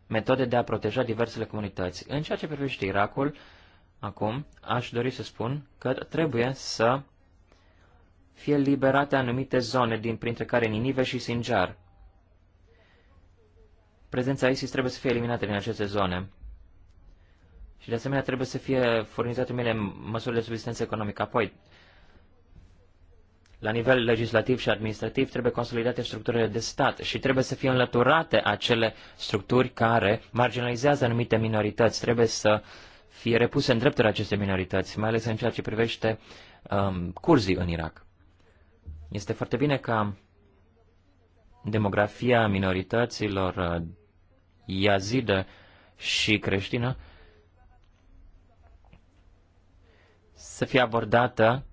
metode de a proteja diversele comunități. În ceea ce privește Irakul, acum, aș dori să spun că trebuie să fie liberate anumite zone, din printre care Ninive și Sinjar. Prezența ISIS trebuie să fie eliminată din aceste zone. Și de asemenea trebuie să fie furnizate mele măsuri de subsistență economică. Apoi, la nivel legislativ și administrativ, trebuie consolidate structurile de stat și trebuie să fie înlăturate acele structuri care marginalizează anumite minorități. Trebuie să fie repuse în drepturi aceste minorități, mai ales în ceea ce privește um, curzii în Irak. Este foarte bine ca demografia minorităților uh, iazidă și creștină să fie abordată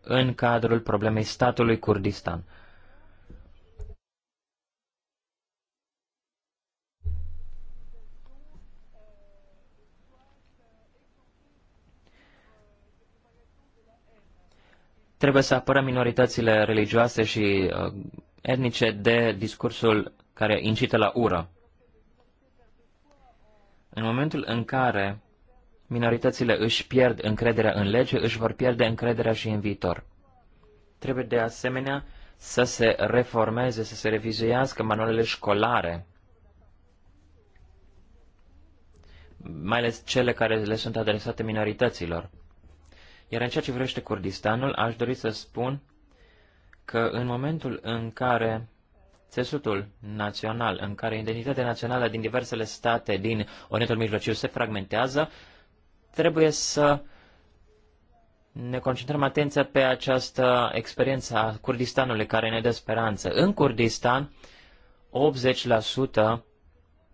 în cadrul problemei statului Kurdistan. Trebuie să apărăm minoritățile religioase și uh, etnice de discursul care incită la ură. În momentul în care minoritățile își pierd încrederea în lege, își vor pierde încrederea și în viitor. Trebuie de asemenea să se reformeze, să se revizuiască manualele școlare, mai ales cele care le sunt adresate minorităților. Iar în ceea ce vrește Kurdistanul, aș dori să spun că în momentul în care țesutul național, în care identitatea națională din diversele state din Orientul Mijlociu se fragmentează, trebuie să ne concentrăm atenția pe această experiență a Kurdistanului care ne dă speranță. În Kurdistan, 80%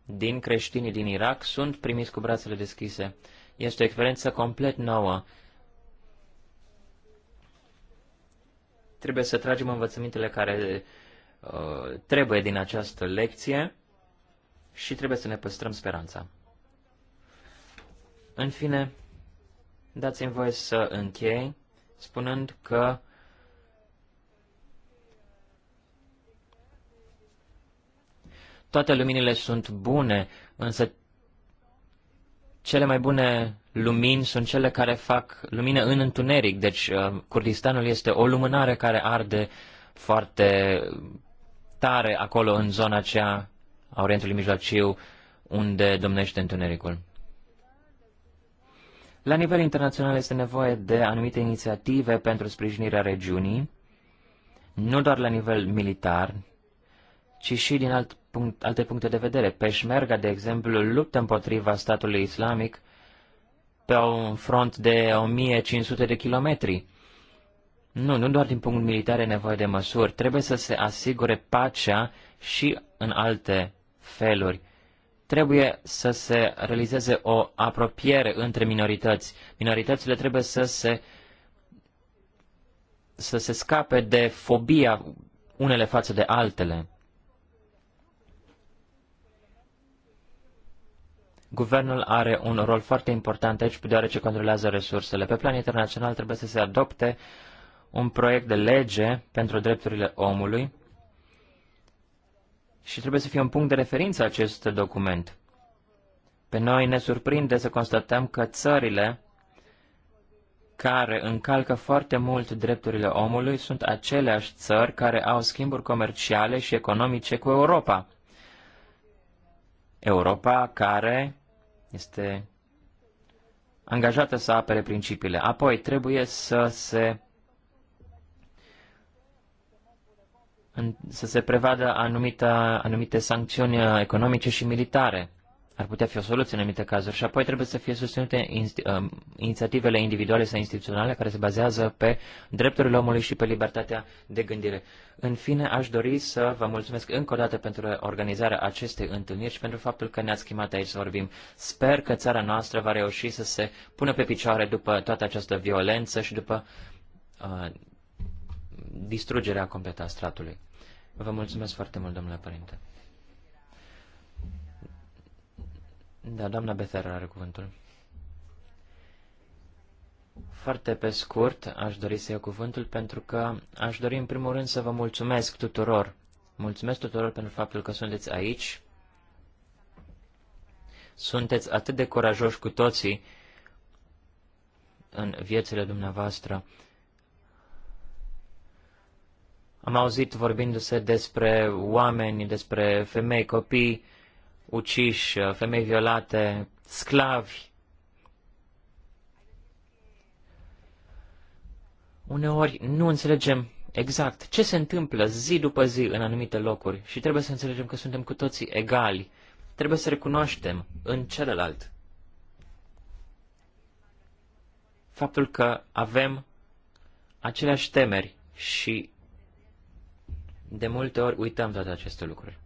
din creștinii din Irak sunt primiți cu brațele deschise. Este o experiență complet nouă Trebuie să tragem învățămintele care uh, trebuie din această lecție și trebuie să ne păstrăm speranța. În fine, dați-mi voie să închei spunând că toate luminile sunt bune, însă cele mai bune lumini sunt cele care fac lumină în întuneric, deci uh, Kurdistanul este o lumânare care arde foarte tare acolo în zona aceea a Orientului Mijlociu unde domnește întunericul. La nivel internațional este nevoie de anumite inițiative pentru sprijinirea regiunii, nu doar la nivel militar, ci și din alt punct, alte puncte de vedere. Peșmerga, de exemplu, luptă împotriva statului islamic pe un front de 1500 de kilometri. Nu, nu doar din punct militar e nevoie de măsuri, trebuie să se asigure pacea și în alte feluri. Trebuie să se realizeze o apropiere între minorități. Minoritățile trebuie să se, să se scape de fobia unele față de altele. Guvernul are un rol foarte important aici, deoarece controlează resursele. Pe plan internațional trebuie să se adopte un proiect de lege pentru drepturile omului și trebuie să fie un punct de referință acest document. Pe noi ne surprinde să constatăm că țările care încalcă foarte mult drepturile omului sunt aceleași țări care au schimburi comerciale și economice cu Europa. Europa care este angajată să apere principiile. Apoi trebuie să se să se prevadă anumite anumite sancțiuni economice și militare ar putea fi o soluție în anumite cazuri. Și apoi trebuie să fie susținute um, inițiativele individuale sau instituționale care se bazează pe drepturile omului și pe libertatea de gândire. În fine, aș dori să vă mulțumesc încă o dată pentru organizarea acestei întâlniri și pentru faptul că ne-ați chemat aici să vorbim. Sper că țara noastră va reuși să se pună pe picioare după toată această violență și după uh, distrugerea completă a stratului. Vă mulțumesc foarte mult, domnule părinte. Da, doamna Bethera are cuvântul. Foarte pe scurt, aș dori să iau cuvântul pentru că aș dori în primul rând să vă mulțumesc tuturor. Mulțumesc tuturor pentru faptul că sunteți aici. Sunteți atât de curajoși cu toții în viețile dumneavoastră. Am auzit vorbindu-se despre oameni, despre femei, copii, uciși, uh, femei violate, sclavi. Uneori nu înțelegem exact ce se întâmplă zi după zi în anumite locuri și trebuie să înțelegem că suntem cu toții egali. Trebuie să recunoaștem în celălalt faptul că avem aceleași temeri și de multe ori uităm toate aceste lucruri.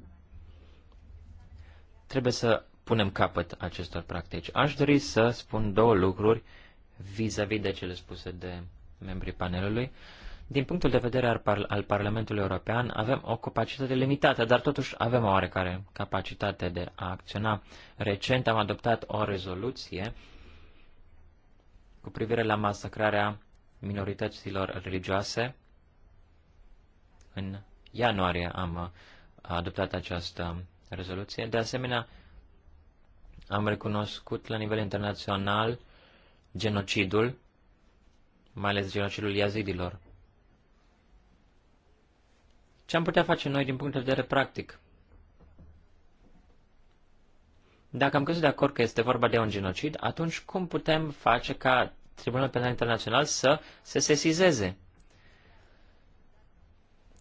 Trebuie să punem capăt acestor practici. Aș dori să spun două lucruri vis-a-vis -vis de cele spuse de membrii panelului. Din punctul de vedere al, Par- al Parlamentului European, avem o capacitate limitată, dar totuși avem o oarecare capacitate de a acționa. Recent am adoptat o rezoluție cu privire la masacrarea minorităților religioase. În ianuarie am adoptat această rezoluție. De asemenea, am recunoscut la nivel internațional genocidul, mai ales genocidul iazidilor. Ce am putea face noi din punct de vedere practic? Dacă am căzut de acord că este vorba de un genocid, atunci cum putem face ca Tribunalul Penal Internațional să se sesizeze?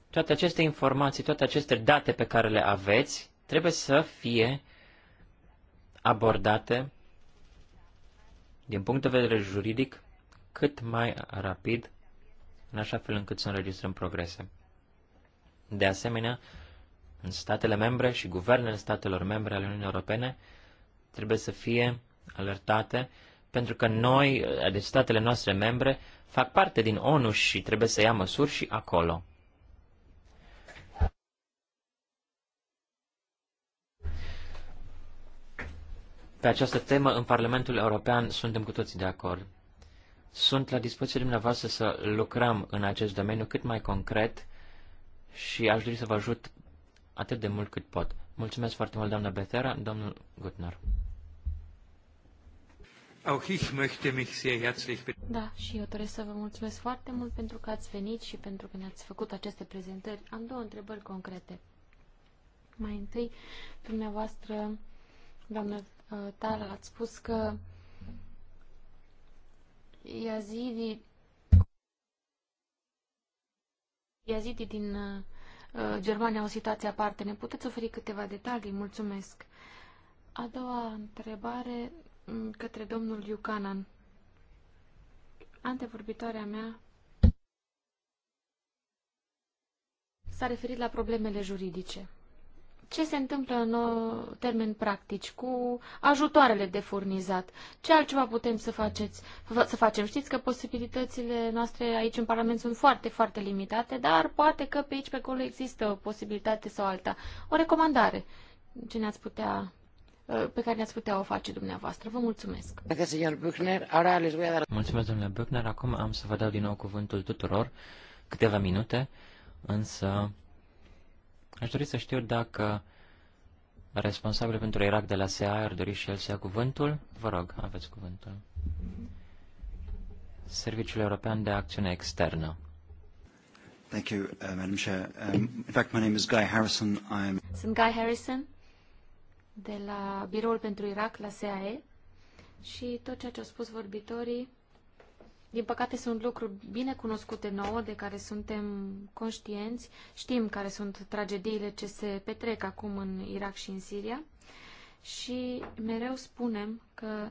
Toate aceste informații, toate aceste date pe care le aveți, trebuie să fie abordate din punct de vedere juridic cât mai rapid, în așa fel încât să înregistrăm progrese. De asemenea, în statele membre și guvernele statelor membre ale Uniunii Europene trebuie să fie alertate pentru că noi, adică statele noastre membre, fac parte din ONU și trebuie să ia măsuri și acolo. Pe această temă, în Parlamentul European, suntem cu toții de acord. Sunt la dispoziția dumneavoastră să lucrăm în acest domeniu cât mai concret și aș dori să vă ajut atât de mult cât pot. Mulțumesc foarte mult, doamna Betera, domnul Gutner. Auch ich möchte mich sehr herzlich Da, și eu doresc să vă mulțumesc foarte mult pentru că ați venit și pentru că ne-ați făcut aceste prezentări. Am două întrebări concrete. Mai întâi, dumneavoastră, doamnă Uh, Tal ați spus că yazidii, yazidii din uh, uh, Germania au o situație aparte. Ne puteți oferi câteva detalii? Mulțumesc. A doua întrebare mm, către domnul Iucanan. Antevorbitoarea mea s-a referit la problemele juridice ce se întâmplă în termeni practici cu ajutoarele de furnizat. Ce altceva putem să, faceți, să facem? Știți că posibilitățile noastre aici în Parlament sunt foarte, foarte limitate, dar poate că pe aici, pe acolo există o posibilitate sau alta. O recomandare ce ne-ați putea uh, pe care ne-ați putea o face dumneavoastră. Vă mulțumesc. Mulțumesc, domnule Böckner. Acum am să vă dau din nou cuvântul tuturor, câteva minute, însă Aș dori să știu dacă responsabil pentru Irak de la SEA ar dori și el să ia cuvântul. Vă rog, aveți cuvântul. Serviciul European de Acțiune Externă. Thank you, uh, Madam Chair. Um, in fact, my name is Guy Harrison. I'm... Sunt Guy Harrison de la Biroul pentru Irak la SAE și tot ceea ce au spus vorbitorii din păcate sunt lucruri bine cunoscute nouă, de care suntem conștienți. Știm care sunt tragediile ce se petrec acum în Irak și în Siria. Și mereu spunem că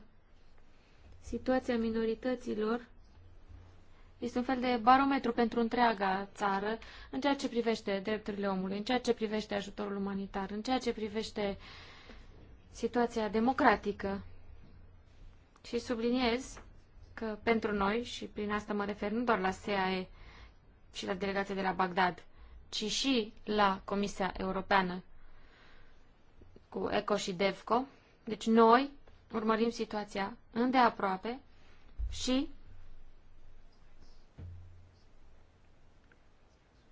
situația minorităților este un fel de barometru pentru întreaga țară în ceea ce privește drepturile omului, în ceea ce privește ajutorul umanitar, în ceea ce privește situația democratică. Și subliniez că pentru noi, și prin asta mă refer nu doar la SEAE și la delegația de la Bagdad, ci și la Comisia Europeană cu ECO și DEVCO, deci noi urmărim situația îndeaproape și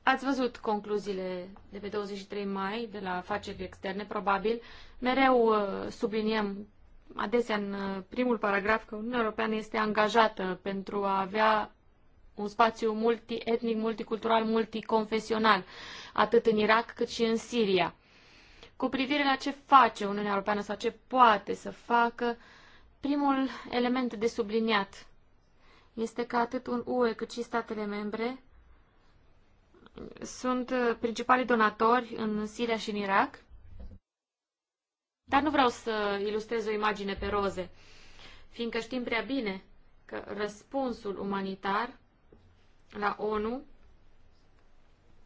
Ați văzut concluziile de pe 23 mai de la afaceri externe, probabil. Mereu uh, subliniem adesea în uh, primul paragraf că Uniunea Europeană este angajată pentru a avea un spațiu multietnic, multicultural, multiconfesional, atât în Irak cât și în Siria. Cu privire la ce face Uniunea Europeană sau ce poate să facă, primul element de subliniat este că atât un UE cât și statele membre sunt uh, principalii donatori în Siria și în Irak dar nu vreau să ilustrez o imagine pe roze, fiindcă știm prea bine că răspunsul umanitar la ONU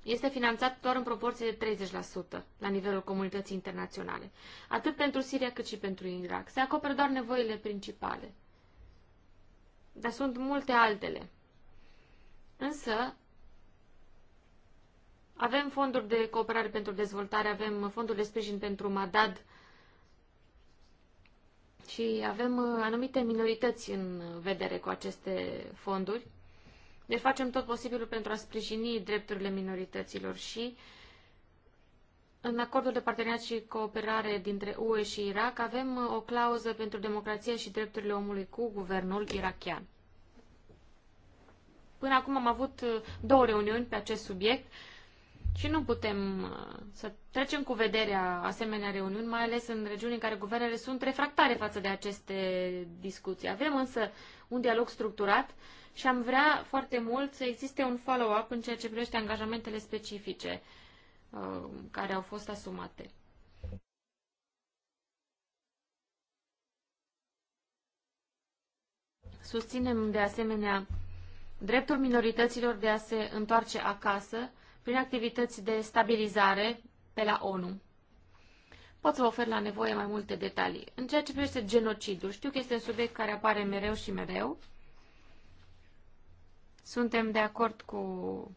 este finanțat doar în proporție de 30% la nivelul comunității internaționale, atât pentru Siria cât și pentru Irak. Se acoperă doar nevoile principale. Dar sunt multe altele. Însă, avem fonduri de cooperare pentru dezvoltare, avem fonduri de sprijin pentru Madad, și avem uh, anumite minorități în vedere cu aceste fonduri. Ne deci facem tot posibilul pentru a sprijini drepturile minorităților și în acordul de parteneriat și cooperare dintre UE și Irak avem uh, o clauză pentru democrație și drepturile omului cu guvernul irachian. Până acum am avut uh, două reuniuni pe acest subiect și nu putem uh, să trecem cu vederea asemenea reuniuni, mai ales în regiuni în care guvernele sunt refractare față de aceste discuții. Avem însă un dialog structurat și am vrea foarte mult să existe un follow-up în ceea ce privește angajamentele specifice uh, care au fost asumate. Susținem de asemenea dreptul minorităților de a se întoarce acasă prin activități de stabilizare pe la ONU. Pot să vă ofer la nevoie mai multe detalii. În ceea ce privește genocidul, știu că este un subiect care apare mereu și mereu. Suntem de acord cu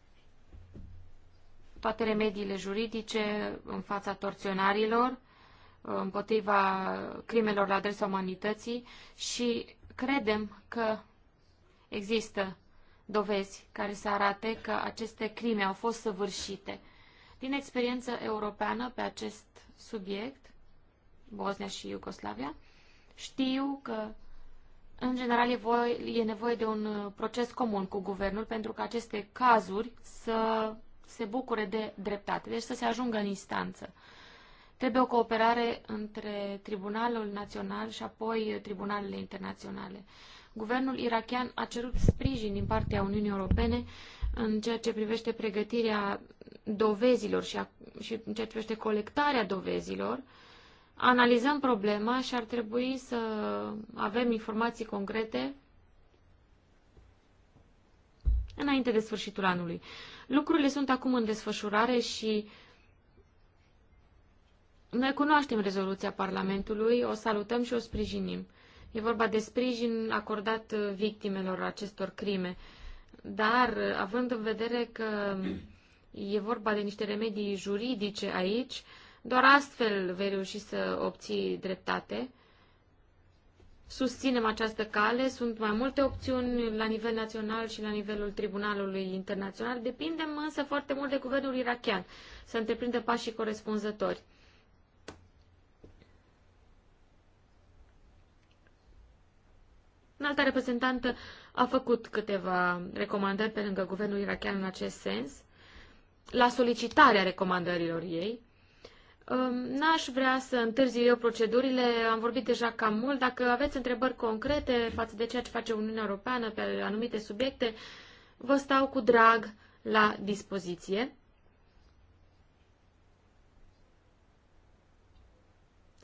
toate remediile juridice în fața torționarilor, împotriva crimelor la adresa umanității și credem că există dovezi care să arate că aceste crime au fost săvârșite. Din experiență europeană pe acest subiect, Bosnia și Iugoslavia, știu că, în general, e, voi, e nevoie de un uh, proces comun cu guvernul pentru că aceste cazuri să se bucure de dreptate, deci să se ajungă în instanță. Trebuie o cooperare între Tribunalul Național și apoi tribunalele internaționale. Guvernul irachian a cerut sprijin din partea Uniunii Europene în ceea ce privește pregătirea dovezilor și, a, și în ceea ce privește colectarea dovezilor. Analizăm problema și ar trebui să avem informații concrete înainte de sfârșitul anului. Lucrurile sunt acum în desfășurare și noi cunoaștem rezoluția Parlamentului, o salutăm și o sprijinim. E vorba de sprijin acordat uh, victimelor acestor crime. Dar, uh, având în vedere că um, e vorba de niște remedii juridice aici, doar astfel vei reuși să obții dreptate. Susținem această cale, sunt mai multe opțiuni la nivel național și la nivelul Tribunalului Internațional. Depindem însă foarte mult de guvernul irachian să întreprindă pașii corespunzători. Înalta reprezentantă a făcut câteva recomandări pe lângă guvernul irachian în acest sens, la solicitarea recomandărilor ei. N-aș vrea să întârzi eu procedurile, am vorbit deja cam mult. Dacă aveți întrebări concrete față de ceea ce face Uniunea Europeană pe anumite subiecte, vă stau cu drag la dispoziție.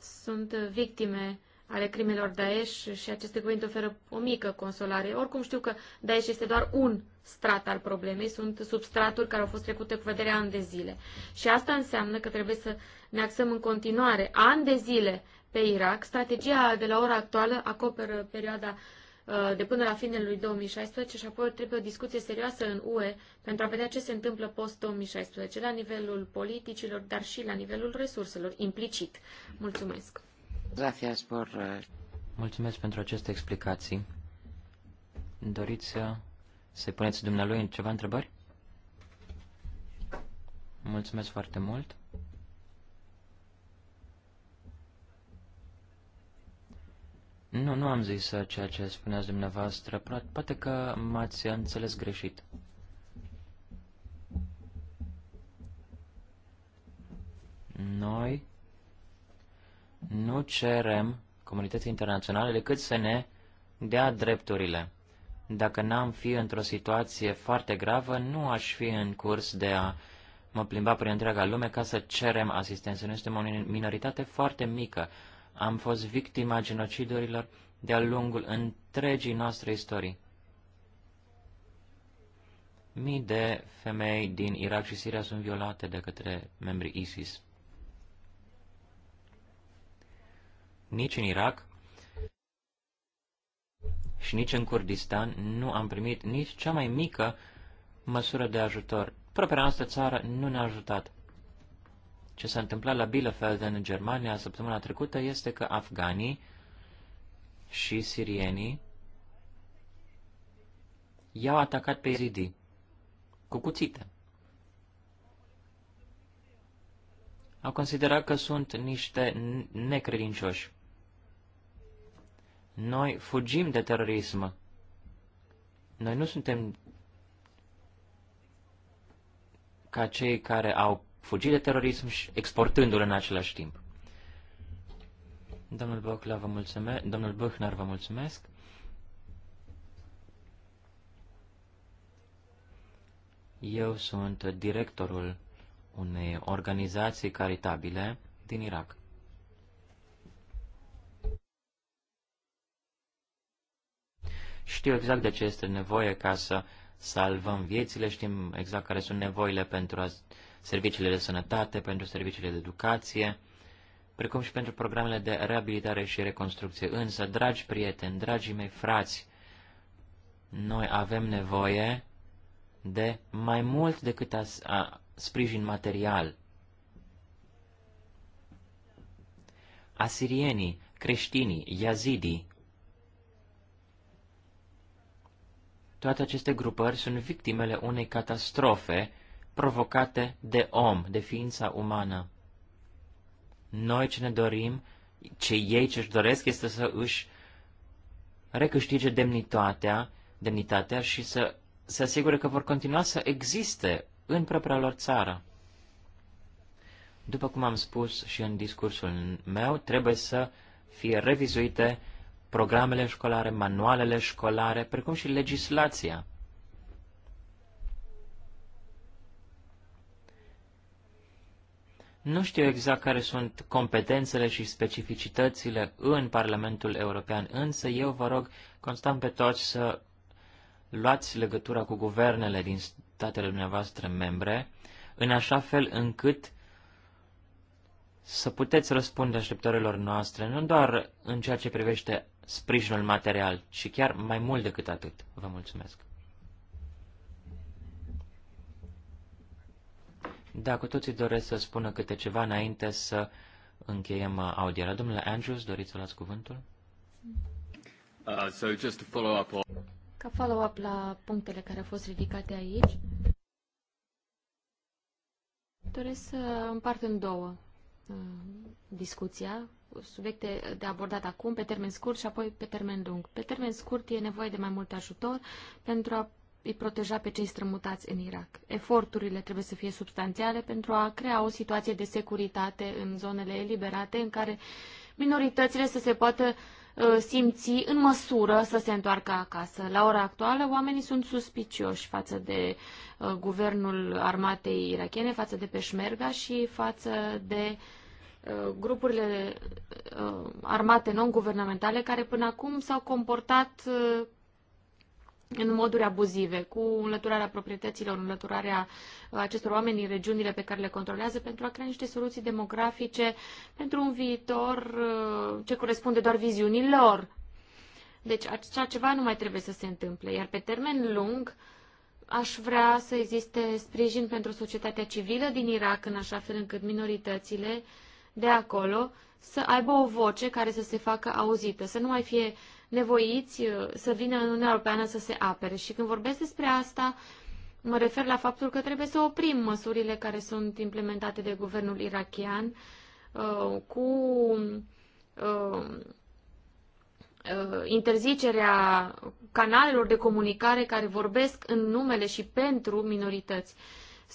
Sunt victime ale crimelor Daesh și aceste cuvinte oferă o mică consolare. Oricum știu că Daesh este doar un strat al problemei, sunt substraturi care au fost trecute cu vederea ani de zile. Și asta înseamnă că trebuie să ne axăm în continuare ani de zile pe Irak. Strategia de la ora actuală acoperă perioada uh, de până la finele lui 2016 și apoi trebuie o discuție serioasă în UE pentru a vedea ce se întâmplă post-2016 la nivelul politicilor, dar și la nivelul resurselor, implicit. Mulțumesc! Eh, Mulțumesc pentru aceste explicații. Doriți să, se puneți dumnealui în ceva întrebări? Mulțumesc foarte mult. Nu, nu am zis ceea ce spuneați dumneavoastră. Poate că m-ați înțeles greșit. Noi nu cerem comunității internaționale decât să ne dea drepturile. Dacă n-am fi într-o situație foarte gravă, nu aș fi în curs de a mă plimba prin întreaga lume ca să cerem asistență. Noi suntem o minoritate foarte mică. Am fost victima genocidurilor de-a lungul întregii noastre istorii. Mii de femei din Irak și Siria sunt violate de către membrii ISIS. nici în Irak și nici în Kurdistan nu am primit nici cea mai mică măsură de ajutor. Propria noastră țară nu ne-a ajutat. Ce s-a întâmplat la Bielefeld în Germania săptămâna trecută este că afganii și sirienii i-au atacat pe zidii cu cuțite. Au considerat că sunt niște necredincioși. Noi fugim de terorism. Noi nu suntem ca cei care au fugit de terorism și exportându-l în același timp. Domnul Bocla, vă mulțumesc. Domnul Buchner, vă mulțumesc. Eu sunt directorul unei organizații caritabile din Irak. știu exact de ce este nevoie ca să salvăm viețile, știm exact care sunt nevoile pentru serviciile de sănătate, pentru serviciile de educație, precum și pentru programele de reabilitare și reconstrucție. Însă, dragi prieteni, dragii mei frați, noi avem nevoie de mai mult decât a, a sprijin material. Asirienii, creștinii, yazidii, Toate aceste grupări sunt victimele unei catastrofe provocate de om, de ființa umană. Noi ce ne dorim, ce ei ce-și doresc, este să își recâștige demnitatea, demnitatea și să se asigure că vor continua să existe în propria lor țară. După cum am spus și în discursul meu, trebuie să fie revizuite programele școlare, manualele școlare, precum și legislația. Nu știu exact care sunt competențele și specificitățile în Parlamentul European, însă eu vă rog constant pe toți să luați legătura cu guvernele din statele dumneavoastră membre, în așa fel încât să puteți răspunde așteptărilor noastre, nu doar în ceea ce privește sprijinul material și chiar mai mult decât atât. Vă mulțumesc. Da, cu toții doresc să spună câte ceva înainte să încheiem audierea. Domnule Andrews, doriți să luați cuvântul? Uh, so just to follow up on... Ca follow-up la punctele care au fost ridicate aici, doresc să împart în două uh, discuția subiecte de abordat acum, pe termen scurt și apoi pe termen lung. Pe termen scurt e nevoie de mai mult ajutor pentru a îi proteja pe cei strămutați în Irak. Eforturile trebuie să fie substanțiale pentru a crea o situație de securitate în zonele eliberate în care minoritățile să se poată uh, simți în măsură să se întoarcă acasă. La ora actuală, oamenii sunt suspicioși față de uh, guvernul armatei irachiene, față de peșmerga și față de uh, Uh, grupurile uh, armate non-guvernamentale care până acum s-au comportat uh, în moduri abuzive, cu înlăturarea proprietăților, înlăturarea acestor oameni în regiunile pe care le controlează, pentru a crea niște soluții demografice pentru un viitor ce corespunde doar viziunii lor. Deci așa ceva nu mai trebuie să se întâmple. Iar pe termen lung, aș vrea să existe sprijin pentru societatea civilă din Irak, în așa fel încât minoritățile uh, de acolo să aibă o voce care să se facă auzită, să nu mai fie nevoiți uh, să vină în Uniunea Europeană să se apere. Și când vorbesc despre asta, mă refer la faptul că trebuie să oprim măsurile care sunt implementate de guvernul irachian uh, cu uh, interzicerea canalelor de comunicare care vorbesc în numele și pentru minorități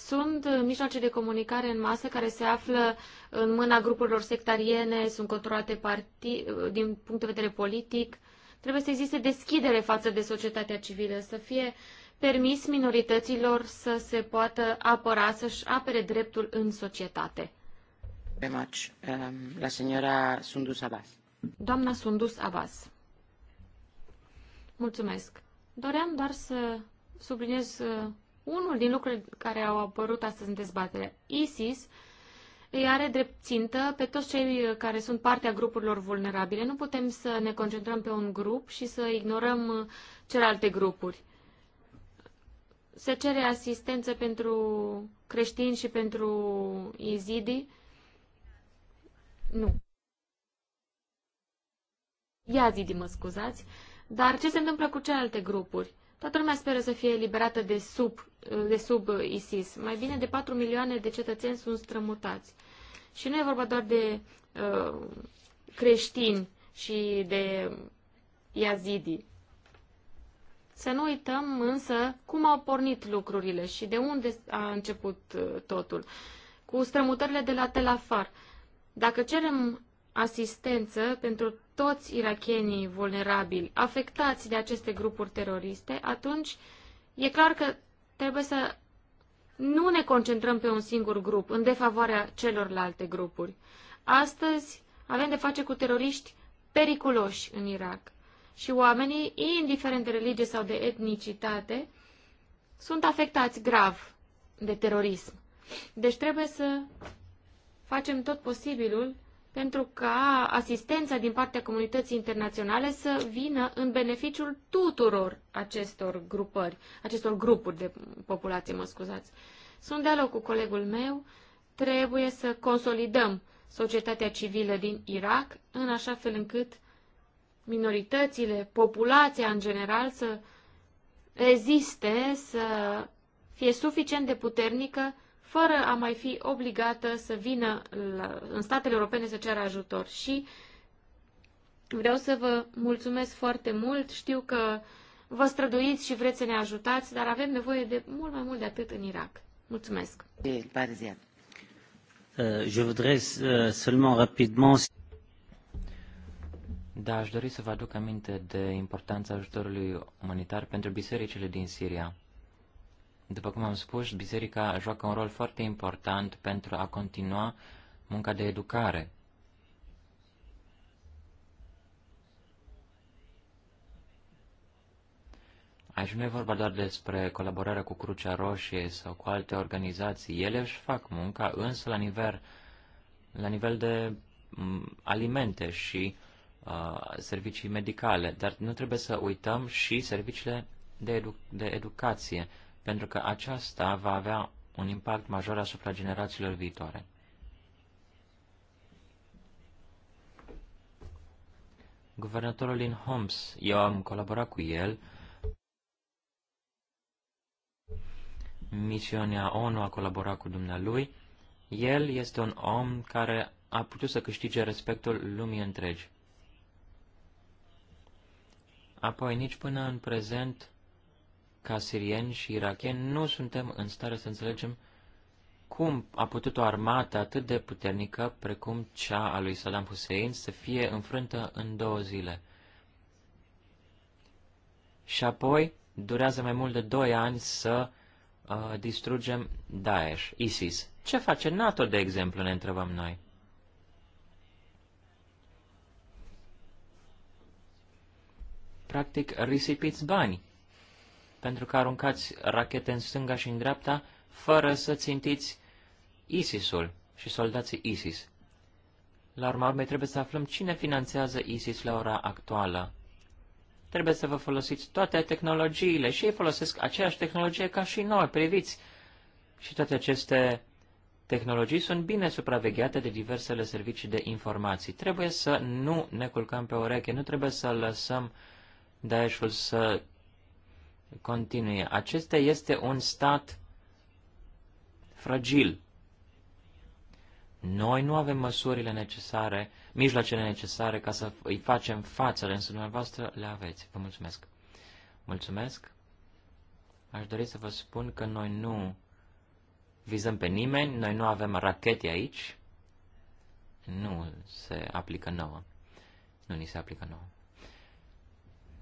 sunt uh, mijloace de comunicare în masă care se află în mâna grupurilor sectariene, sunt controlate parti- uh, din punct de vedere politic. Trebuie să existe deschidere față de societatea civilă, să fie permis minorităților să se poată apăra, să-și apere dreptul în societate. Um, la señora Sundus Abbas. Doamna Sundus Abbas. Mulțumesc. Doream doar să subliniez uh, unul din lucrurile care au apărut astăzi în dezbatere, ISIS, îi are drept țintă pe toți cei care sunt partea grupurilor vulnerabile. Nu putem să ne concentrăm pe un grup și să ignorăm celelalte grupuri. Se cere asistență pentru creștini și pentru izidi? Nu. Iazidi, mă scuzați. Dar ce se întâmplă cu celelalte grupuri? Toată lumea speră să fie eliberată de sub, de sub ISIS. Mai bine de 4 milioane de cetățeni sunt strămutați. Și nu e vorba doar de uh, creștini și de iazidi. Să nu uităm însă cum au pornit lucrurile și de unde a început uh, totul. Cu strămutările de la Telafar. Dacă cerem asistență pentru toți irachienii vulnerabili afectați de aceste grupuri teroriste, atunci e clar că trebuie să nu ne concentrăm pe un singur grup în defavoarea celorlalte grupuri. Astăzi avem de face cu teroriști periculoși în Irak și oamenii, indiferent de religie sau de etnicitate, sunt afectați grav de terorism. Deci trebuie să facem tot posibilul pentru ca asistența din partea comunității internaționale să vină în beneficiul tuturor acestor grupări, acestor grupuri de populație, mă scuzați. Sunt de aloc cu colegul meu, trebuie să consolidăm societatea civilă din Irak în așa fel încât minoritățile, populația în general să reziste, să fie suficient de puternică fără a mai fi obligată să vină la, în statele europene să ceară ajutor. Și vreau să vă mulțumesc foarte mult. Știu că vă străduiți și vreți să ne ajutați, dar avem nevoie de mult mai mult de atât în Irak. Mulțumesc. Uh, uh, da, aș dori să vă aduc aminte de importanța ajutorului umanitar pentru bisericile din Siria. După cum am spus, biserica joacă un rol foarte important pentru a continua munca de educare. Aici nu e vorba doar despre colaborarea cu Crucea Roșie sau cu alte organizații. Ele își fac munca, însă la nivel, la nivel de alimente și uh, servicii medicale. Dar nu trebuie să uităm și serviciile de, edu- de educație pentru că aceasta va avea un impact major asupra generațiilor viitoare. Guvernatorul din Homs, eu am colaborat cu el. Misiunea ONU a colaborat cu dumnealui. El este un om care a putut să câștige respectul lumii întregi. Apoi, nici până în prezent, ca sirieni și irakieni, nu suntem în stare să înțelegem cum a putut o armată atât de puternică precum cea a lui Saddam Hussein să fie înfrântă în două zile. Și apoi durează mai mult de doi ani să uh, distrugem Daesh, ISIS. Ce face NATO, de exemplu, ne întrebăm noi? Practic, risipiți bani pentru că aruncați rachete în stânga și în dreapta, fără să țintiți ISIS-ul și soldații ISIS. La urma urmei trebuie să aflăm cine finanțează ISIS la ora actuală. Trebuie să vă folosiți toate tehnologiile și ei folosesc aceeași tehnologie ca și noi, priviți. Și toate aceste tehnologii sunt bine supravegheate de diversele servicii de informații. Trebuie să nu ne culcăm pe oreche, nu trebuie să lăsăm Daeshul să continuie Acesta este un stat fragil. Noi nu avem măsurile necesare, mijloacele necesare ca să îi facem față, însă dumneavoastră le aveți. Vă mulțumesc. Mulțumesc. Aș dori să vă spun că noi nu vizăm pe nimeni, noi nu avem rachete aici. Nu se aplică nouă. Nu ni se aplică nouă.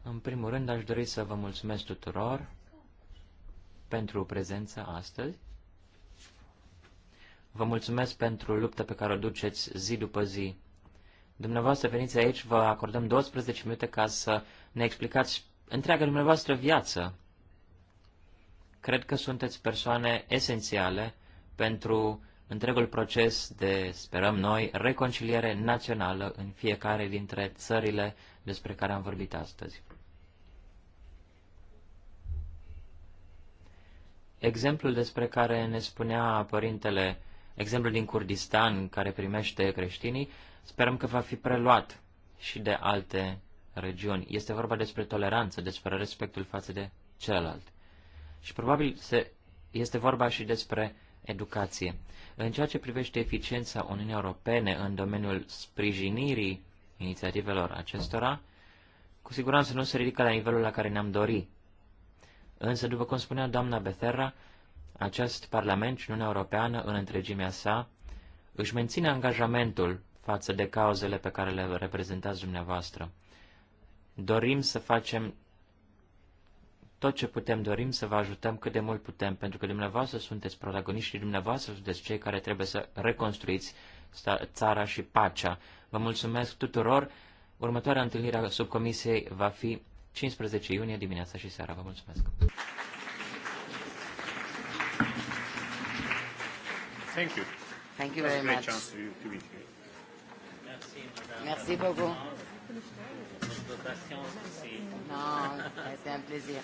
În primul rând, aș dori să vă mulțumesc tuturor pentru prezența astăzi. Vă mulțumesc pentru lupta pe care o duceți zi după zi. Dumneavoastră veniți aici, vă acordăm 12 minute ca să ne explicați întreaga dumneavoastră viață. Cred că sunteți persoane esențiale pentru întregul proces de, sperăm noi, reconciliere națională în fiecare dintre țările despre care am vorbit astăzi. Exemplul despre care ne spunea părintele, exemplul din Kurdistan care primește creștinii, sperăm că va fi preluat și de alte regiuni. Este vorba despre toleranță, despre respectul față de celălalt. Și probabil se, este vorba și despre educație. În ceea ce privește eficiența Uniunii Europene în domeniul sprijinirii inițiativelor acestora, cu siguranță nu se ridică la nivelul la care ne-am dorit. Însă, după cum spunea doamna Beferra, acest Parlament și Uniunea Europeană, în întregimea sa, își menține angajamentul față de cauzele pe care le reprezentați dumneavoastră. Dorim să facem tot ce putem, dorim să vă ajutăm cât de mult putem, pentru că dumneavoastră sunteți protagoniști dumneavoastră sunteți cei care trebuie să reconstruiți țara și pacea. Vă mulțumesc tuturor. Următoarea întâlnire a subcomisiei va fi 15 iunie dimineața și seara. Vă mulțumesc! Thank you. Thank you very much. Merci beaucoup. Non, c'est un plaisir.